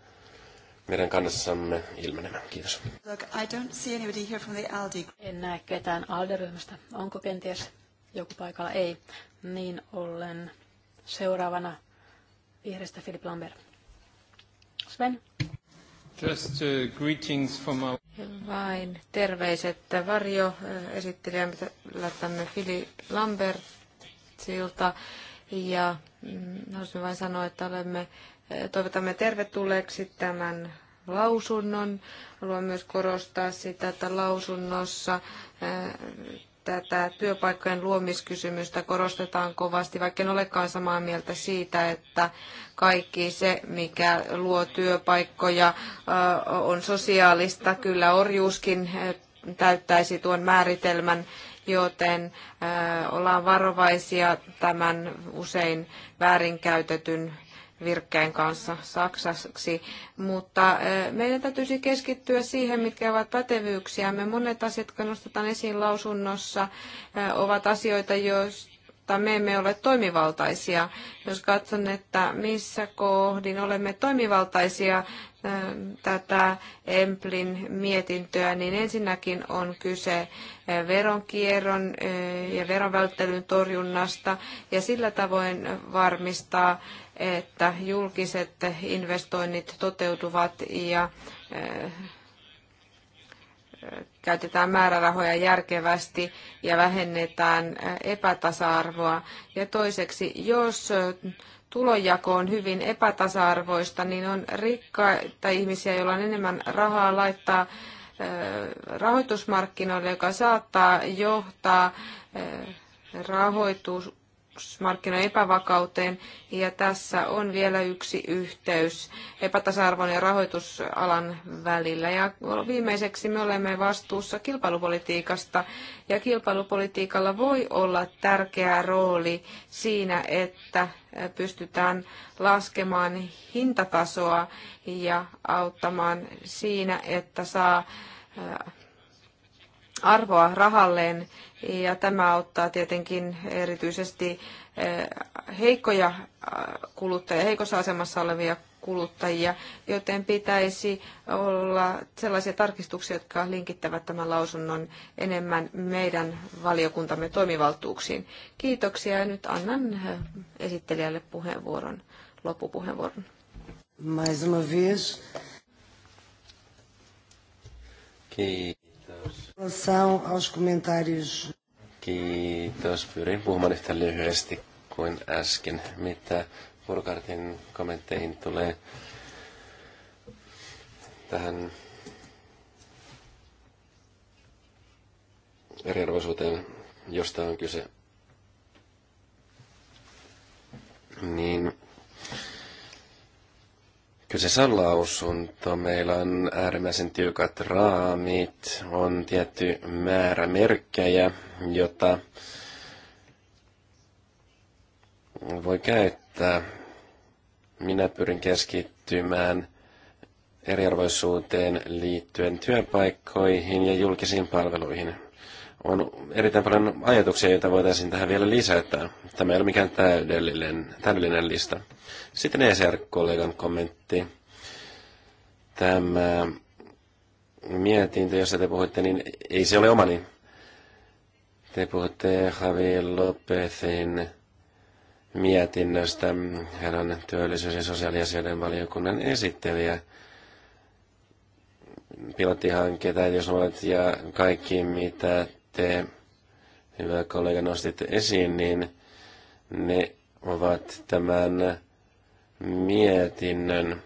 meidän kannassamme ilmenemään. Kiitos. Look, I don't see anybody here from the ALDE. En näe ketään ALDE-ryhmästä. Onko kenties joku paikalla? Ei. Niin ollen seuraavana Vihreästä Philip Lambert. Sven. Just uh, greetings from our... Vain terveiset varjo esittelijämme Philip Lambertilta. Ja mm, haluaisin vain sanoa, että olemme, eh, toivotamme tervetulleeksi tämän lausunnon. Haluan myös korostaa sitä, että lausunnossa eh, tätä työpaikkojen luomiskysymystä korostetaan kovasti, vaikka en olekaan samaa mieltä siitä, että kaikki se, mikä luo työpaikkoja, on sosiaalista. Kyllä orjuuskin täyttäisi tuon määritelmän, joten ollaan varovaisia tämän usein väärinkäytetyn virkkäin kanssa saksaksi, mutta meidän täytyisi keskittyä siihen, mitkä ovat pätevyyksiämme. Monet asiat, jotka nostetaan esiin lausunnossa, ovat asioita, joista me emme ole toimivaltaisia. Jos katson, että missä kohdin olemme toimivaltaisia tätä Emplin mietintöä, niin ensinnäkin on kyse veronkierron ja veronvälttelyn torjunnasta ja sillä tavoin varmistaa että julkiset investoinnit toteutuvat ja eh, käytetään määrärahoja järkevästi ja vähennetään eh, epätasa-arvoa. Ja toiseksi, jos tulonjako on hyvin epätasa-arvoista, niin on rikkaita ihmisiä, joilla on enemmän rahaa laittaa eh, rahoitusmarkkinoille, joka saattaa johtaa rahoitus rahoitusmarkkinoiden epävakauteen, ja tässä on vielä yksi yhteys epätasa-arvon ja rahoitusalan välillä. Ja viimeiseksi me olemme vastuussa kilpailupolitiikasta, ja kilpailupolitiikalla voi olla tärkeä rooli siinä, että pystytään laskemaan hintatasoa ja auttamaan siinä, että saa arvoa rahalleen ja tämä auttaa tietenkin erityisesti eh, heikkoja eh, kuluttajia, heikossa asemassa olevia kuluttajia, joten pitäisi olla sellaisia tarkistuksia, jotka linkittävät tämän lausunnon enemmän meidän valiokuntamme toimivaltuuksiin. Kiitoksia ja nyt annan eh, esittelijälle puheenvuoron, loppupuheenvuoron. Mais uma vez. Kiitos relação aos comentários. Kiitos. Pyrin puhumaan yhtä lyhyesti kuin äsken. Mitä Burkhartin kommentteihin tulee tähän eriarvoisuuteen, josta on kyse, niin Kyseessä on lausunto. Meillä on äärimmäisen tiukat raamit, on tietty määrä merkkejä, jota voi käyttää. Minä pyrin keskittymään eriarvoisuuteen liittyen työpaikkoihin ja julkisiin palveluihin on erittäin paljon ajatuksia, joita voitaisiin tähän vielä lisätä. Tämä ei ole mikään täydellinen, täydellinen lista. Sitten ECR-kollegan kommentti. Tämä mietintö, jossa te puhuitte, niin ei se ole omani. Te puhutte Javi Lopezin mietinnöstä. Hän on työllisyys- ja sosiaaliasioiden valiokunnan esittelijä pilottihankkeita, jos olet ja kaikki mitä te, hyvä kollega, nostitte esiin, niin ne ovat tämän mietinnön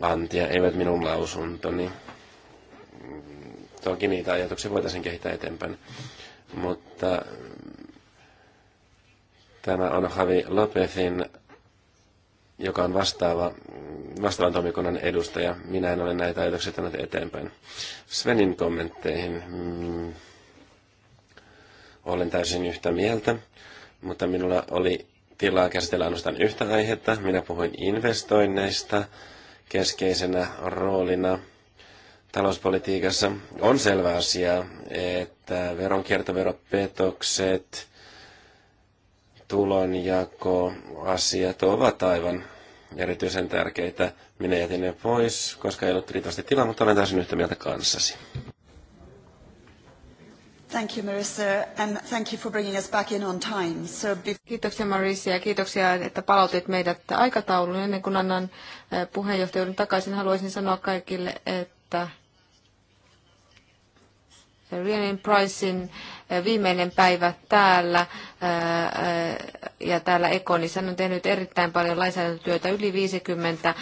antia, eivät minun lausuntoni. Toki niitä ajatuksia voitaisiin kehittää eteenpäin. Mutta tämä on Havi Lopezin joka on vastaava, vastaavan toimikunnan edustaja. Minä en ole näitä ajatuksia tänne eteenpäin. Svenin kommentteihin mm, olen täysin yhtä mieltä, mutta minulla oli tilaa käsitellä ainoastaan yhtä aihetta. Minä puhuin investoinneista keskeisenä roolina talouspolitiikassa. On selvä asia, että veronkiertoveropetokset – tulonjakoasiat ovat aivan erityisen tärkeitä. Minä jätin ne pois, koska ei ollut riittävästi tilaa, mutta olen täysin yhtä mieltä kanssasi. Thank you, Marissa, and thank you for bringing us back in on time. So be- kiitoksia Marissa ja kiitoksia, että palautit meidät aikatauluun. Ennen kuin annan puheenjohtajuuden takaisin, haluaisin sanoa kaikille, että Rhiannon Pricein viimeinen päivä täällä ja täällä Ekonissa on tehnyt erittäin paljon lainsäädäntötyötä, yli 50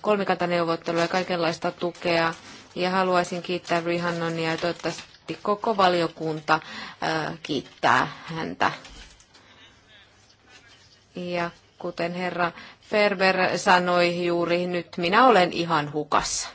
kolmikantaneuvottelua ja kaikenlaista tukea. Ja haluaisin kiittää Rihannonia ja toivottavasti koko valiokunta kiittää häntä. Ja kuten herra Ferber sanoi juuri, nyt minä olen ihan hukassa.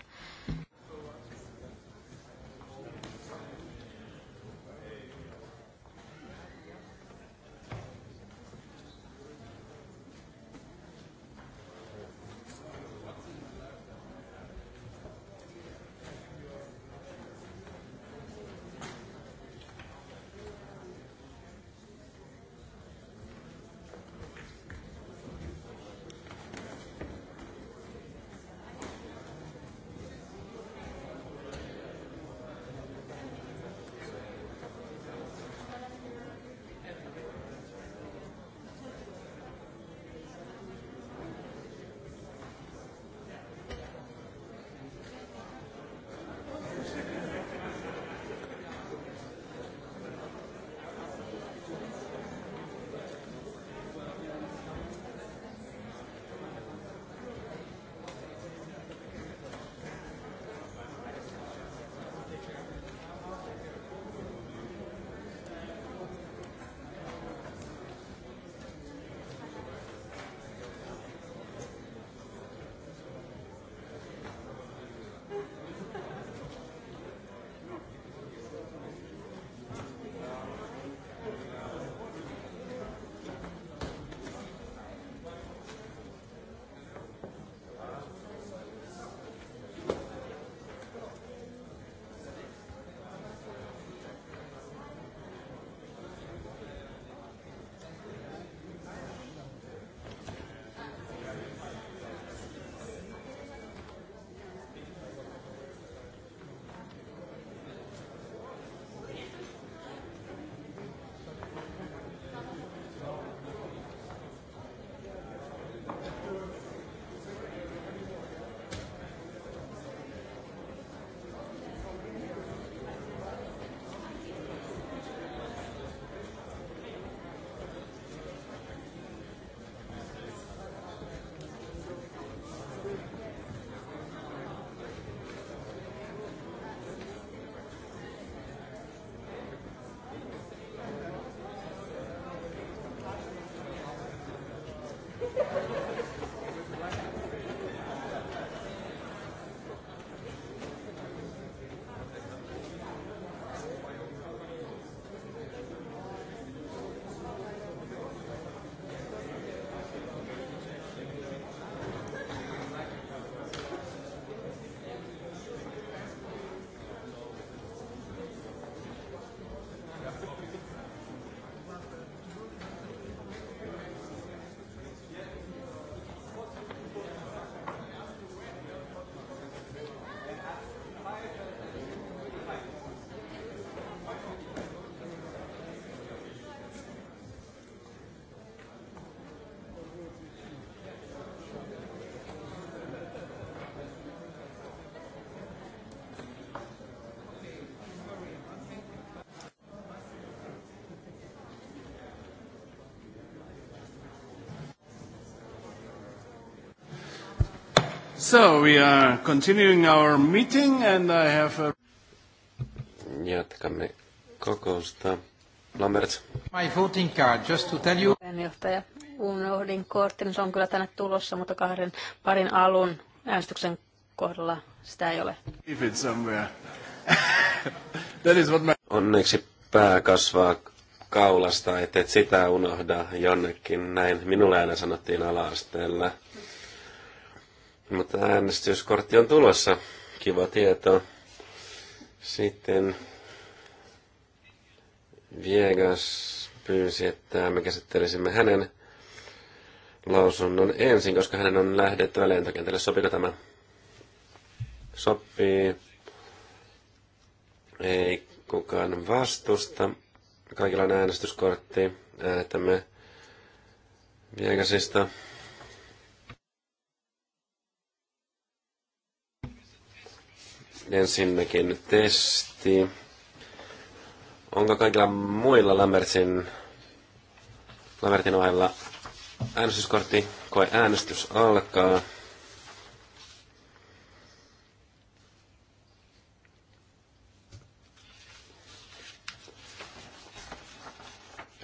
So we are continuing our meeting and I have a... Jatkamme kokousta. Lambert. My voting card, just to tell you. Puheenjohtaja, unohdin korttini, se on kyllä tänne tulossa, mutta kahden parin alun äänestyksen kohdalla sitä ei ole. If it's somewhere. (laughs) That is what my... Onneksi pää kasvaa kaulasta, ettei et sitä unohda jonnekin. Näin minulle aina sanottiin ala-asteella mutta äänestyskortti on tulossa. Kiva tieto. Sitten Viegas pyysi, että me käsittelisimme hänen lausunnon ensin, koska hänen on lähdettävä lentokentälle. Sopiko tämä? Sopii. Ei kukaan vastusta. Kaikilla on äänestyskortti. Äänestämme Viegasista. Ensinnäkin testi. Onko kaikilla muilla Lambertsin, Lambertin ohella äänestyskortti? Koe äänestys alkaa.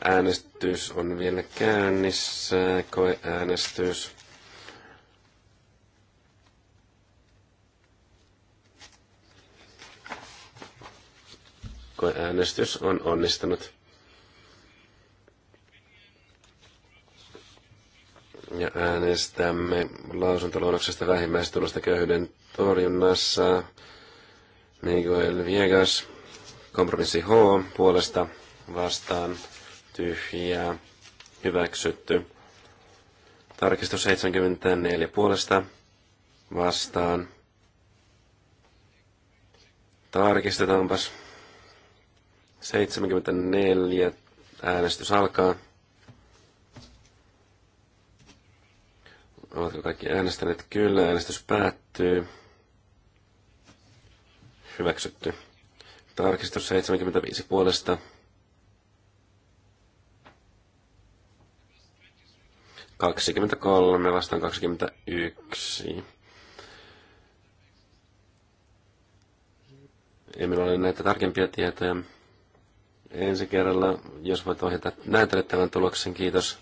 Äänestys on vielä käynnissä. Koe äänestys. äänestys on onnistunut. Ja äänestämme lausuntoluonnoksesta vähimmäistulosta köyhyyden torjunnassa. Miguel Viegas, kompromissi H, puolesta vastaan tyhjää, hyväksytty. Tarkistus 74 puolesta vastaan. Tarkistetaanpas. 74. Äänestys alkaa. Ovatko kaikki äänestäneet? Kyllä, äänestys päättyy. Hyväksytty. Tarkistus 75 puolesta. kolme vastaan kaksikymmentäyksi. Ei meillä ole näitä tarkempia tietoja ensi kerralla, jos voit ohjata näytölle tämän tuloksen, kiitos.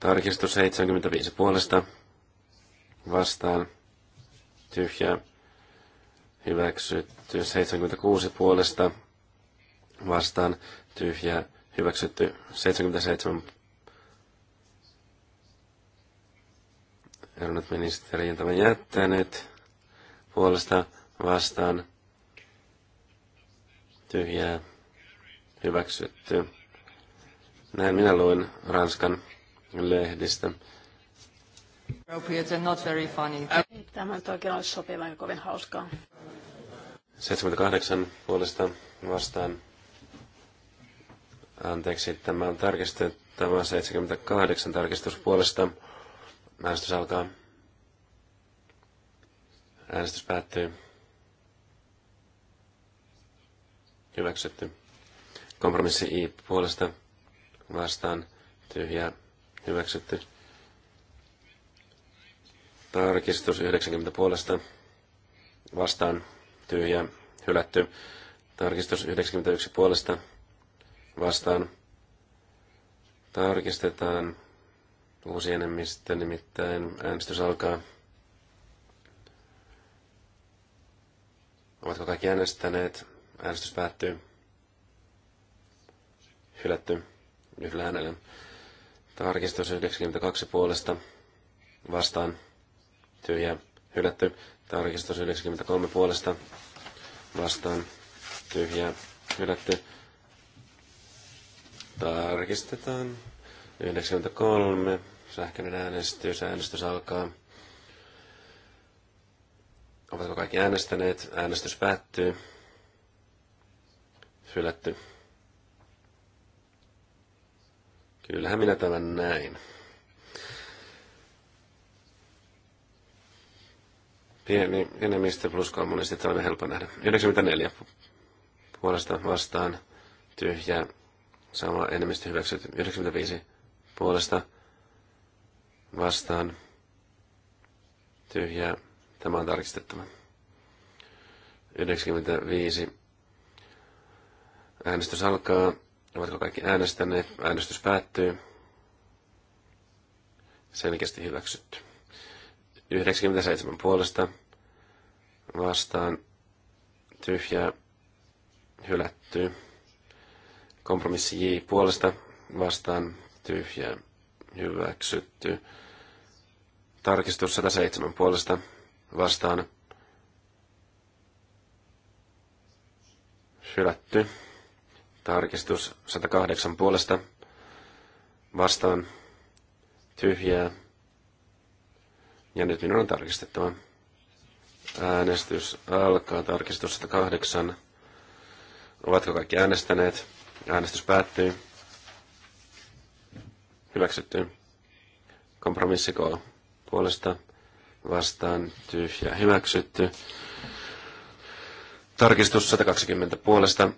Tarkistus 75 puolesta. Vastaan. Tyhjä. Hyväksytty 76 puolesta. Vastaan. Tyhjä. Hyväksytty 77 Erunat ministeriin tämän jättänyt. Puolesta vastaan tyhjää hyväksytty. Näin minä luin Ranskan lehdistä. Tämä nyt oikein olisi sopiva ja kovin hauskaa. 78 puolesta vastaan. Anteeksi, tämä on tarkistettava 78 tarkistuspuolesta. Äänestys alkaa. Äänestys päättyy. Hyväksytty. Kompromissi I puolesta vastaan tyhjä hyväksytty. Tarkistus 90 puolesta vastaan tyhjä hylätty. Tarkistus 91 puolesta vastaan tarkistetaan uusi enemmistö, nimittäin äänestys alkaa. Ovatko kaikki äänestäneet? Äänestys päättyy hylätty yhdellä äänellä. Tarkistus 92 puolesta vastaan tyhjä hylätty. Tarkistus 93 puolesta vastaan tyhjä hylätty. Tarkistetaan. 93. Sähköinen äänestys. Äänestys alkaa. Ovatko kaikki äänestäneet? Äänestys päättyy. Hylätty. Kyllähän minä tämän näin. Pieni enemmistö plus kommunisti, tämä on helppo nähdä. 94 puolesta vastaan, tyhjä, sama enemmistö hyväksytty. 95 puolesta vastaan, tyhjä, tämä on tarkistettava. 95 äänestys alkaa. Ovatko kaikki äänestäneet? Äänestys päättyy. Selkeästi hyväksytty. 97 puolesta vastaan tyhjää hylätty. Kompromissi J puolesta vastaan tyhjää hyväksytty. Tarkistus 107 puolesta vastaan hylätty. Tarkistus 108 puolesta vastaan tyhjää. Ja nyt minun on tarkistettava. Äänestys alkaa. Tarkistus 108. Ovatko kaikki äänestäneet? Äänestys päättyy. Hyväksytty. Kompromissiko Puolesta vastaan tyhjä hyväksytty. Tarkistus 120 puolesta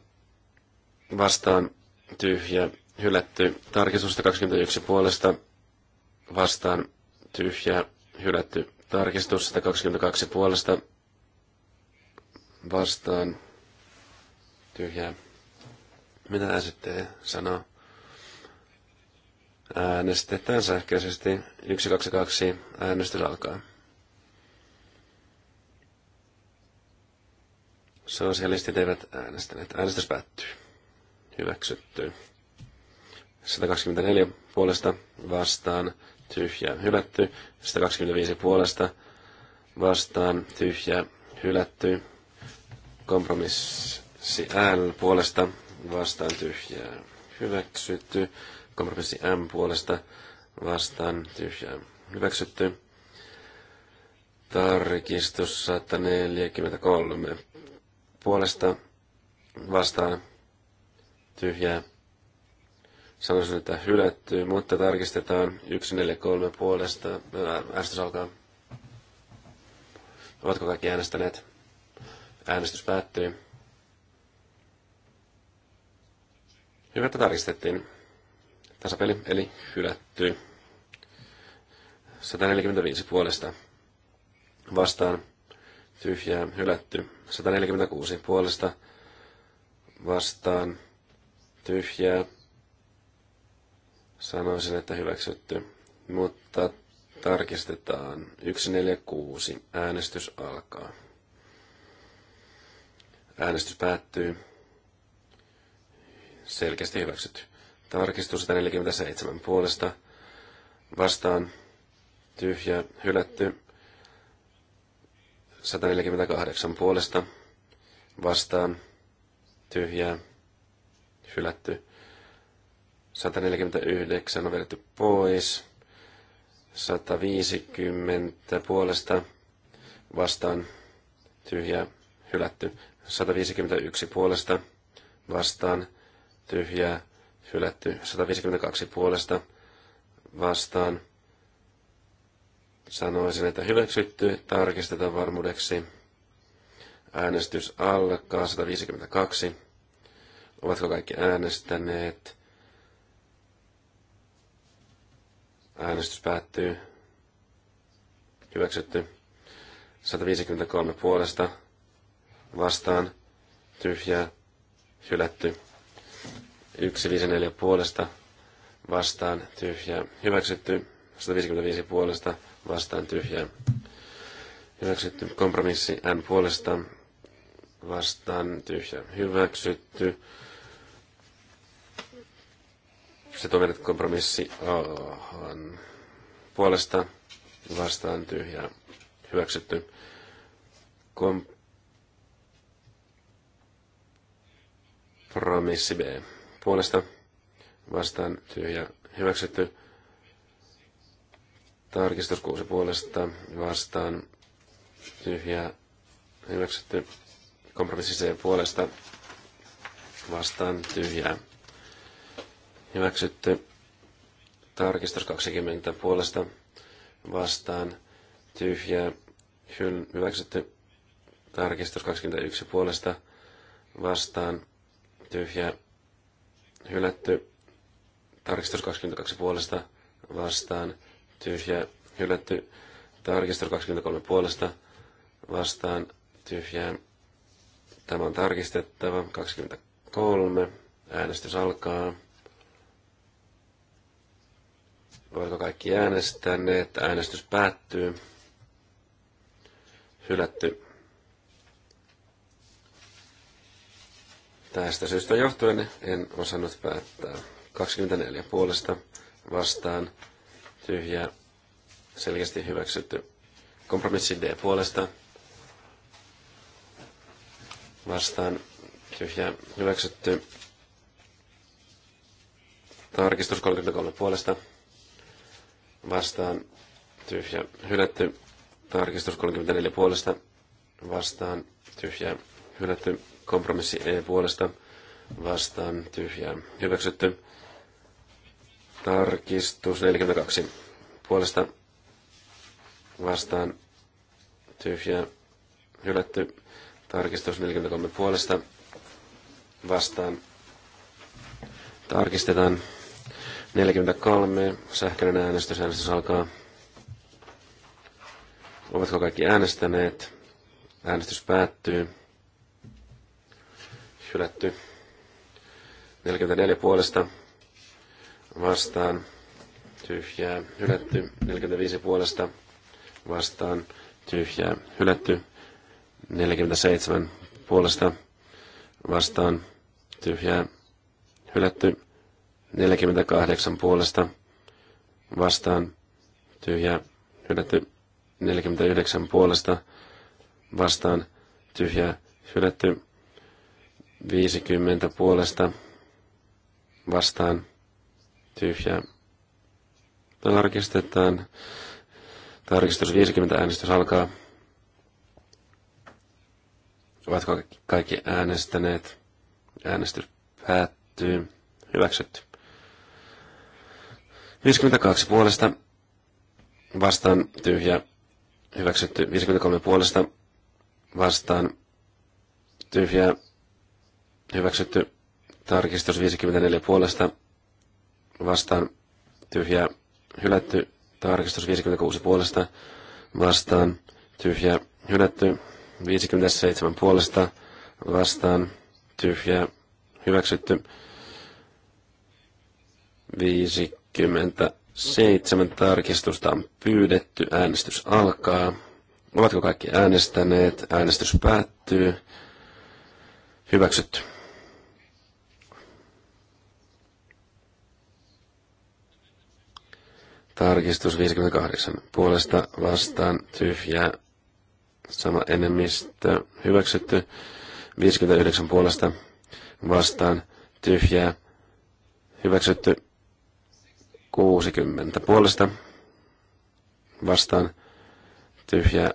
vastaan tyhjä, hylätty. Tarkistusta 21 puolesta vastaan tyhjä, hylätty. Tarkistus 122 puolesta vastaan tyhjä. Mitä tämä sitten sanoo? Äänestetään sähköisesti 122. Äänestys alkaa. Sosialistit eivät äänestäneet. Äänestys päättyy hyväksytty. 124 puolesta vastaan tyhjä hylätty. 125 puolesta vastaan tyhjä hylätty. Kompromissi L puolesta vastaan tyhjä hyväksytty. Kompromissi M puolesta vastaan tyhjä hyväksytty. Tarkistus 143 puolesta vastaan tyhjää. Sanoisin, että hylättyy, mutta tarkistetaan 143 puolesta. Äänestys alkaa. Ovatko kaikki äänestäneet? Äänestys päättyy. Hyvä, että tarkistettiin. Tasapeli, eli hylätty. 145 puolesta. Vastaan tyhjää, hylätty. 146 puolesta vastaan tyhjää. Sanoisin, että hyväksytty. Mutta tarkistetaan. 146. Äänestys alkaa. Äänestys päättyy. Selkeästi hyväksytty. Tarkistus 147 puolesta. Vastaan. Tyhjä. Hylätty. 148 puolesta. Vastaan. Tyhjää hylätty. 149 on vedetty pois. 150 puolesta vastaan tyhjä hylätty. 151 puolesta vastaan tyhjä hylätty. 152 puolesta vastaan sanoisin, että hyväksytty. Tarkistetaan varmuudeksi. Äänestys alkaa 152. Ovatko kaikki äänestäneet? Äänestys päättyy. Hyväksytty. 153 puolesta. Vastaan. Tyhjää. Hylätty. 154 puolesta. Vastaan. Tyhjää. Hyväksytty. 155 puolesta. Vastaan. Tyhjää. Hyväksytty. Kompromissi N puolesta. Vastaan. Tyhjää. Hyväksytty se toinen kompromissi on puolesta vastaan tyhjä hyväksytty. Kompromissi B puolesta vastaan tyhjä hyväksytty. Tarkistus 6 puolesta vastaan tyhjä hyväksytty. Kompromissi C puolesta vastaan tyhjä Hyväksytty. Tarkistus 20 puolesta vastaan. Tyhjää. Hyväksytty. Tarkistus 21 puolesta vastaan. Tyhjää. Hylätty. Tarkistus 22 puolesta vastaan. Tyhjää. Hylätty. Tarkistus 23 puolesta vastaan. Tyhjää. Tämä on tarkistettava. 23. Äänestys alkaa. Ovatko kaikki äänestäneet? Äänestys päättyy. Hylätty. Tästä syystä johtuen en osannut päättää. 24 puolesta vastaan tyhjä selkeästi hyväksytty. Kompromissi D puolesta vastaan tyhjä hyväksytty. Tarkistus 33 puolesta vastaan tyhjä hylätty. Tarkistus 34 puolesta vastaan tyhjä hylätty. Kompromissi E puolesta vastaan tyhjä hyväksytty. Tarkistus 42 puolesta vastaan tyhjä hylätty. Tarkistus 43 puolesta vastaan tarkistetaan 43. Sähköinen äänestys. Äänestys alkaa. Ovatko kaikki äänestäneet? Äänestys päättyy. Hylätty. 44 puolesta vastaan. Tyhjää. Hylätty. 45 puolesta vastaan. Tyhjää. Hylätty. 47 puolesta vastaan. Tyhjää. Hylätty. 48 puolesta vastaan tyhjä hylätty. 49 puolesta vastaan tyhjä hylätty. 50 puolesta vastaan tyhjä Tarkistetaan. Tarkistus 50 äänestys alkaa. Ovatko kaikki äänestäneet? Äänestys päättyy. Hyväksytty. 52 puolesta vastaan tyhjä hyväksytty. 53 puolesta vastaan tyhjä hyväksytty. Tarkistus 54 puolesta vastaan tyhjä hylätty. Tarkistus 56 puolesta vastaan tyhjä hylätty. 57 puolesta vastaan tyhjä hyväksytty. 5 27 tarkistusta on pyydetty. Äänestys alkaa. Ovatko kaikki äänestäneet? Äänestys päättyy. Hyväksytty. Tarkistus 58. Puolesta vastaan tyhjää. Sama enemmistö. Hyväksytty. 59 puolesta vastaan tyhjää. Hyväksytty. 60 puolesta vastaan tyhjä.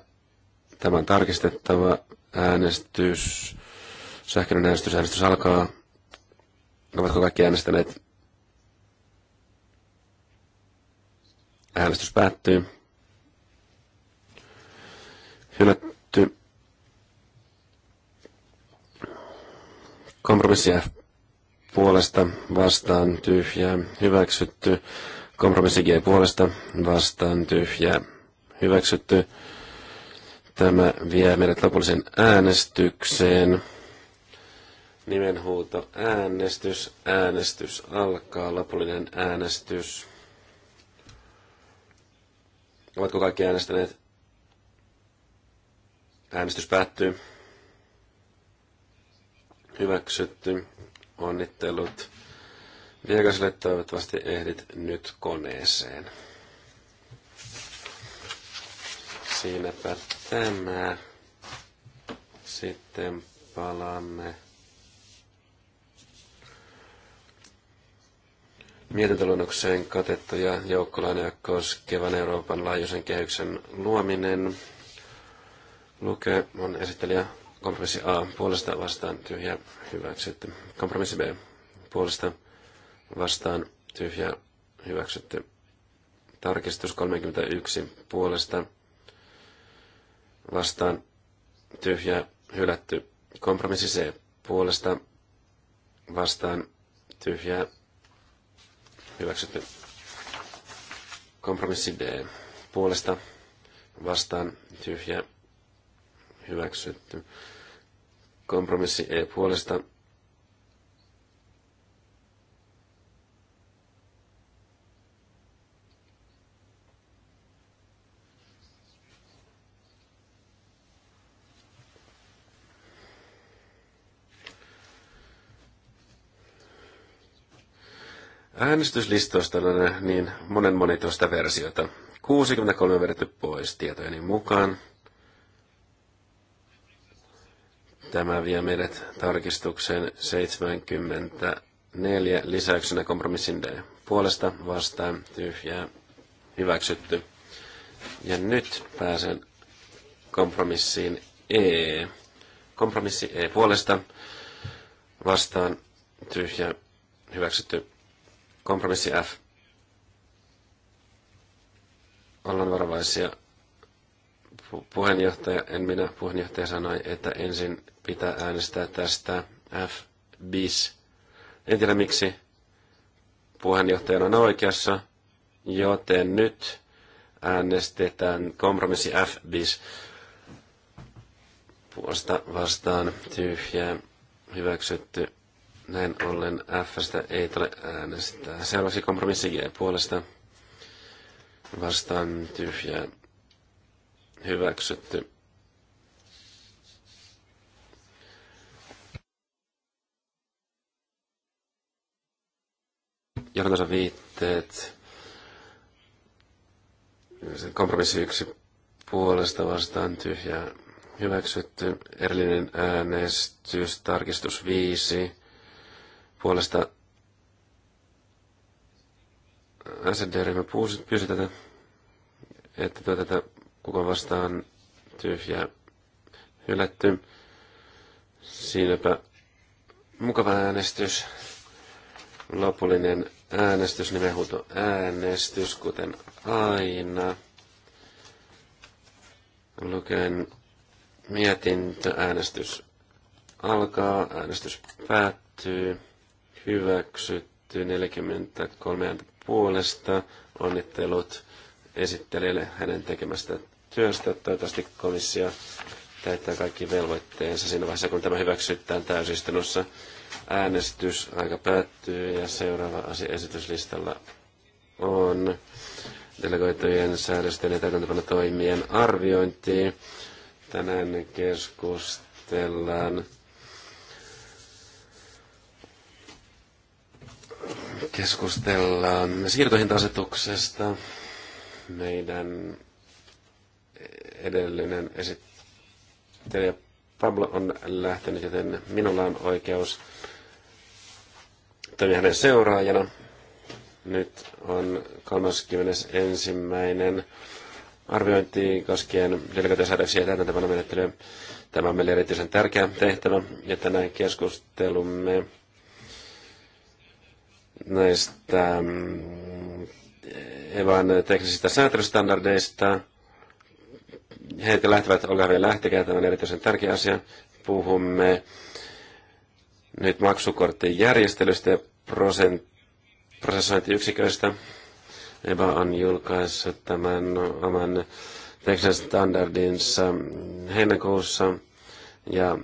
Tämän tarkistettava äänestys, sähköinen äänestys, äänestys alkaa. Ovatko kaikki äänestäneet? Äänestys päättyy. Hylätty. Kompromissi F puolesta vastaan tyhjää hyväksytty. Kompromissi G puolesta vastaan tyhjää hyväksytty. Tämä vie meidät lopulliseen äänestykseen. Nimenhuuto äänestys. Äänestys alkaa. Lopullinen äänestys. Ovatko kaikki äänestäneet? Äänestys päättyy. Hyväksytty. Onnittelut Viekasille Toivottavasti ehdit nyt koneeseen. Siinäpä tämä. Sitten palaamme. mietintöluonnokseen katettuja joukkolainoja koskevan Euroopan laajuisen kehyksen luominen. Luke on esittelijä Kompromissi A puolesta vastaan tyhjä hyväksytty. Kompromissi B puolesta vastaan tyhjä hyväksytty. Tarkistus 31 puolesta vastaan tyhjä hylätty. Kompromissi C puolesta vastaan tyhjä hyväksytty. Kompromissi D puolesta vastaan tyhjä hyväksytty. Kompromissi ei puolesta Äänestyslistoista on niin monen monitoista versiota. 63 vedetty pois tietojeni mukaan. Tämä vie meidät tarkistukseen 74 lisäyksenä kompromissin D. Puolesta vastaan tyhjää hyväksytty. Ja nyt pääsen kompromissiin E. Kompromissi E puolesta vastaan tyhjä hyväksytty. Kompromissi F. Ollaan varovaisia puheenjohtaja, en minä, puheenjohtaja sanoi, että ensin pitää äänestää tästä F bis. En tiedä miksi puheenjohtaja on oikeassa, joten nyt äänestetään kompromissi F bis puolesta vastaan tyhjää hyväksytty. Näin ollen Fstä ei tule äänestää. Seuraavaksi kompromissi G puolesta vastaan tyhjää hyväksytty. Johdantonsa viitteet. Kompromissi yksi puolesta vastaan tyhjää hyväksytty. Erillinen äänestys, tarkistus viisi Puolesta sd ryhmä pyysi tätä, että tätä kuka vastaan tyhjä hylätty. Siinäpä mukava äänestys. Lopullinen äänestys, nimenhuuto äänestys, kuten aina. Luken mietintö, äänestys alkaa, äänestys päättyy, hyväksytty 43 puolesta, onnittelut esittelijälle hänen tekemästä työstä. Toivottavasti komissio täyttää kaikki velvoitteensa siinä vaiheessa, kun tämä hyväksytään täysistunnossa. Äänestys aika päättyy ja seuraava asia esityslistalla on delegoitujen säädösten ja täytäntöpano toimien arviointi. Tänään keskustellaan keskustellaan siirtohinta-asetuksesta. Meidän edellinen esittelijä Pablo on lähtenyt, joten minulla on oikeus toimia hänen seuraajana. Nyt on 31. arviointi koskien delegaatiosäädöksiä ja täytäntöpano menettelyä. Tämä on meille erityisen tärkeä tehtävä ja tänään keskustelumme näistä mm, Evan teknisistä säätelystandardeista – he, jotka lähtevät, olkaa vielä lähtekää, tämä on erityisen tärkeä asia. Puhumme nyt maksukorttien järjestelystä ja prosent, prosessointiyksiköistä. Eva on julkaissut tämän oman Texas Standardinsa heinäkuussa ja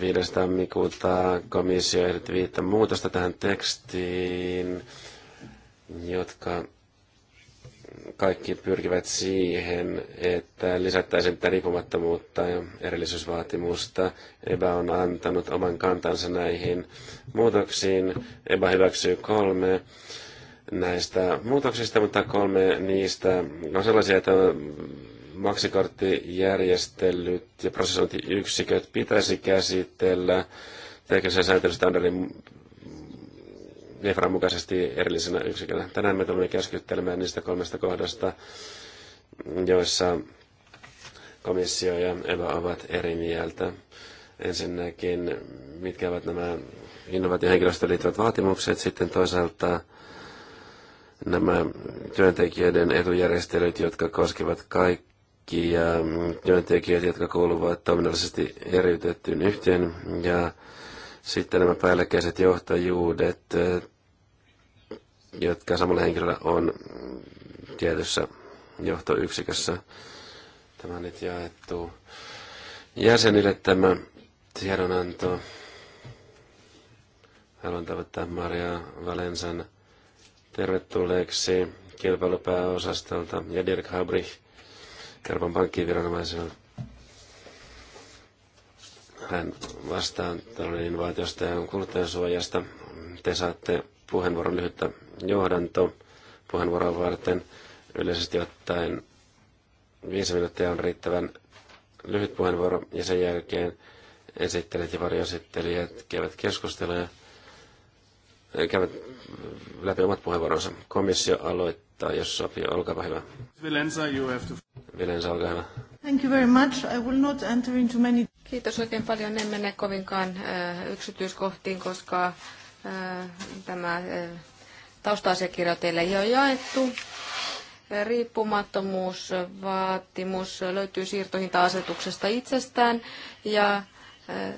5. tammikuuta komissio ehdotti viittä muutosta tähän tekstiin, jotka kaikki pyrkivät siihen, että lisättäisiin tätä riippumattomuutta ja erillisyysvaatimusta. EBA on antanut oman kantansa näihin muutoksiin. EBA hyväksyy kolme näistä muutoksista, mutta kolme niistä on sellaisia, että maksikorttijärjestelyt ja prosessointiyksiköt pitäisi käsitellä teknisen sääntelystandardin EFRAn mukaisesti erillisenä yksikönä. Tänään me tulemme keskittelemään niistä kolmesta kohdasta, joissa komissio ja EVA ovat eri mieltä. Ensinnäkin, mitkä ovat nämä innovaatiohenkilöstöön liittyvät vaatimukset, sitten toisaalta nämä työntekijöiden etujärjestelyt, jotka koskevat kaikkia työntekijöitä, jotka kuuluvat toiminnallisesti eriytettyyn yhteen ja sitten nämä päällekkäiset johtajuudet, jotka samalla henkilöllä on tietyssä johtoyksikössä. Tämä on nyt jaettu jäsenille tämä tiedonanto. Haluan tavoittaa Maria Valensan tervetulleeksi kilpailupääosastolta ja Dirk Habrich Kervan pankkiviranomaiselta hän vastaa tällainen innovaatiosta ja kuluttajansuojasta. Te saatte puheenvuoron lyhyttä johdanto puheenvuoroa varten. Yleisesti ottaen viisi minuuttia on riittävän lyhyt puheenvuoro ja sen jälkeen esittelijät ja varjoesittelijät käyvät keskustelua ja äh, käyvät läpi omat puheenvuoronsa. Komissio aloittaa, jos sopii. Olkaapa hyvä. Vilensa, you have to... Vilensa, olkaa hyvä. Thank you very much. I will not enter into many... Kiitos oikein paljon. En mene kovinkaan äh, yksityiskohtiin, koska äh, tämä äh, tausta-asiakirja teille jo jaettu. Riippumattomuusvaatimus löytyy siirtohinta-asetuksesta itsestään ja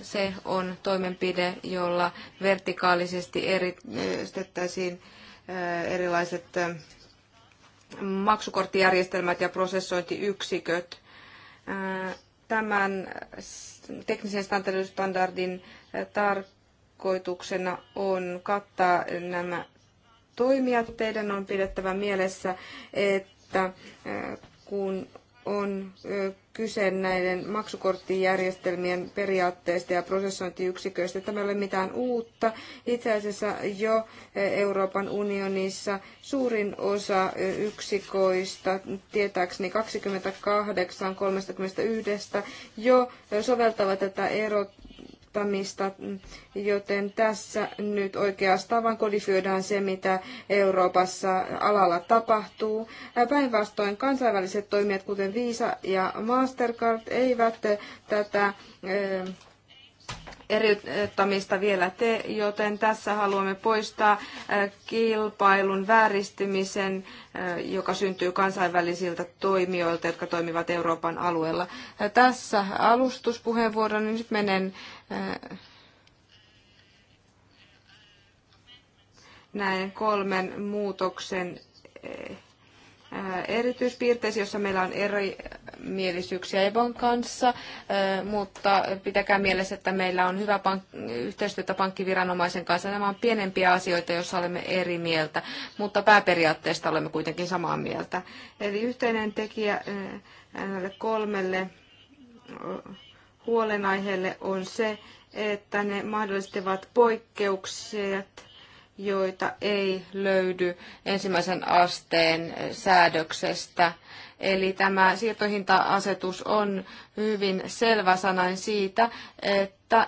se on toimenpide, jolla vertikaalisesti eristettäisiin erilaiset maksukorttijärjestelmät ja prosessointiyksiköt. Tämän teknisen standardin eh, tarkoituksena on kattaa nämä toimijat. Teidän on pidettävä mielessä, että eh, kun on kyse näiden maksukorttijärjestelmien periaatteista ja prosessointiyksiköistä. Tämä ei ole mitään uutta. Itse asiassa jo Euroopan unionissa suurin osa yksiköistä, tietääkseni 28, 31, jo soveltavat tätä erot muuttamista, joten tässä nyt oikeastaan vain kodifioidaan se, mitä Euroopassa alalla tapahtuu. Päinvastoin kansainväliset toimijat, kuten Visa ja Mastercard, eivät tätä eh, eriyttämistä vielä te, joten tässä haluamme poistaa kilpailun vääristymisen, joka syntyy kansainvälisiltä toimijoilta, jotka toimivat Euroopan alueella. Tässä alustuspuheenvuoro, niin nyt menen näin kolmen muutoksen erityispiirteisiin, jossa meillä on eri mielisyyksiä Ebon kanssa, mutta pitäkää mielessä, että meillä on hyvä pank- yhteistyötä pankkiviranomaisen kanssa. Nämä on pienempiä asioita, joissa olemme eri mieltä, mutta pääperiaatteesta olemme kuitenkin samaa mieltä. Eli yhteinen tekijä näille kolmelle huolenaiheelle on se, että ne mahdollistavat poikkeukset joita ei löydy ensimmäisen asteen säädöksestä. Eli tämä siirtohinta-asetus on hyvin selvä sanain siitä, että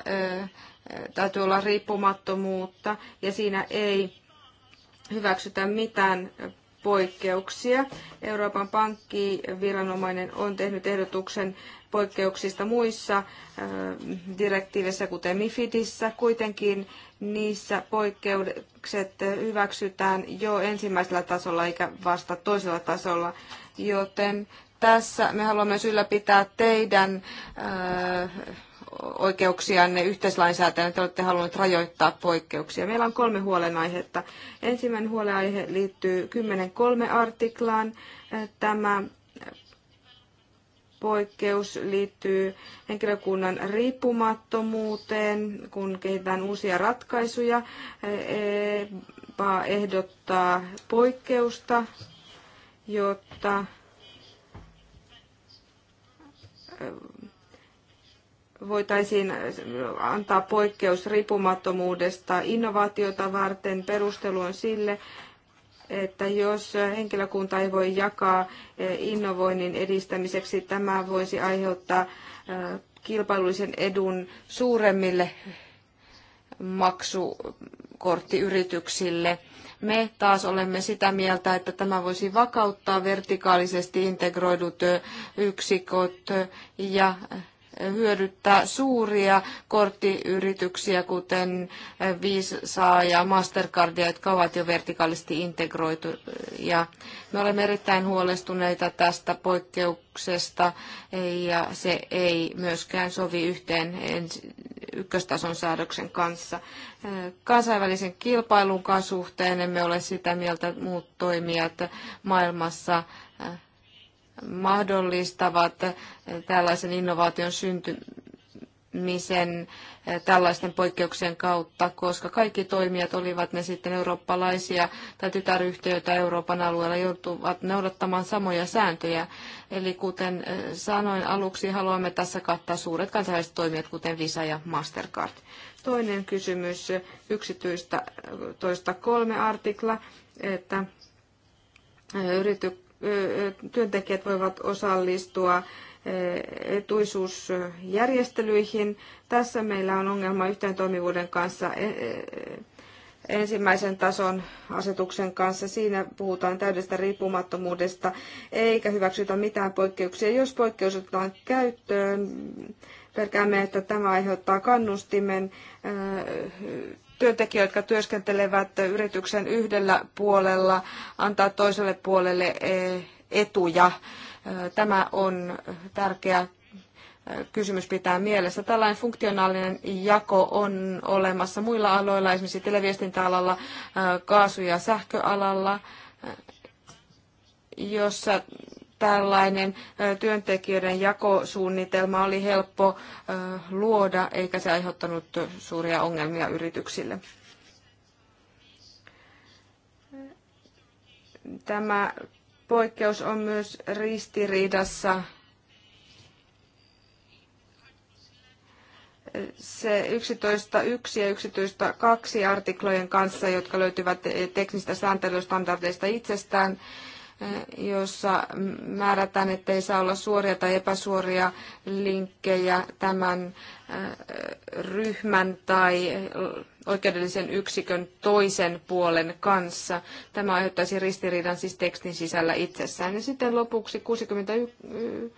täytyy olla riippumattomuutta ja siinä ei hyväksytä mitään poikkeuksia. Euroopan pankkiviranomainen on tehnyt ehdotuksen poikkeuksista muissa äh, direktiiveissä, kuten MIFIDissä. Kuitenkin niissä poikkeukset hyväksytään jo ensimmäisellä tasolla eikä vasta toisella tasolla, joten tässä me haluamme myös ylläpitää teidän äh, oikeuksianne yhteislainsäätäjänä te olette halunneet rajoittaa poikkeuksia. Meillä on kolme huolenaihetta. Ensimmäinen huolenaihe liittyy 10.3 artiklaan. Äh, tämä poikkeus liittyy henkilökunnan riippumattomuuteen, kun kehitetään uusia ratkaisuja. EPA e-, ehdottaa poikkeusta, jotta e, voitaisiin antaa poikkeus riippumattomuudesta innovaatiota varten. Perustelu on sille, että jos henkilökunta ei voi jakaa eh, innovoinnin edistämiseksi, tämä voisi aiheuttaa eh, kilpailullisen edun suuremmille maksukorttiyrityksille. Me taas olemme sitä mieltä, että tämä voisi vakauttaa vertikaalisesti integroidut eh, yksiköt ja hyödyttää suuria korttiyrityksiä, kuten Visa ja Mastercardia, jotka ovat jo vertikaalisesti integroitu. Ja me olemme erittäin huolestuneita tästä poikkeuksesta, ja se ei myöskään sovi yhteen ykköstason säädöksen kanssa. Kansainvälisen kilpailun suhteen emme ole sitä mieltä, että muut toimijat maailmassa mahdollistavat tällaisen innovaation syntymisen tällaisten poikkeuksien kautta, koska kaikki toimijat, olivat ne sitten eurooppalaisia tai tytäryhtiöitä Euroopan alueella, joutuvat noudattamaan samoja sääntöjä. Eli kuten eh, sanoin aluksi, haluamme tässä kattaa suuret kansainväliset toimijat, kuten Visa ja Mastercard. Toinen kysymys, yksityistä toista kolme artikla, että eh, yritykset työntekijät voivat osallistua etuisuusjärjestelyihin. Tässä meillä on ongelma yhteen toimivuuden kanssa e, e, ensimmäisen tason asetuksen kanssa. Siinä puhutaan täydestä riippumattomuudesta eikä hyväksytä mitään poikkeuksia. Jos poikkeus otetaan käyttöön, pelkäämme, että tämä aiheuttaa kannustimen työntekijöitä, jotka työskentelevät yrityksen yhdellä puolella, antaa toiselle puolelle eh, etuja. Eh, tämä on tärkeä eh, kysymys pitää mielessä. Tällainen funktionaalinen jako on olemassa muilla aloilla, esimerkiksi televiestintäalalla, kaasu- ja sähköalalla, jossa tällainen työntekijöiden jakosuunnitelma oli helppo luoda, eikä se aiheuttanut suuria ongelmia yrityksille. Tämä poikkeus on myös ristiriidassa se 11.1 ja 11.2 artiklojen kanssa, jotka löytyvät teknistä sääntelystandardeista itsestään jossa määrätään, että ei saa olla suoria tai epäsuoria linkkejä tämän ryhmän tai oikeudellisen yksikön toisen puolen kanssa. Tämä aiheuttaisi ristiriidan siis tekstin sisällä itsessään. Ja sitten lopuksi 61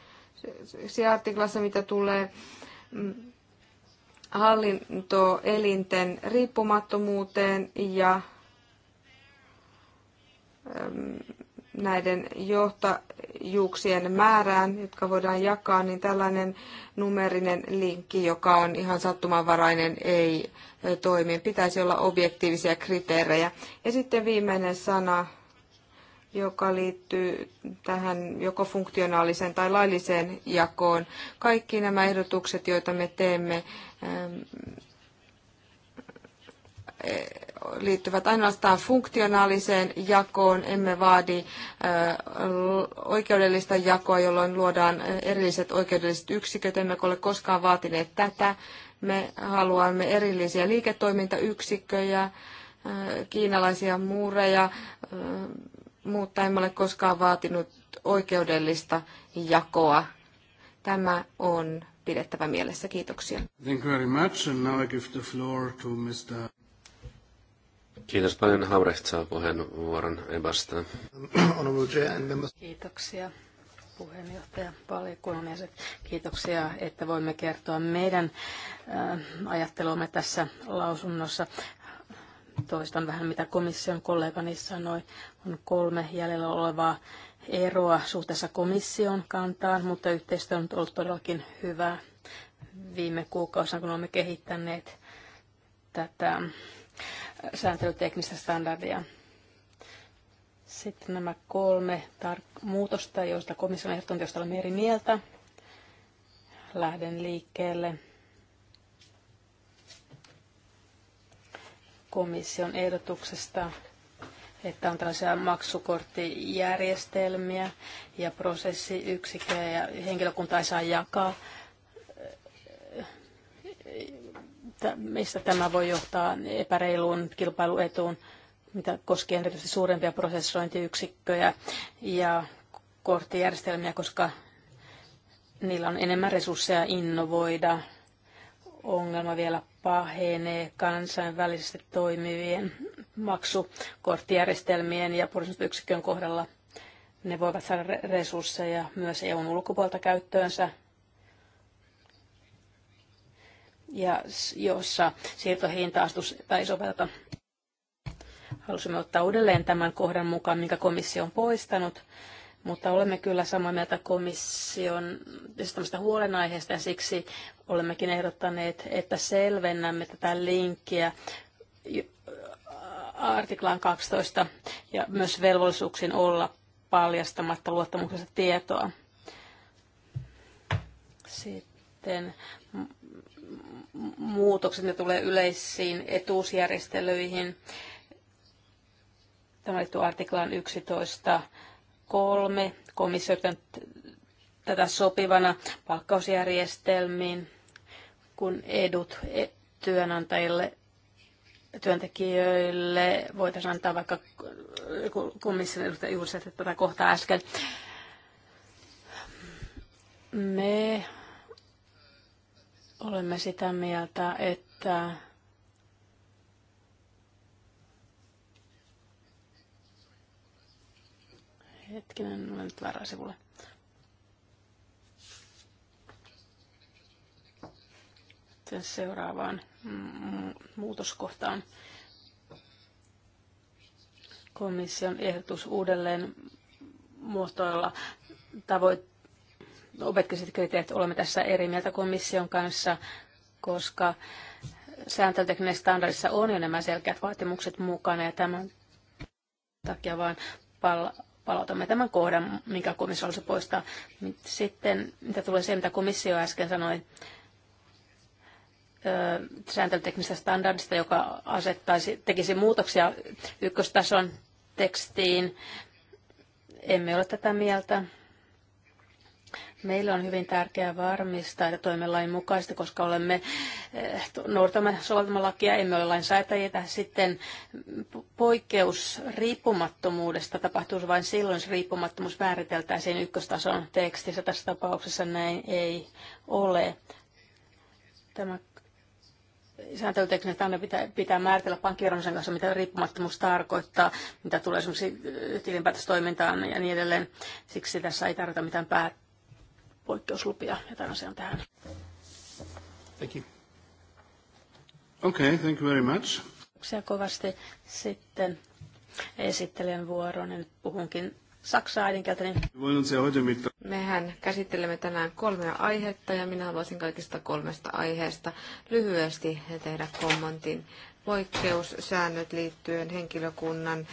artiklassa, mitä tulee mm, hallintoelinten riippumattomuuteen ja mm, näiden johtajuuksien määrään, jotka voidaan jakaa, niin tällainen numerinen linkki, joka on ihan sattumanvarainen, ei toimi. Pitäisi olla objektiivisia kriteerejä. Ja sitten viimeinen sana, joka liittyy tähän joko funktionaaliseen tai lailliseen jakoon. Kaikki nämä ehdotukset, joita me teemme, liittyvät ainoastaan funktionaaliseen jakoon. Emme vaadi oikeudellista jakoa, jolloin luodaan erilliset oikeudelliset yksiköt. Emme ole koskaan vaatineet tätä. Me haluamme erillisiä liiketoimintayksikköjä, kiinalaisia muureja, mutta emme ole koskaan vaatinut oikeudellista jakoa. Tämä on pidettävä mielessä. Kiitoksia. Thank you very much. And now I give the floor to Mr. Kiitos paljon. Hamrecht saa puheenvuoron Ebasta. Kiitoksia puheenjohtaja, valiokunnan jäsen. Kiitoksia, että voimme kertoa meidän äh, ajattelumme tässä lausunnossa. Toistan vähän, mitä komission kollegani sanoi. On kolme jäljellä olevaa eroa suhteessa komission kantaan, mutta yhteistyö on ollut todellakin hyvää viime kuukausina, kun olemme kehittäneet tätä sääntelyteknistä standardia. Sitten nämä kolme tar- muutosta, joista komission ehdottomuus, joista olemme eri mieltä. Lähden liikkeelle komission ehdotuksesta, että on tällaisia maksukorttijärjestelmiä ja prosessiyksikköjä ja henkilökunta ei saa jakaa mistä tämä voi johtaa epäreiluun kilpailuetuun, mitä koskee erityisesti suurempia prosessointiyksikköjä ja korttijärjestelmiä, koska niillä on enemmän resursseja innovoida. Ongelma vielä pahenee kansainvälisesti toimivien maksukorttijärjestelmien ja prosessointiyksikön kohdalla. Ne voivat saada resursseja myös EUn ulkopuolelta käyttöönsä ja jossa siirtohintaastus tai sovelta. Halusimme ottaa uudelleen tämän kohdan mukaan, minkä komissio on poistanut, mutta olemme kyllä samaa mieltä komission huolenaiheesta ja siksi olemmekin ehdottaneet, että selvennämme tätä linkkiä artiklaan 12 ja myös velvollisuuksiin olla paljastamatta luottamuksesta tietoa. Sitten muutokset, ne tulee yleisiin etuusjärjestelyihin. Tämä liittyy artiklaan 11.3. Komissio tätä sopivana palkkausjärjestelmiin, kun edut e- työnantajille työntekijöille voitaisiin antaa vaikka komission edustaja juuri tätä kohtaa äsken. Me Olemme sitä mieltä, että Hetkinen, mä nyt väärään sivulle. Sitten seuraavaan muutoskohtaan. Komission ehdotus uudelleen muotoilla tavoitteet objektiiviset kriteerit olemme tässä eri mieltä komission kanssa, koska sääntötekninen standardissa on jo nämä selkeät vaatimukset mukana ja tämän takia vain pal- palautamme tämän kohdan, minkä komissio halusi poistaa. Sitten mitä tulee se, mitä komissio äsken sanoi, sääntöteknisestä standardista, joka asettaisi, tekisi muutoksia ykköstason tekstiin. Emme ole tätä mieltä. Meillä on hyvin tärkeää varmistaa, että toimme lain mukaisesti, koska olemme eh, noudatamme lakia, emme ole lainsäätäjiä. Sitten poikkeus riippumattomuudesta tapahtuu vain silloin, jos riippumattomuus määriteltäisiin ykköstason tekstissä. Tässä tapauksessa näin ei ole. Tämä sääntelyteknisesti aina pitää, pitää määritellä pankkironsen kanssa, mitä riippumattomuus tarkoittaa, mitä tulee esimerkiksi tilinpäätöstoimintaan ja niin edelleen. Siksi tässä ei tarvita mitään päät- poikkeuslupia ja asian tähän. Thank you. Okay, thank you very much. Kiitoksia kovasti. Sitten esittelijän vuoro, niin nyt puhunkin saksaa äidinkieltä. Mehän käsittelemme tänään kolmea aihetta ja minä haluaisin kaikista kolmesta aiheesta lyhyesti tehdä kommentin poikkeussäännöt liittyen henkilökunnan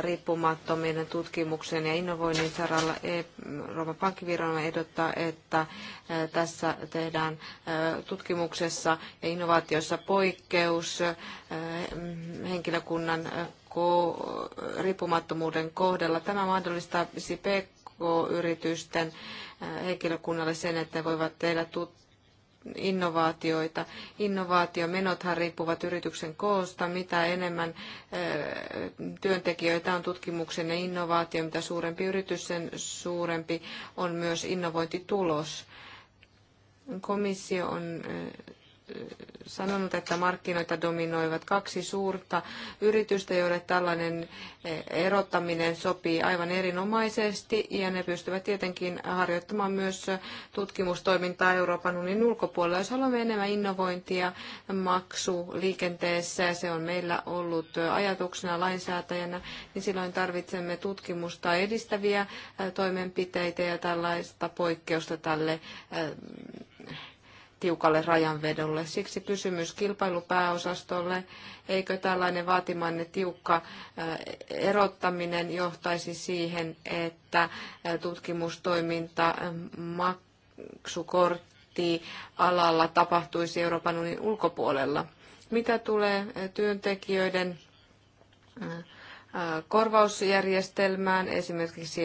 riippumattomien tutkimuksen ja innovoinnin saralla. Euroopan pankkiviranomainen ehdottaa, että tässä tehdään tutkimuksessa ja innovaatiossa poikkeus henkilökunnan riippumattomuuden kohdalla. Tämä mahdollistaa PK-yritysten henkilökunnalle sen, että ne voivat tehdä tut- innovaatioita. Innovaatiomenothan riippuvat yrityksen koosta. Mitä enemmän työntekijöitä on tutkimuksen ja innovaatio, mitä suurempi yritys, sen suurempi on myös innovointitulos. Komissio on sanonut, että markkinoita dominoivat kaksi suurta yritystä, joille tällainen eh, erottaminen sopii aivan erinomaisesti, ja ne pystyvät tietenkin harjoittamaan myös tutkimustoimintaa Euroopan unionin ulkopuolella. Jos haluamme enemmän innovointia maksu liikenteessä, ja se on meillä ollut ajatuksena lainsäätäjänä, niin silloin tarvitsemme tutkimusta edistäviä eh, toimenpiteitä ja tällaista poikkeusta tälle eh, tiukalle rajanvedolle. Siksi kysymys kilpailupääosastolle, eikö tällainen vaatimanne tiukka erottaminen johtaisi siihen, että tutkimustoiminta maksukortti alalla tapahtuisi Euroopan unionin ulkopuolella. Mitä tulee työntekijöiden korvausjärjestelmään, esimerkiksi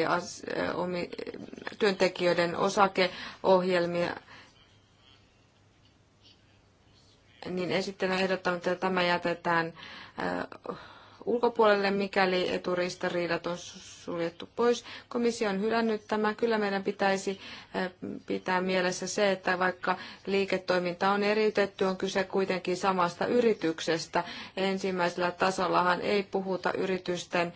työntekijöiden osakeohjelmia niin esittelen ehdottanut, että tämä jätetään ulkopuolelle, mikäli eturistariidat on suljettu pois. Komissio on hylännyt tämä. Kyllä meidän pitäisi eh, pitää mielessä se, että vaikka liiketoiminta on eriytetty, on kyse kuitenkin samasta yrityksestä. Ensimmäisellä tasollahan ei puhuta yritysten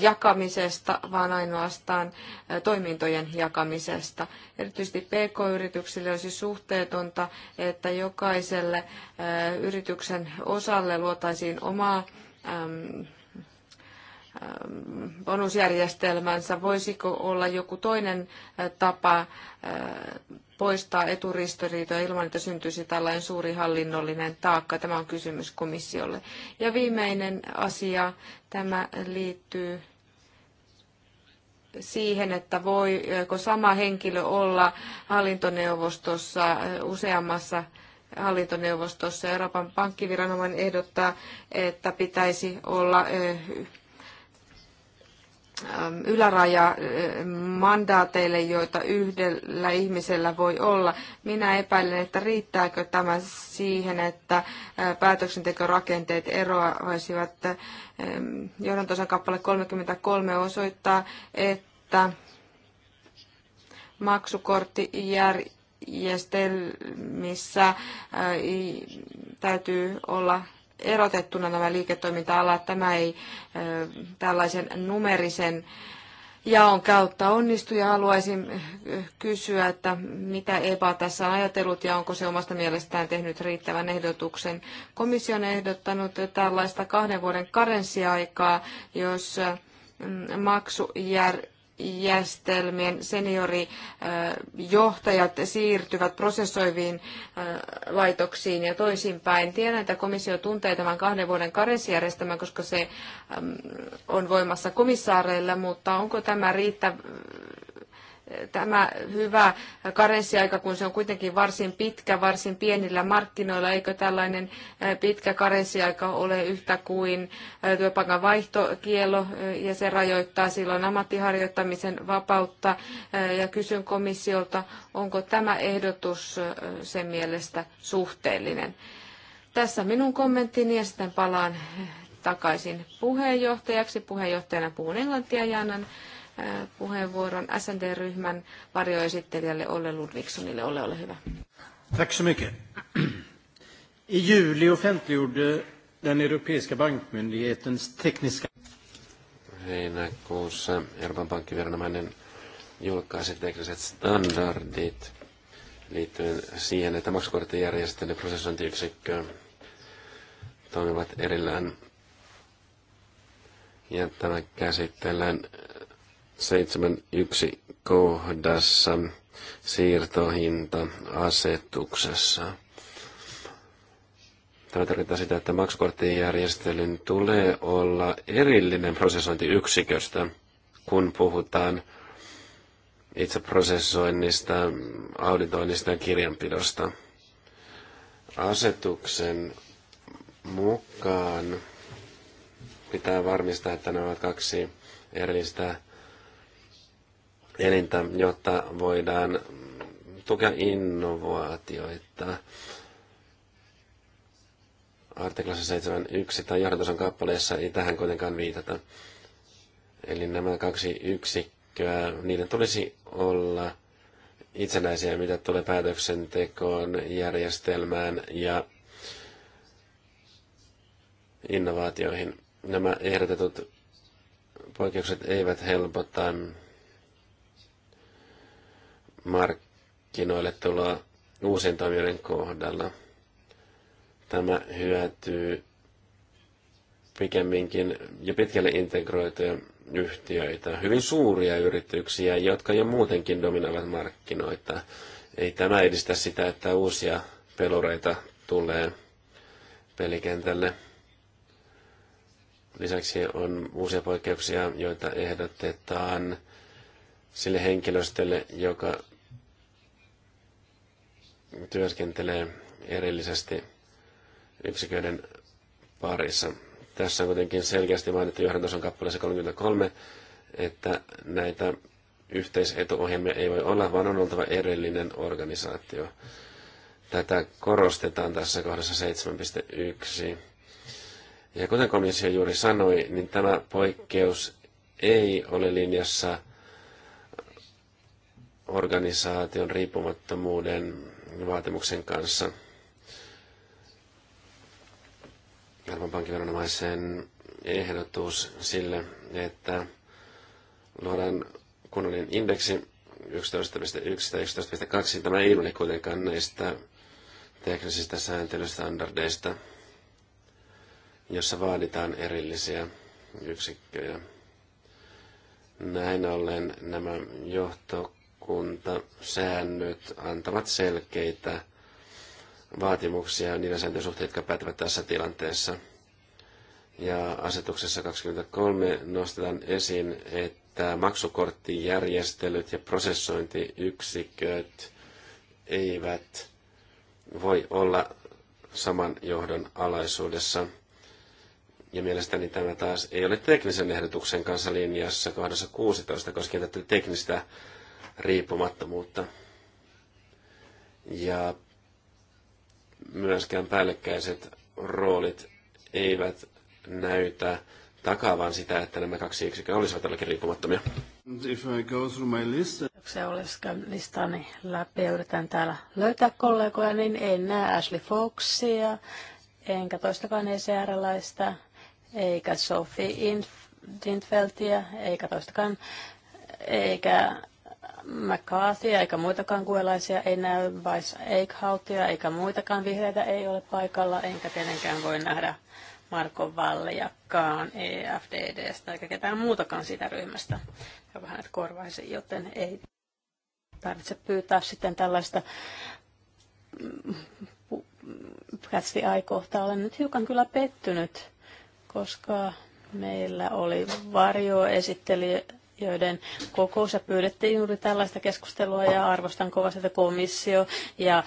jakamisesta, vaan ainoastaan eh, toimintojen jakamisesta. Erityisesti PK-yrityksille olisi suhteetonta, että jokaiselle eh, yrityksen osalle luotaisiin omaa äm, ähm, bonusjärjestelmänsä, voisiko olla joku toinen äh, tapa äh, poistaa eturistoriitoja ilman, että syntyisi tällainen suuri hallinnollinen taakka. Tämä on kysymys komissiolle. Ja viimeinen asia, tämä liittyy siihen, että voiko sama henkilö olla hallintoneuvostossa äh, useammassa hallintoneuvostossa. Euroopan pankkiviranomainen ehdottaa, että pitäisi olla yläraja mandaateille, joita yhdellä ihmisellä voi olla. Minä epäilen, että riittääkö tämä siihen, että päätöksentekorakenteet eroaisivat. Johdantosan kappale 33 osoittaa, että maksukortti jär järjestelmissä äh, täytyy olla erotettuna nämä liiketoiminta-alat. Tämä ei äh, tällaisen numerisen jaon kautta onnistu ja haluaisin äh, kysyä, että mitä EPA tässä on ajatellut ja onko se omasta mielestään tehnyt riittävän ehdotuksen. Komissio on ehdottanut tällaista kahden vuoden karenssiaikaa, jos maksujärjestelmä järjestelmien seniorijohtajat siirtyvät prosessoiviin laitoksiin ja toisinpäin. Tiedän, että komissio tuntee tämän kahden vuoden karensijärjestelmän, koska se on voimassa komissaareilla, mutta onko tämä riittävä tämä hyvä karenssiaika, kun se on kuitenkin varsin pitkä, varsin pienillä markkinoilla, eikö tällainen pitkä karenssiaika ole yhtä kuin työpaikan vaihtokielo ja se rajoittaa silloin ammattiharjoittamisen vapautta ja kysyn komissiolta, onko tämä ehdotus sen mielestä suhteellinen. Tässä minun kommenttini ja sitten palaan takaisin puheenjohtajaksi. Puheenjohtajana puhun englantia ja annan puheenvuoron SND-ryhmän varjoesittelijälle Olle Ludvigssonille. Olle, ole hyvä. Tack så mycket. I juli offentliggjorde den europeiska bankmyndighetens tekniska... Heinäkuussa Euroopan pankkiviranomainen julkaisi tekniset standardit liittyen siihen, että maksukorttijärjestelmä ja prosessointiyksikkö toimivat erillään. Ja tämä käsitellään 7.1 kohdassa siirtohinta-asetuksessa. Tämä tarkoittaa sitä, että maksukorttijärjestelyn tulee olla erillinen prosessointiyksiköstä, kun puhutaan itse prosessoinnista, auditoinnista ja kirjanpidosta. Asetuksen mukaan pitää varmistaa, että nämä ovat kaksi erillistä elintä, jotta voidaan tukea innovaatioita. Artiklassa 7.1 tai on kappaleessa ei tähän kuitenkaan viitata. Eli nämä kaksi yksikköä, niiden tulisi olla itsenäisiä, mitä tulee päätöksentekoon, järjestelmään ja innovaatioihin. Nämä ehdotetut poikkeukset eivät helpota markkinoille tuloa uusien toimijoiden kohdalla. Tämä hyötyy pikemminkin jo pitkälle integroituja yhtiöitä, hyvin suuria yrityksiä, jotka jo muutenkin dominoivat markkinoita. Ei tämä edistä sitä, että uusia pelureita tulee pelikentälle. Lisäksi on uusia poikkeuksia, joita ehdotetaan sille henkilöstölle, joka työskentelee erillisesti yksiköiden parissa. Tässä on kuitenkin selkeästi mainittu johdantason kappaleessa 33, että näitä yhteisetuohjelmia ei voi olla, vaan on oltava erillinen organisaatio. Tätä korostetaan tässä kohdassa 7.1. Ja kuten komissio juuri sanoi, niin tämä poikkeus ei ole linjassa organisaation riippumattomuuden vaatimuksen kanssa. Euroopan pankkiviranomaisen ehdotus sille, että luodaan kunnollinen indeksi 11.1 tai 11.2. Tämä ei ilmene kuitenkaan näistä teknisistä sääntelystandardeista, jossa vaaditaan erillisiä yksikköjä. Näin ollen nämä johto säännöt antavat selkeitä vaatimuksia niiden sääntöjen suhteen, jotka pätevät tässä tilanteessa. Ja asetuksessa 23 nostetaan esiin, että maksukorttijärjestelyt ja prosessointiyksiköt eivät voi olla saman johdon alaisuudessa. Ja mielestäni tämä taas ei ole teknisen ehdotuksen kanssa linjassa kohdassa 16 koskien tätä teknistä riippumattomuutta. Ja myöskään päällekkäiset roolit eivät näytä takaavan sitä, että nämä kaksi yksikköä olisivat tälläkin riippumattomia. If I go through my list... Uh, Se listani läpi ja yritän täällä löytää kollegoja, niin en näe Ashley Foxia, enkä toistakaan ECR-laista, eikä Sophie Dintfeltia, eikä toistakaan, eikä McCarthyä eikä muitakaan kuelaisia ei näy, Vice Eichhautia eikä muitakaan vihreitä ei ole paikalla, enkä tietenkään voi nähdä Marko Valliakkaan EFDDstä eikä ketään muutakaan siitä ryhmästä, joka hänet korvaisi, joten ei tarvitse pyytää sitten tällaista mm, kätsi aikohtaa. Olen nyt hiukan kyllä pettynyt, koska meillä oli varjoesittelijä joiden kokoussa pyydettiin juuri tällaista keskustelua ja arvostan kovasti, että komissio ja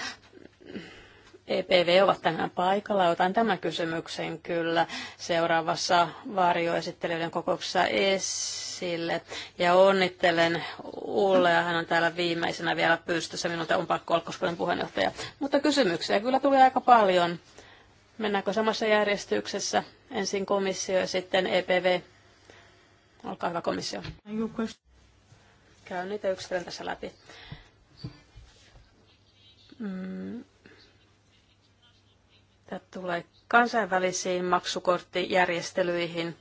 EPV ovat tänään paikalla. Otan tämän kysymyksen kyllä seuraavassa varjoesittelyiden kokouksessa esille. Ja onnittelen ja hän on täällä viimeisenä vielä pystyssä. Minulta on pakko olla koskaan puheenjohtaja. Mutta kysymyksiä kyllä tuli aika paljon. Mennäänkö samassa järjestyksessä? Ensin komissio ja sitten EPV. Olkaa hyvä komissio. Käyn niitä yksitellen tässä läpi. Mm. Tämä tulee kansainvälisiin maksukorttijärjestelyihin.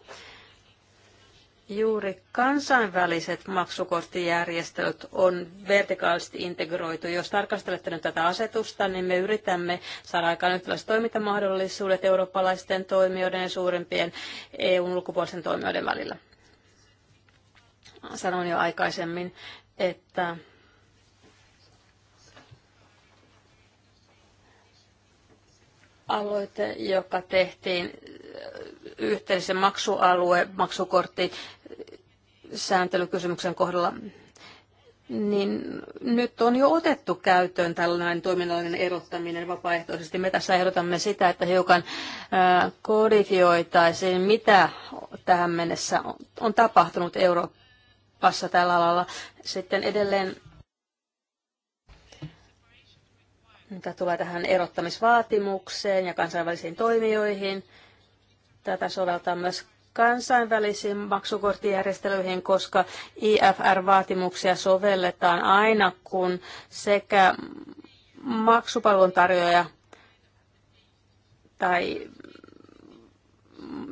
Juuri kansainväliset maksukorttijärjestelyt on vertikaalisesti integroitu. Jos tarkastelette nyt tätä asetusta, niin me yritämme saada aikaan yhtäläiset toimintamahdollisuudet eurooppalaisten toimijoiden ja suurimpien eu ulkopuolisten toimijoiden välillä. Sanoin jo aikaisemmin, että aloite, joka tehtiin yhteisen maksualue, maksukortti sääntelykysymyksen kohdalla, niin nyt on jo otettu käyttöön tällainen toiminnallinen erottaminen vapaaehtoisesti. Me tässä ehdotamme sitä, että hiukan kodifioitaisiin, mitä tähän mennessä on tapahtunut Euroopassa Kassa tällä alalla. Sitten edelleen, mitä tulee tähän erottamisvaatimukseen ja kansainvälisiin toimijoihin, tätä soveltaa myös kansainvälisiin maksukorttijärjestelyihin, koska IFR-vaatimuksia sovelletaan aina, kun sekä maksupalvelun tarjoaja tai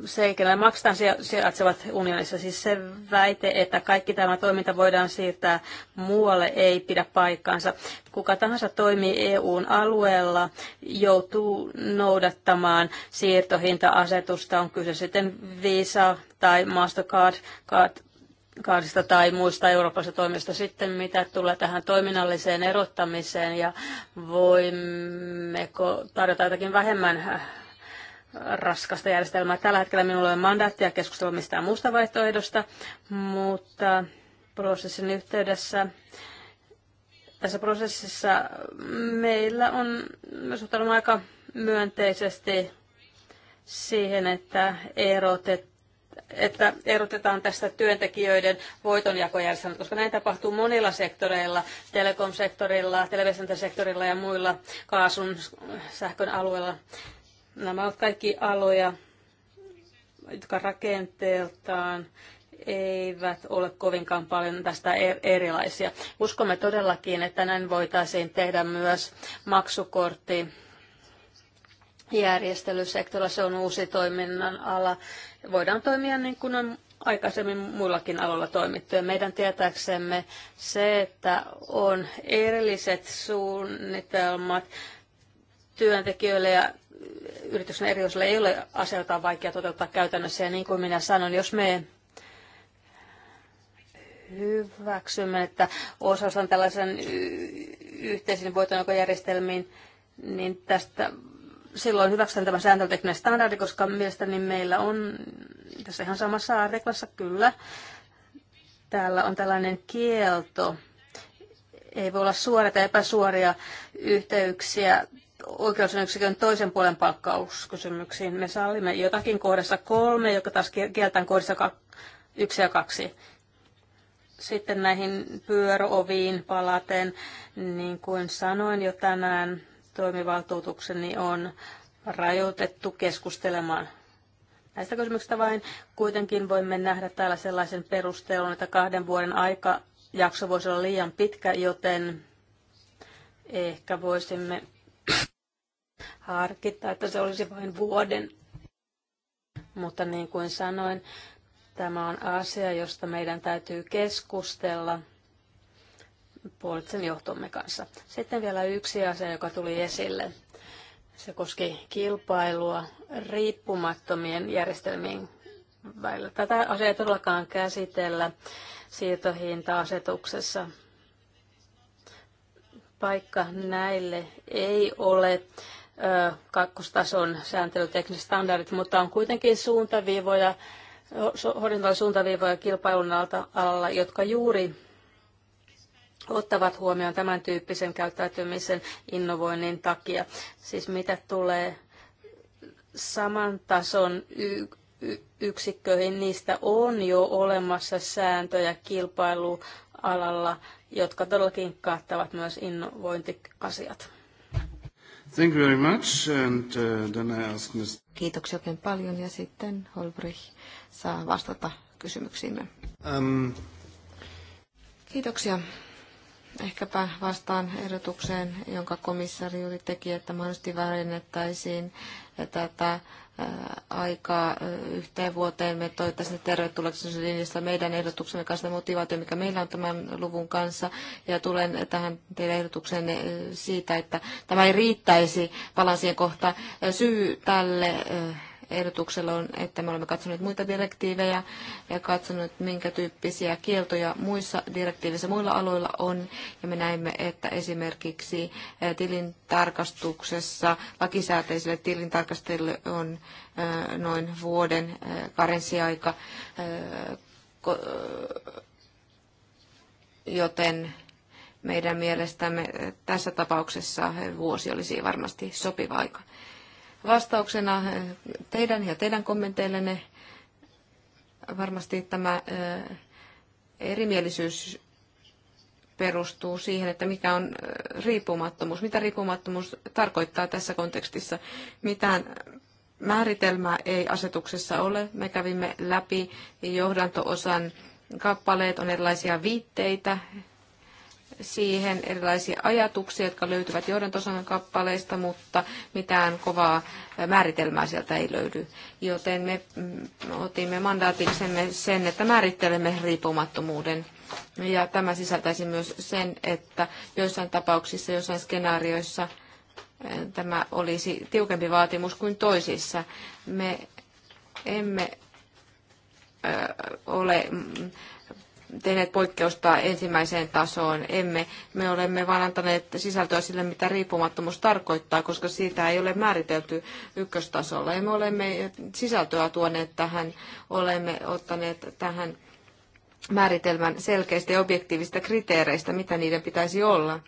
se, kenelle maksetaan, sijaitsevat unionissa. Siis se väite, että kaikki tämä toiminta voidaan siirtää muualle, ei pidä paikkaansa. Kuka tahansa toimii EUn alueella, joutuu noudattamaan siirtohinta-asetusta, on kyse sitten Visa tai Mastercard, card, kaarista tai muista Euroopassa toimista sitten, mitä tulee tähän toiminnalliseen erottamiseen ja voimmeko tarjota jotakin vähemmän raskasta järjestelmää. Tällä hetkellä minulla on mandaattia keskustella mistään muusta vaihtoehdosta, mutta prosessin yhteydessä tässä prosessissa meillä on myös ottanut aika myönteisesti siihen, että, erotet, että erotetaan tästä työntekijöiden voitonjakojärjestelmä. koska näin tapahtuu monilla sektoreilla, telekomsektorilla, televisiointisektorilla ja muilla kaasun, sähkön alueilla. Nämä ovat kaikki aloja, jotka rakenteeltaan eivät ole kovinkaan paljon tästä e- erilaisia. Uskomme todellakin, että näin voitaisiin tehdä myös maksukortti järjestelysektorilla. Se on uusi toiminnan ala. Voidaan toimia niin kuin on aikaisemmin muillakin aloilla toimittu. Ja meidän tietääksemme se, että on erilliset suunnitelmat työntekijöille ja yrityksen erityisellä ei ole asioita vaikea toteuttaa käytännössä. Ja niin kuin minä sanoin, jos me hyväksymme, että on tällaisen yhteisen voitonjakojärjestelmiin, niin tästä silloin hyväksytään tämä sääntötekninen standardi, koska mielestäni meillä on tässä ihan samassa artiklassa kyllä. Täällä on tällainen kielto. Ei voi olla suoria tai epäsuoria yhteyksiä oikeusyksikön toisen puolen palkkauskysymyksiin. Me sallimme jotakin kohdassa kolme, joka taas kieltään kohdassa yksi ja kaksi. Sitten näihin pyöröoviin palaten, niin kuin sanoin jo tänään, toimivaltuutukseni on rajoitettu keskustelemaan näistä kysymyksistä vain. Kuitenkin voimme nähdä täällä sellaisen perustelun, että kahden vuoden aika jakso voisi olla liian pitkä, joten ehkä voisimme harkita, että se olisi vain vuoden. Mutta niin kuin sanoin, tämä on asia, josta meidän täytyy keskustella puolitsen johtomme kanssa. Sitten vielä yksi asia, joka tuli esille. Se koski kilpailua riippumattomien järjestelmien välillä. Tätä asiaa ei todellakaan käsitellä siirtohinta-asetuksessa. Paikka näille ei ole kakkostason sääntelytekniset standardit, mutta on kuitenkin suuntaviivoja, suuntaviivoja kilpailun alalla, jotka juuri ottavat huomioon tämän tyyppisen käyttäytymisen innovoinnin takia. Siis mitä tulee saman tason y- y- yksikköihin, niistä on jo olemassa sääntöjä kilpailualalla, jotka todellakin kattavat myös innovointiasiat. Thank you very much. And, uh, then I ask Ms. Kiitoksia oikein paljon ja sitten Holbrich saa vastata kysymyksiimme. Um. Kiitoksia. Ehkäpä vastaan ehdotukseen, jonka komissaari juuri teki, että mahdollisesti vähennettäisiin tätä aikaa yhteen vuoteen. Me toivottavasti tervetulleeksi linjassa meidän ehdotuksemme kanssa motivaatio, mikä meillä on tämän luvun kanssa. Ja tulen tähän teidän ehdotuksenne siitä, että tämä ei riittäisi, palasien siihen kohta, syy tälle ehdotuksella on, että me olemme katsoneet muita direktiivejä ja katsoneet, minkä tyyppisiä kieltoja muissa direktiivissä muilla aloilla on. Ja me näimme, että esimerkiksi eh, tilintarkastuksessa lakisääteisille tilintarkastajille on eh, noin vuoden eh, karenssiaika, joten meidän mielestämme tässä tapauksessa vuosi olisi varmasti sopiva aika vastauksena teidän ja teidän kommenteillenne varmasti tämä erimielisyys perustuu siihen, että mikä on riippumattomuus. Mitä riippumattomuus tarkoittaa tässä kontekstissa? Mitään määritelmää ei asetuksessa ole. Me kävimme läpi johdantoosan kappaleet, on erilaisia viitteitä, siihen erilaisia ajatuksia, jotka löytyvät johdantosanan kappaleista, mutta mitään kovaa määritelmää sieltä ei löydy. Joten me mm, otimme mandaatiksemme sen, että määrittelemme riippumattomuuden. Ja tämä sisältäisi myös sen, että joissain tapauksissa, joissain skenaarioissa tämä olisi tiukempi vaatimus kuin toisissa. Me emme ole mm, tehneet poikkeusta ensimmäiseen tasoon. Emme, me olemme vain antaneet sisältöä sille, mitä riippumattomuus tarkoittaa, koska siitä ei ole määritelty ykköstasolla. Ja me olemme sisältöä tuoneet tähän, olemme ottaneet tähän määritelmän selkeistä ja objektiivista kriteereistä, mitä niiden pitäisi olla.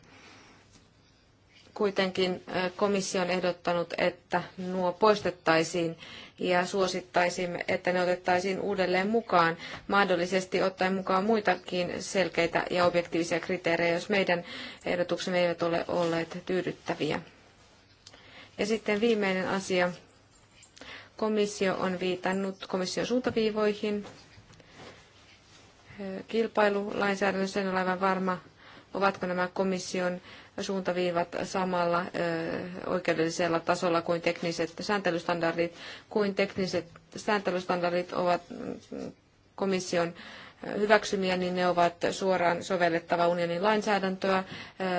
Kuitenkin komissio on ehdottanut, että nuo poistettaisiin ja suosittaisimme, että ne otettaisiin uudelleen mukaan, mahdollisesti ottaen mukaan muitakin selkeitä ja objektiivisia kriteerejä, jos meidän ehdotuksemme eivät ole olleet tyydyttäviä. Ja sitten viimeinen asia. Komissio on viitannut komission suuntaviivoihin. Kilpailulainsäädännössä en ole aivan varma, ovatko nämä komission suuntaviivat samalla oikeudellisella tasolla kuin tekniset sääntelystandardit, kuin tekniset sääntelystandardit ovat komission hyväksymiä, niin ne ovat suoraan sovellettava unionin lainsäädäntöä.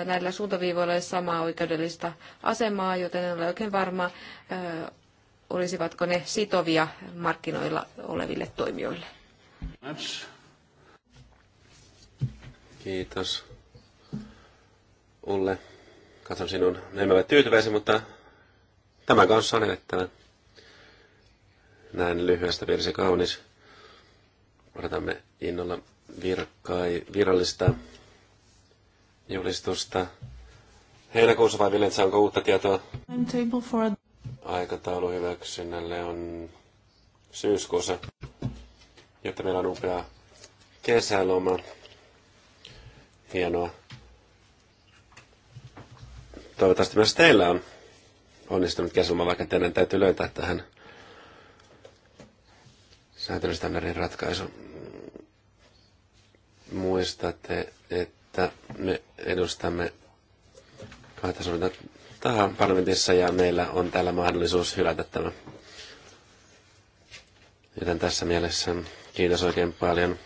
Näillä suuntaviivoilla ei samaa oikeudellista asemaa, joten en ole oikein varma, olisivatko ne sitovia markkinoilla oleville toimijoille. Kiitos. Ulle, katson sinun. Me tyytyväisen, tyytyväisiä, mutta tämä kanssa on elettävä. Näin lyhyestä virsi kaunis. Odotamme innolla virkkai virallista julistusta. Heinäkuussa vai Vilentsä, saanko uutta tietoa? Aikataulu hyväksynnälle on syyskuussa, jotta meillä on upea kesäloma. Hienoa. Toivottavasti myös teillä on onnistunut kesällä, vaikka teidän täytyy löytää tähän sääntelystandardin ratkaisu. Muistatte, että me edustamme kahta suurta tahan parlamentissa ja meillä on täällä mahdollisuus hylätä tämä. Joten tässä mielessä kiitos oikein paljon.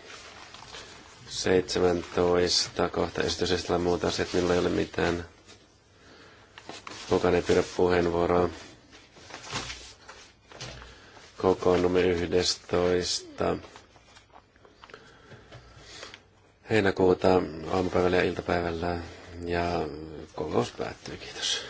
17 kohta esitys, muuta että millä ei ole mitään Kukaan ei pidä puheenvuoroa. Kokoonnumme 11. heinäkuuta aamupäivällä ja iltapäivällä ja kokous päättyy. Kiitos.